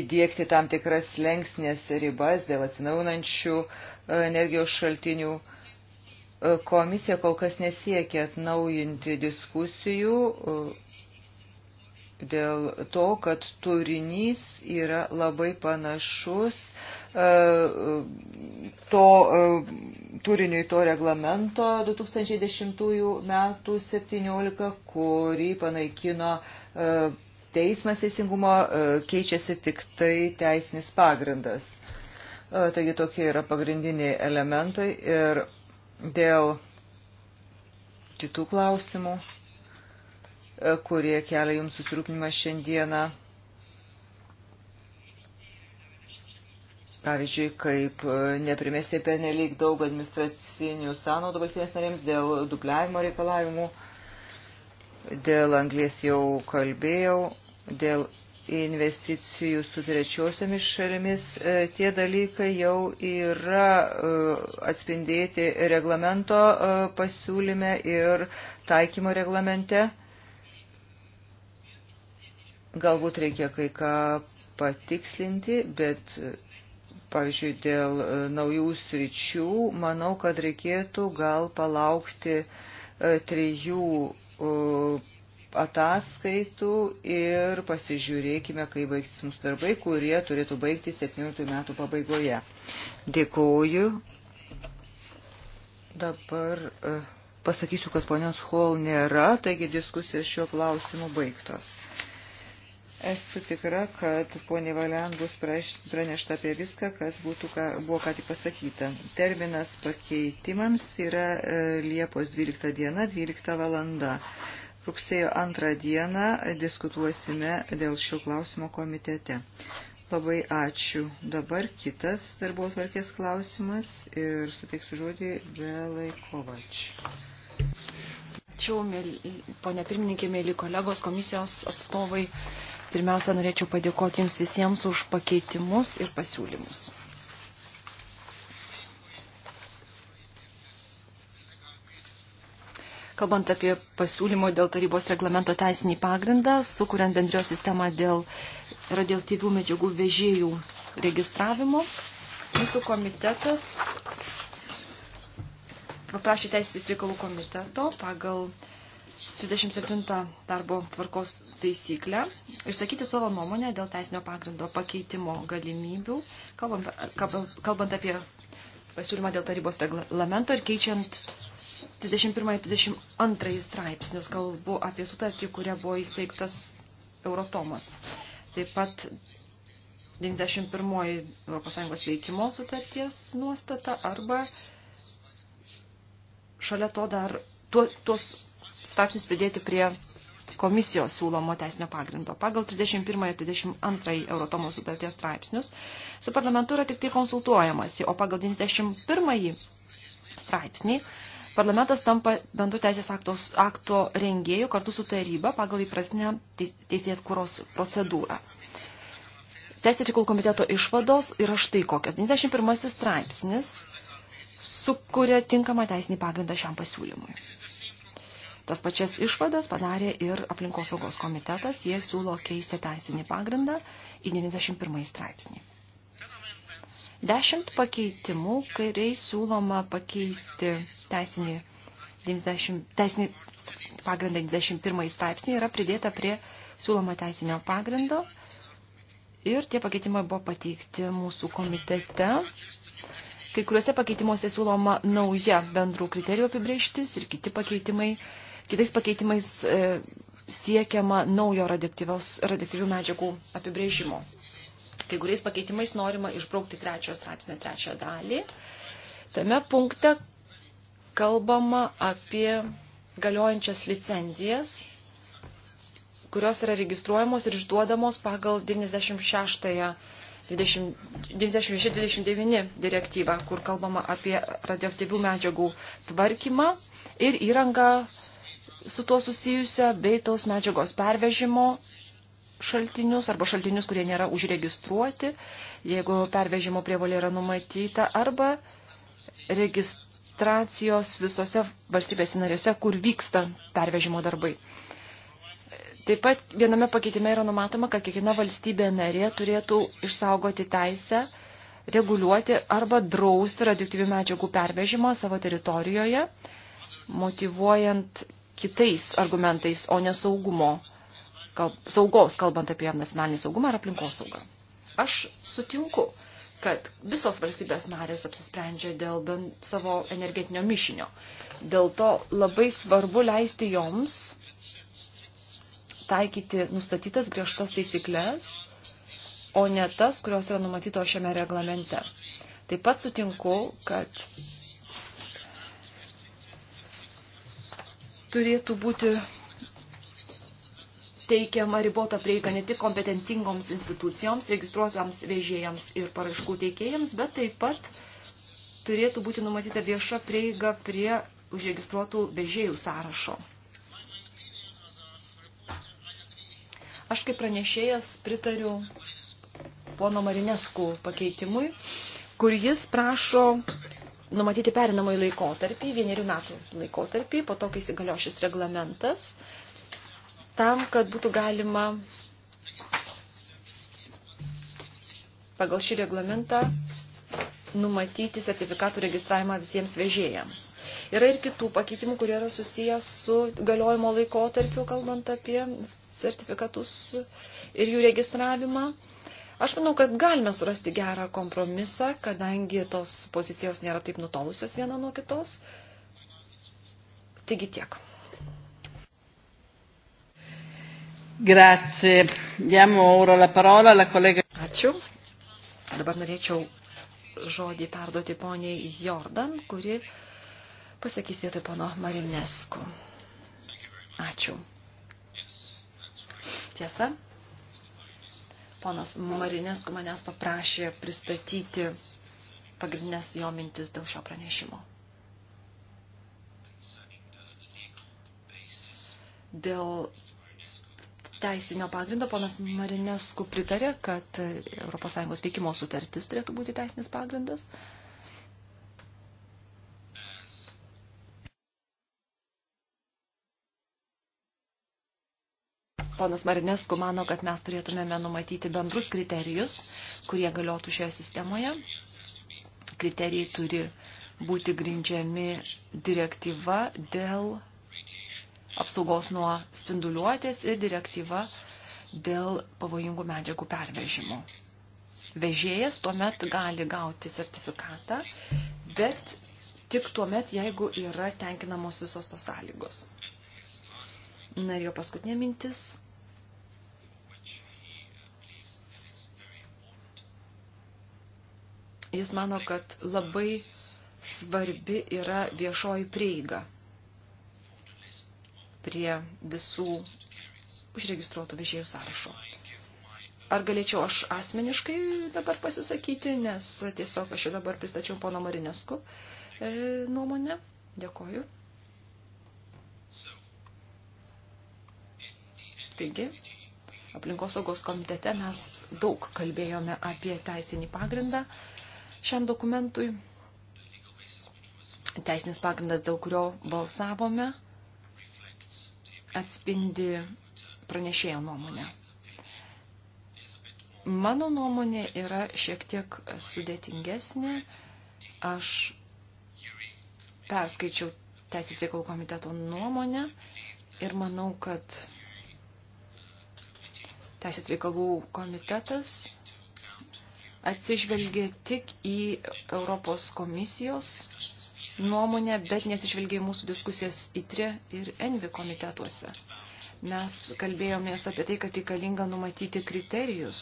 įdėkti tam tikras lengsnės ribas dėl atsinaunančių energijos šaltinių. Komisija kol kas nesiekia atnaujinti diskusijų dėl to, kad turinys yra labai panašus E, to e, turiniui to reglamento 2010 metų 17, kurį panaikino e, teismas teisingumo, keičiasi tik tai teisinis pagrindas. Taigi tokie yra pagrindiniai elementai ir dėl kitų klausimų, kurie kelia jums susirūpinimą šiandieną. Pavyzdžiui, kaip e, neprimesti pernelyg daug administracinių sąnaudų valstybės narėms dėl dubliavimo reikalavimų, dėl anglės jau kalbėjau, dėl investicijų su trečiosiomis šalimis, e, tie dalykai jau yra e, atspindėti reglamento pasiūlyme ir taikymo reglamente. Galbūt reikia kai ką patikslinti, bet pavyzdžiui, dėl e, naujų sričių, manau, kad reikėtų gal palaukti e, trijų e, ataskaitų ir pasižiūrėkime, kai baigsis mūsų darbai, kurie turėtų baigti 17 metų pabaigoje. Dėkoju. Dabar pasakysiu, kad ponios Hall nėra, taigi diskusijos šiuo klausimu baigtos. Esu tikra, kad ponė Valian bus pranešta apie viską, kas būtų, ką, buvo ką tik pasakyta. Terminas pakeitimams yra e, Liepos 12 diena, 12 valanda. Rugsėjo 2 dieną diskutuosime dėl šio klausimo komitete. Labai ačiū. Dabar kitas darbo tvarkės klausimas ir suteiksiu žodį Velai Kovač. Ačiū, ponė pirmininkė, mėly kolegos, komisijos atstovai. Pirmiausia, norėčiau padėkoti Jums visiems už pakeitimus ir pasiūlymus. Kalbant apie pasiūlymo dėl tarybos reglamento teisinį pagrindą, sukuriant bendrijos sistemą dėl radioaktyvių medžiagų vežėjų registravimo, mūsų komitetas paprašė teisės reikalų komiteto pagal 37 darbo tvarkos taisyklę, išsakyti savo nuomonę dėl teisinio pagrindo pakeitimo galimybių, kalbant, kalbant apie pasiūlymą dėl tarybos reglamento ir keičiant 21-22 straipsnius, kalbu apie sutartį, kuria buvo įsteigtas Eurotomas. Taip pat 91 ES veikimo sutarties nuostata arba šalia to dar tuos straipsnius pridėti prie komisijos siūlomo teisinio pagrindo. Pagal 31 ir 32 Euratomo sutarties straipsnius su parlamentu yra tik tai konsultuojamasi, o pagal 91 straipsnį parlamentas tampa bendru teisės aktos, akto rengėjų kartu su taryba pagal įprasnę teisėtkūros procedūrą. Teisės reikalų komiteto išvados yra štai kokios. 91 straipsnis sukuria tinkamą teisinį pagrindą šiam pasiūlymui. Tas pačias išvadas padarė ir aplinkosaugos komitetas, jie siūlo keisti teisinį pagrindą į 91 straipsnį. Dešimt pakeitimų, kairiai siūloma pakeisti teisinį, 90, teisinį pagrindą 91 straipsnį yra pridėta prie siūloma teisinio pagrindo ir tie pakeitimai buvo pateikti mūsų komitete. Kai kuriuose pakeitimuose siūloma nauja bendrų kriterijų apibrieštis ir kiti pakeitimai Kitais pakeitimais e, siekiama naujo radioaktyvių medžiagų apibrėžimo. Kai kuriais pakeitimais norima išbraukti trečiojo straipsnio trečią dalį. Tame punkte kalbama apie galiojančias licenzijas, kurios yra registruojamos ir išduodamos pagal 96-ąją 26-29 direktyvą, kur kalbama apie radioaktyvių medžiagų tvarkymą ir įrangą su tuo susijusią, bei tos medžiagos pervežimo šaltinius arba šaltinius, kurie nėra užregistruoti, jeigu pervežimo prievalė yra numatyta, arba registracijos visose valstybėse narėse, kur vyksta pervežimo darbai. Taip pat viename pakeitime yra numatoma, kad kiekviena valstybė narė turėtų išsaugoti teisę reguliuoti arba drausti radioaktyvių medžiagų pervežimą savo teritorijoje, motivuojant kitais argumentais, o ne saugumo, kal, saugos, kalbant apie nacionalinį saugumą ar aplinkos saugą. Aš sutinku, kad visos valstybės narės apsisprendžia dėl bent savo energetinio mišinio. Dėl to labai svarbu leisti joms taikyti nustatytas griežtas taisyklės, o ne tas, kurios yra numatyto šiame reglamente. Taip pat sutinku, kad turėtų būti teikiama ribota prieiga ne tik kompetentingoms institucijoms, registruotams vežėjams ir paraiškų teikėjams, bet taip pat turėtų būti numatyta vieša prieiga prie užregistruotų vežėjų sąrašo. Aš kaip pranešėjas pritariu pono Marinesku pakeitimui, kur jis prašo numatyti perinamąjį laikotarpį, vienerių metų laikotarpį, po to, kai įsigalio šis reglamentas, tam, kad būtų galima pagal šį reglamentą numatyti sertifikatų registravimą visiems vežėjams. Yra ir kitų pakeitimų, kurie yra susijęs su galiojimo laikotarpiu, kalbant apie sertifikatus ir jų registravimą. Aš manau, kad galime surasti gerą kompromisą, kadangi tos pozicijos nėra taip nutolusios viena nuo kitos. Taigi tiek. Grazie. Diamo ora la parola alla collega. Ačiū. Dabar norėčiau žodį perduoti poniai Jordan, kuri pasakys vietoj pono Marinesku. Ačiū. Tiesa? Ponas Marinesku manęs paprašė pristatyti pagrindinės jo mintis dėl šio pranešimo. Dėl teisinio pagrindo ponas Marinesku pritarė, kad ES veikimo sutartis turėtų būti teisinis pagrindas. Uh, Ponas Marinesku mano, kad mes turėtumėme numatyti bendrus kriterijus, kurie galiotų šioje sistemoje. Kriterijai turi būti grindžiami direktyva dėl apsaugos nuo spinduliuotės ir direktyva dėl pavojingų medžiagų pervežimo. Vežėjas tuomet gali gauti sertifikatą, bet tik tuomet, jeigu yra tenkinamos visos tos sąlygos. Na ir jo paskutinė mintis. Jis mano, kad labai svarbi yra viešoji prieiga prie visų užregistruotų vežėjų sąrašo. Ar galėčiau aš asmeniškai dabar pasisakyti, nes tiesiog aš jau dabar pristačiau pono Marinesku e, nuomonę. Dėkoju. Taigi, aplinkosaugos komitete mes daug kalbėjome apie teisinį pagrindą, šiam dokumentui. Teisinis pagrindas, dėl kurio balsavome, atspindi pranešėjo nuomonę. Mano nuomonė yra šiek tiek sudėtingesnė. Aš perskaičiau Teisės reikalų komiteto nuomonę ir manau, kad Teisės reikalų komitetas atsižvelgia tik į Europos komisijos nuomonę, bet neatsižvelgia į mūsų diskusijas ITRE ir ENVI komitetuose. Mes kalbėjomės apie tai, kad reikalinga numatyti kriterijus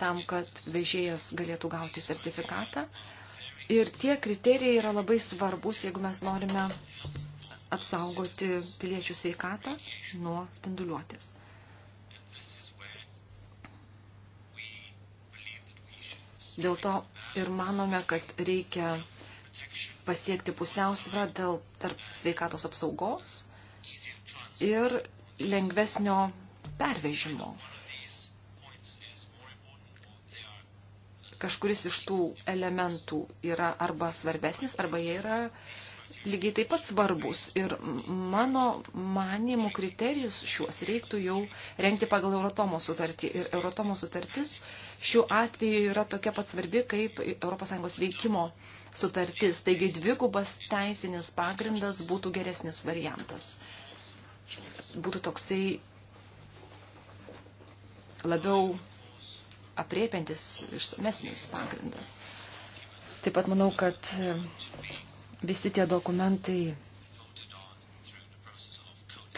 tam, kad vežėjas galėtų gauti sertifikatą. Ir tie kriterijai yra labai svarbus, jeigu mes norime apsaugoti piliečių sveikatą nuo spinduliuotės. Dėl to ir manome, kad reikia pasiekti pusiausvyrą dėl tarp sveikatos apsaugos ir lengvesnio pervežimo. Kažkuris iš tų elementų yra arba svarbesnis, arba jie yra uh, lygiai taip pat svarbus. Ir mano manimų kriterijus šiuos reiktų jau renkti pagal Euratomo sutartį. Ir Euratomo sutartis šiuo atveju yra tokia pat svarbi kaip ES veikimo sutartis. Taigi dvigubas teisinis pagrindas būtų geresnis variantas. Būtų toksai labiau apriepiantis išsamesnis pagrindas. Taip pat manau, kad Visi tie dokumentai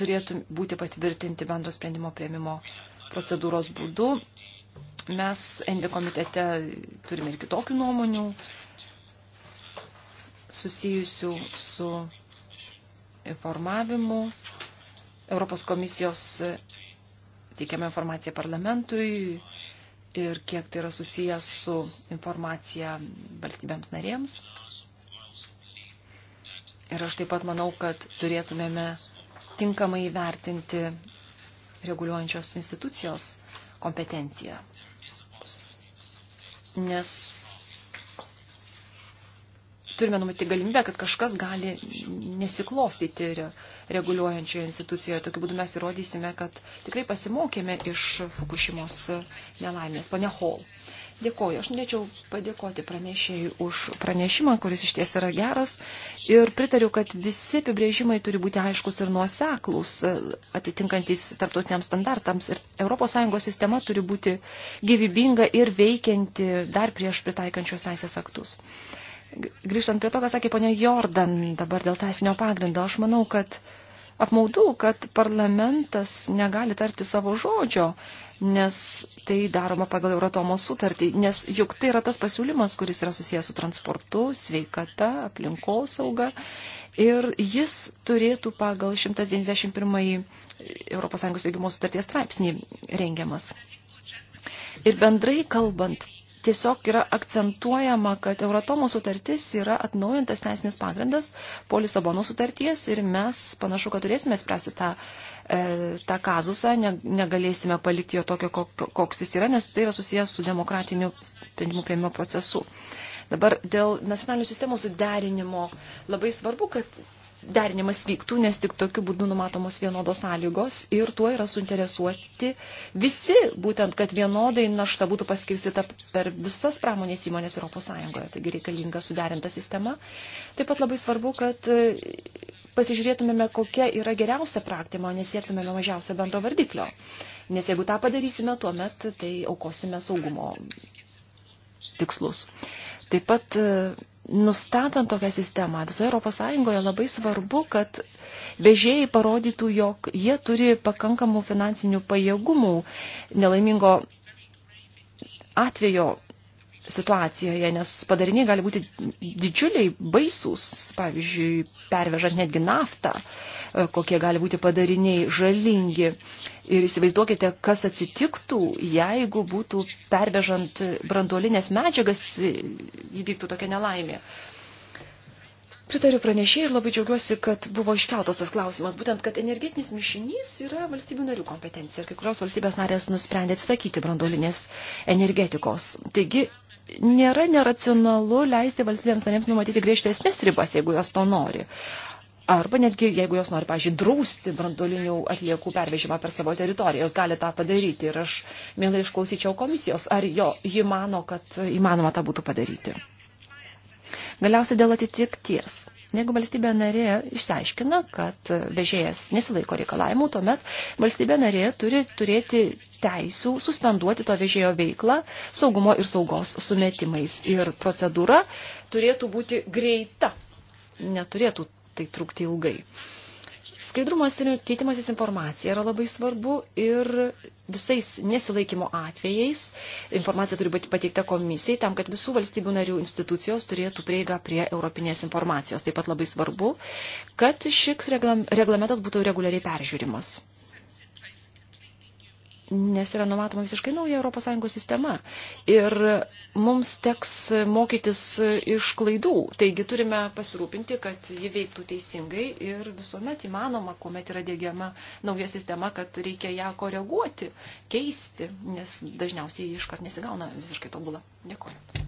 turėtų būti patvirtinti bendro sprendimo prieimimo procedūros būdu. Mes Endi komitete turime ir kitokių nuomonių susijusių su informavimu. Europos komisijos teikiame informaciją parlamentui ir kiek tai yra susijęs su informacija valstybėms narėms. Ir aš taip pat manau, kad turėtumėme tinkamai vertinti reguliuojančios institucijos kompetenciją. Nes turime numatyti galimybę, kad kažkas gali nesiklostyti reguliuojančioje institucijoje. Tokiu būdu mes įrodysime, kad tikrai pasimokėme iš Fukushimos nelaimės. Pane Hall, Dėkuoju. Aš norėčiau padėkoti pranešėjui už pranešimą, kuris iš ties yra geras. Ir pritariu, kad visi apibrėžimai turi būti aiškus ir nuoseklus, atitinkantis tarptautiniams standartams. Ir ES sistema turi būti gyvybinga ir veikianti dar prieš pritaikančios teisės aktus. Grįžtant prie to, ką sakė ponia Jordan dabar dėl teisinio pagrindo, aš manau, kad uh, apmaudu, kad parlamentas negali tarti savo žodžio, nes tai daroma pagal Euratomos sutartį, nes juk tai yra tas pasiūlymas, kuris yra susijęs su transportu, sveikata, aplinkosauga ir jis turėtų pagal 191 ES veikimo sutarties straipsnį rengiamas. Ir bendrai kalbant, tiesiog yra akcentuojama, kad Euratomo sutartis yra atnaujintas teisinis pagrindas po Lisabono sutarties ir mes panašu, kad turėsime spręsti tą, e, tą kazusą, ne, negalėsime palikti jo tokio, koks jis yra, nes tai yra susijęs su demokratiniu sprendimų prieimimo procesu. Dabar dėl nacionalinių sistemų suderinimo labai svarbu, kad derinimas vyktų, nes tik tokiu būdu numatomos vienodos sąlygos ir tuo yra suinteresuoti visi, būtent, kad vienodai našta būtų paskirstyta per visas pramonės įmonės Europos Sąjungoje, taigi reikalinga suderinta sistema. Taip pat labai svarbu, kad e, pasižiūrėtumėme, kokia yra geriausia praktima, nes siektumėme mažiausio bendro vardiklio. Nes jeigu tą padarysime, tuomet tai aukosime saugumo tikslus. Taip pat e, nustatant tokią sistemą visoje Europos Sąjungoje labai svarbu, kad vežėjai parodytų, jog jie turi pakankamų finansinių pajėgumų nelaimingo atvejo situacijoje, nes padariniai gali būti didžiuliai baisūs, pavyzdžiui, pervežant netgi naftą, e, kokie gali būti padariniai žalingi. Ir įsivaizduokite, kas atsitiktų, jeigu būtų pervežant branduolinės medžiagas e, įvyktų tokia nelaimė. Pritariu pranešėjai ir labai džiaugiuosi, kad buvo iškeltas tas klausimas, būtent, kad energetinis mišinys yra valstybių narių kompetencija ir kai kurios valstybės narės nusprendė atsisakyti branduolinės energetikos. Taigi, nėra neracionalu leisti valstybėms narėms numatyti griežtesnės ribas, jeigu jos to nori. Arba netgi, jeigu jos nori, pažiūrėjau, drausti brandolinių atliekų pervežimą per savo teritoriją, jos gali tą padaryti. Ir aš mielai išklausyčiau komisijos, ar jo, ji mano, kad įmanoma tą būtų padaryti. Galiausiai dėl atitikties. Jeigu valstybė narė išsiaiškina, kad vežėjas nesilaiko reikalavimų, tuomet valstybė narė turi turėti teisų suspenduoti to vežėjo veiklą saugumo ir saugos sumetimais. Ir procedūra turėtų būti greita, neturėtų tai trukti ilgai. Skaidrumas ir keitimasis informacija yra labai svarbu ir visais nesilaikymo atvejais informacija turi būti pateikta komisijai tam, kad visų valstybių narių institucijos turėtų prieigą prie europinės informacijos. Taip pat labai svarbu, kad šis reglamentas būtų reguliariai peržiūrimas nes yra numatoma visiškai nauja ES sistema ir mums teks mokytis iš klaidų. Taigi turime pasirūpinti, kad ji veiktų teisingai ir visuomet įmanoma, kuomet yra dėgiama nauja sistema, kad reikia ją koreguoti, keisti, nes dažniausiai iškart nesigauna visiškai tobulą. Dėkuoju.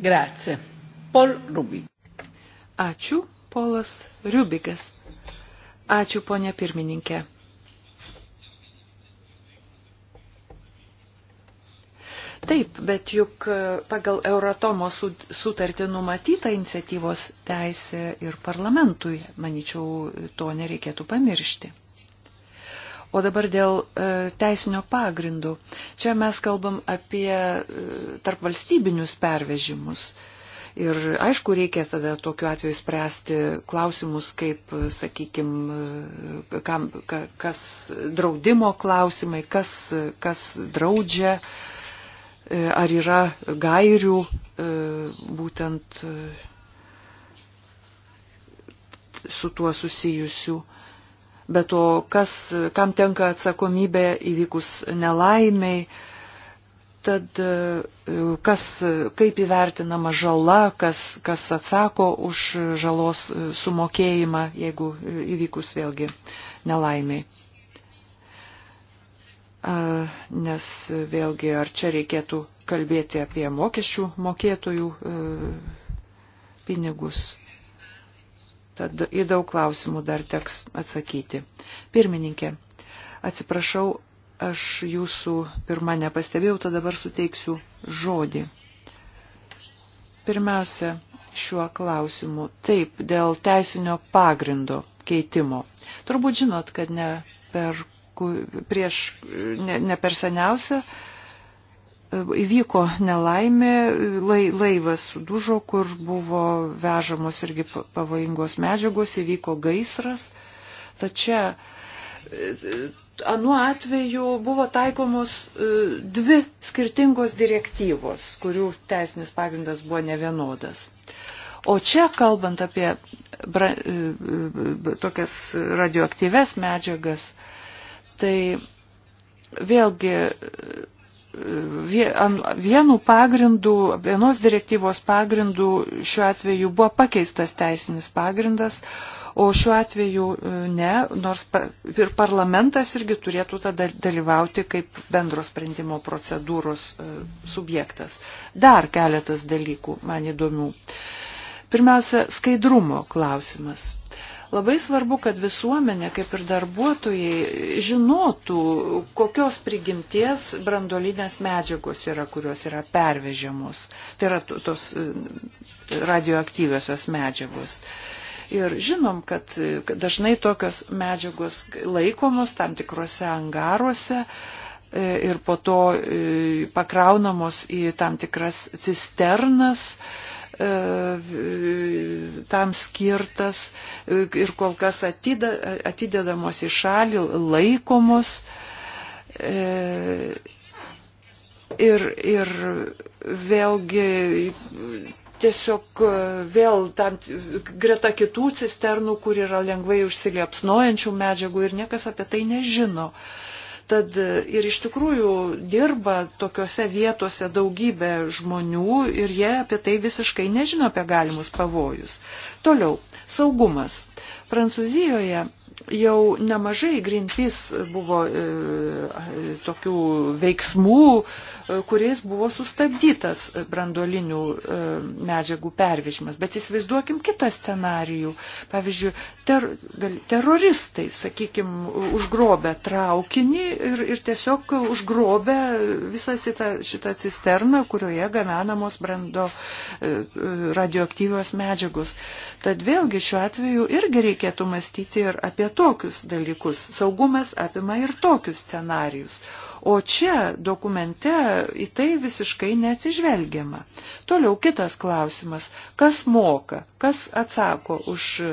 Grazie. Paul Rubik. Ačiū, Polas Rubikas. Ačiū, ponė pirmininkė. Taip, bet juk e, pagal Euratomo sutartį numatyta iniciatyvos teisė ir parlamentui, manyčiau, to nereikėtų pamiršti. O dabar dėl e, teisinio pagrindų. Čia mes kalbam apie e, tarp valstybinius pervežimus. Ir aišku, reikia tada tokiu atveju spręsti klausimus, kaip, sakykime, kam, kas draudimo klausimai, kas, kas draudžia, E, ar yra gairių e, būtent e, su tuo susijusių. Bet to, kas, kam tenka atsakomybė įvykus nelaimiai, tad kas, kaip įvertinama žala, kas, kas atsako už žalos sumokėjimą, jeigu įvykus vėlgi nelaimiai nes vėlgi ar čia reikėtų kalbėti apie mokesčių mokėtojų e, pinigus. Tad į daug klausimų dar teks atsakyti. Pirmininkė, atsiprašau, aš jūsų pirmą nepastebėjau, tad dabar suteiksiu žodį. Pirmiausia, šiuo klausimu. Taip, dėl teisinio pagrindo keitimo. Turbūt žinot, kad ne per prieš ne, ne per seniausią įvyko nelaimė, lai, laivas sudužo, kur buvo vežamos irgi pavojingos medžiagos, įvyko gaisras. Tačiau anu atveju buvo taikomos e, dvi skirtingos direktyvos, kurių teisinis pagrindas buvo nevienodas. O čia, kalbant apie bra, e, tokias radioaktyves medžiagas, tai vėlgi vienų pagrindų, vienos direktyvos pagrindų šiuo atveju buvo pakeistas teisinis pagrindas, o šiuo atveju e, ne, nors ir parlamentas irgi turėtų tada dalyvauti kaip bendro sprendimo procedūros e, subjektas. Dar keletas dalykų man įdomių. Pirmiausia, skaidrumo klausimas. Uh, Labai svarbu, kad visuomenė, kaip ir darbuotojai, žinotų, kokios prigimties brandolinės medžiagos yra, kurios yra pervežiamos. Tai yra tos e, radioaktyviosios medžiagos. Ir žinom, kad e, dažnai tokios medžiagos laikomos tam tikrose angaruose e, ir po to pakraunamos į tam tikras cisternas E, tam skirtas e, ir kol kas atidedamos į šalį, laikomos. E, ir, ir vėlgi tiesiog vėl tam, greta kitų cisternų, kur yra lengvai užsiliepsnojančių medžiagų ir niekas apie tai nežino. Uh, Tad ir iš tikrųjų dirba tokiuose vietose daugybė žmonių ir jie apie tai visiškai nežino apie galimus pavojus. Toliau, saugumas. Prancūzijoje jau nemažai Greenpeace buvo e, tokių veiksmų, e, E, kuriais buvo sustabdytas e, branduolinių e, medžiagų pervežimas. Bet įsivaizduokim kitą scenarijų. Pavyzdžiui, ter, teroristai, sakykime, užgrobę traukinį ir, ir tiesiog užgrobę visą šitą, šitą cisterną, kurioje gabenamos brando radioaktyvios medžiagos. Tad vėlgi šiuo atveju irgi reikėtų mąstyti ir apie tokius dalykus. Saugumas apima ir tokius scenarius. O čia dokumente į tai visiškai neatsižvelgiama. Toliau kitas klausimas. Kas moka? Kas atsako už e,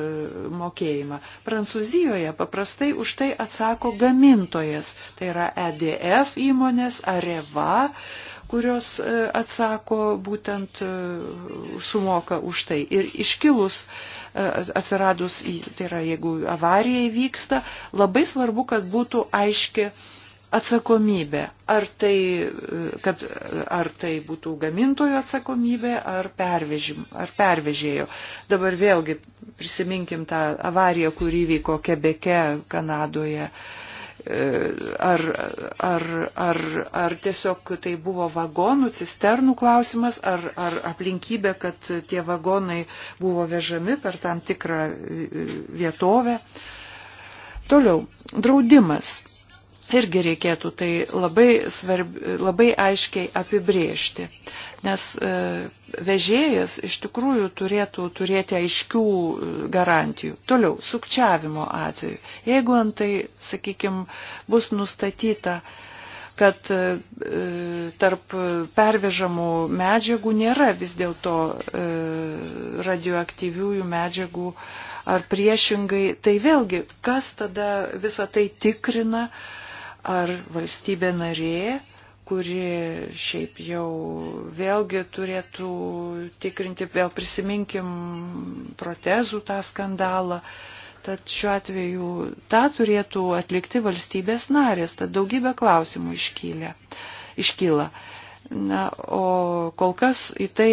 mokėjimą? Prancūzijoje paprastai už tai atsako gamintojas. Tai yra EDF įmonės, Areva kurios e, atsako būtent e, sumoka už tai. Ir iškilus atsiradus, tai yra jeigu avarija įvyksta, labai svarbu, kad būtų aiški atsakomybė. Ar tai, kad, ar tai būtų gamintojo atsakomybė, ar, pervežim, ar pervežėjo. Dabar vėlgi prisiminkim tą avariją, kuri vyko Kebeke, Kanadoje. E, ar, ar, ar, ar tiesiog tai buvo vagonų, cisternų klausimas, ar, ar aplinkybė, kad tie vagonai buvo vežami per tam tikrą e, vietovę. Toliau, draudimas irgi reikėtų tai labai, svarb, labai aiškiai apibriežti, nes e, vežėjas iš tikrųjų turėtų turėti aiškių e, garantijų. Toliau, sukčiavimo atveju. Jeigu antai, sakykime, bus nustatyta, kad e, tarp pervežamų medžiagų nėra vis dėlto radioaktyviųjų medžiagų ar priešingai, tai vėlgi, kas tada visą tai tikrina, ar valstybė narė, kuri šiaip jau vėlgi turėtų tikrinti, vėl prisiminkim protezų tą skandalą. Tad šiuo atveju tą turėtų atlikti valstybės narės, tad daugybė klausimų iškylė. iškyla. Na, o kol kas į tai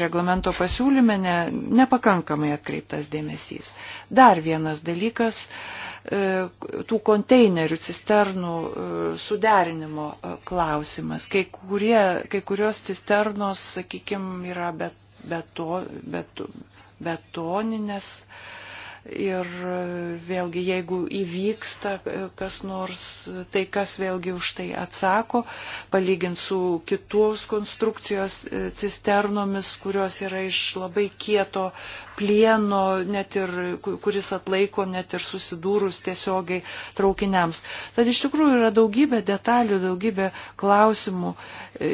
reglamento pasiūlyme ne, nepakankamai atkreiptas dėmesys. Dar vienas dalykas e, - tų konteinerių, cisternų e, suderinimo e, klausimas. Kai, kurie, kai kurios cisternos, sakykime, yra bet, beto, bet, betoninės. Bet Ir e, vėlgi, jeigu įvyksta e, kas nors, tai kas vėlgi už tai atsako, palygint su kitos konstrukcijos e, cisternomis, kurios yra iš labai kieto plieno, net ir, kuris atlaiko net ir susidūrus tiesiogiai traukiniams. Tad iš tikrųjų yra daugybė detalių, daugybė klausimų,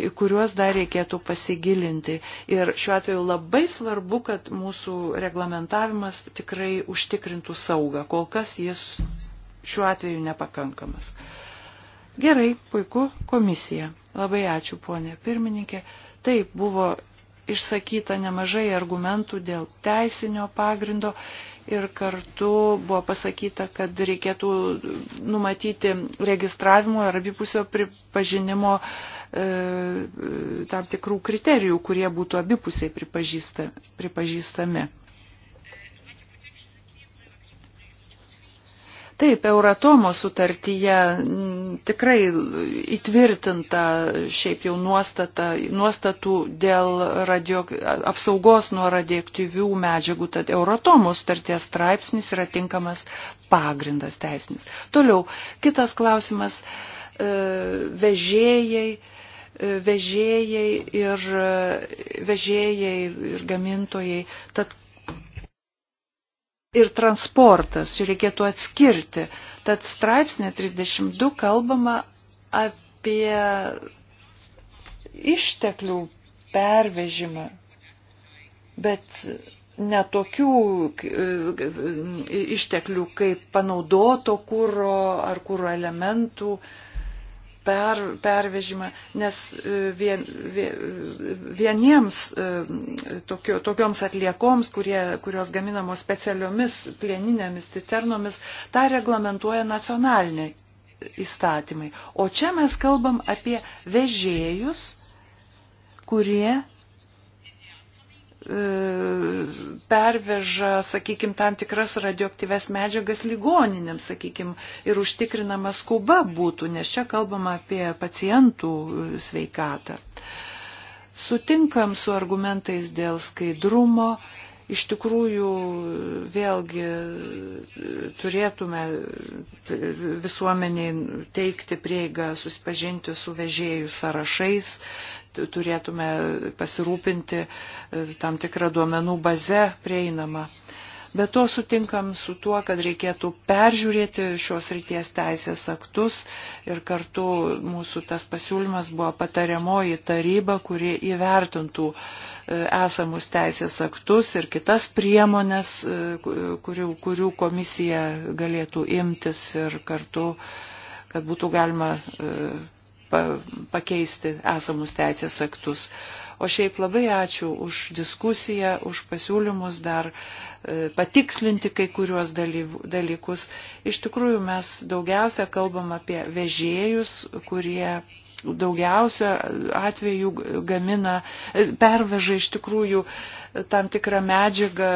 į kuriuos dar reikėtų pasigilinti. Ir šiuo atveju labai svarbu, kad mūsų reglamentavimas tikrai užsikrėtų užtikrintų saugą. Kol kas jis šiuo atveju nepakankamas. Gerai, puiku, komisija. Labai ačiū, ponė pirmininkė. Taip, buvo išsakyta nemažai argumentų dėl teisinio pagrindo ir kartu buvo pasakyta, kad reikėtų numatyti registravimo ir abipusio pripažinimo e, tam tikrų kriterijų, kurie būtų abipusiai pripažįsta, pripažįstami. Taip, Euratomo sutartyje tikrai įtvirtinta šiaip jau nuostata, nuostatų dėl radio, apsaugos nuo radioaktyvių medžiagų, tad Euratomo sutarties straipsnis yra tinkamas pagrindas teisinis. Toliau, kitas klausimas, e, vežėjai e, vežėjai ir e, vežėjai ir gamintojai. Tad ir transportas, jų reikėtų atskirti. Tad straipsnė 32 kalbama apie išteklių pervežimą, bet netokių e, e, e, išteklių kaip panaudoto kūro ar kūro elementų, per, pervežimą, nes e, vien, vien, vieniems e, tokio, tokioms atliekoms, kurie, kurios gaminamos specialiomis plieninėmis cisternomis, tą reglamentuoja nacionaliniai įstatymai. O čia mes kalbam apie vežėjus, kurie E, perveža, sakykime, tam tikras radioaktyves medžiagas ligoninėms, sakykime, ir užtikrinama skuba būtų, nes čia kalbama apie pacientų e, sveikatą. Sutinkam su argumentais dėl skaidrumo, iš tikrųjų vėlgi turėtume visuomeniai teikti prieigą susipažinti su vežėjų sąrašais, turėtume pasirūpinti e, tam tikrą duomenų bazę prieinamą. Be to sutinkam su tuo, kad reikėtų peržiūrėti šios ryties teisės aktus ir kartu mūsų tas pasiūlymas buvo patariamoji taryba, kuri įvertintų e, esamus teisės aktus ir kitas priemonės, e, kurių, kurių komisija galėtų imtis ir kartu, kad būtų galima e, pakeisti esamus teisės aktus. O šiaip labai ačiū už diskusiją, už pasiūlymus dar e, patikslinti kai kuriuos dalykus. Iš tikrųjų mes daugiausia kalbam apie vežėjus, kurie daugiausia atvejų gamina, e, perveža iš tikrųjų e, tam tikrą medžiagą,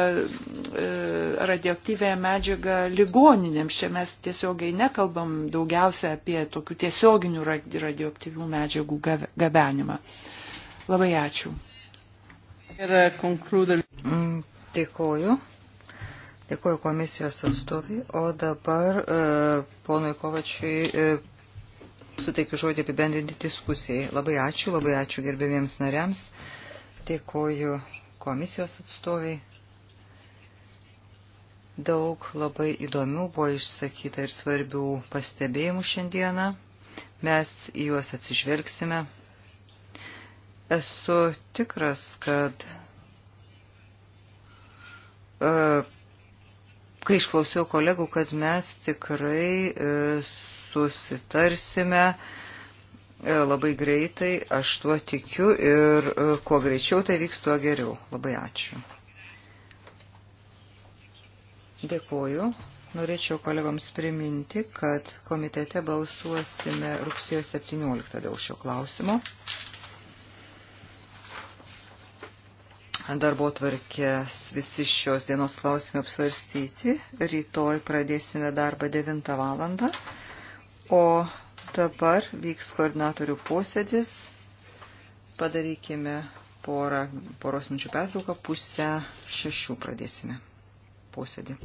radioaktyvę medžiagą ligoninėms. Čia mes tiesiogiai nekalbam daugiausia apie tokių tiesioginių radioaktyvių medžiagų gabenimą. Labai ačiū. E, mm, dėkoju. Dėkoju komisijos atstovai, o dabar e, ponui Kovačiui e, suteikiu žodį apibendrinti diskusijai. Labai ačiū, labai ačiū gerbėmiems nariams. Dėkoju komisijos atstoviai. Daug labai įdomių buvo išsakyta ir svarbių pastebėjimų šiandieną. Mes į juos atsižvelgsime. Esu tikras, kad e, kai išklausiau kolegų, kad mes tikrai e, susitarsime e, labai greitai, aš tuo tikiu ir kuo greičiau tai vyks, tuo geriau. Labai ačiū. Dėkuoju. Norėčiau kolegoms priminti, kad komitete balsuosime rugsėjo 17 dėl šio klausimo. darbo tvarkės visi šios dienos klausimai apsvarstyti. Rytoj pradėsime darbą 9 valandą, o dabar vyks koordinatorių posėdis. Padarykime porą, poros minčių pertrauką, pusę šešių pradėsime posėdį.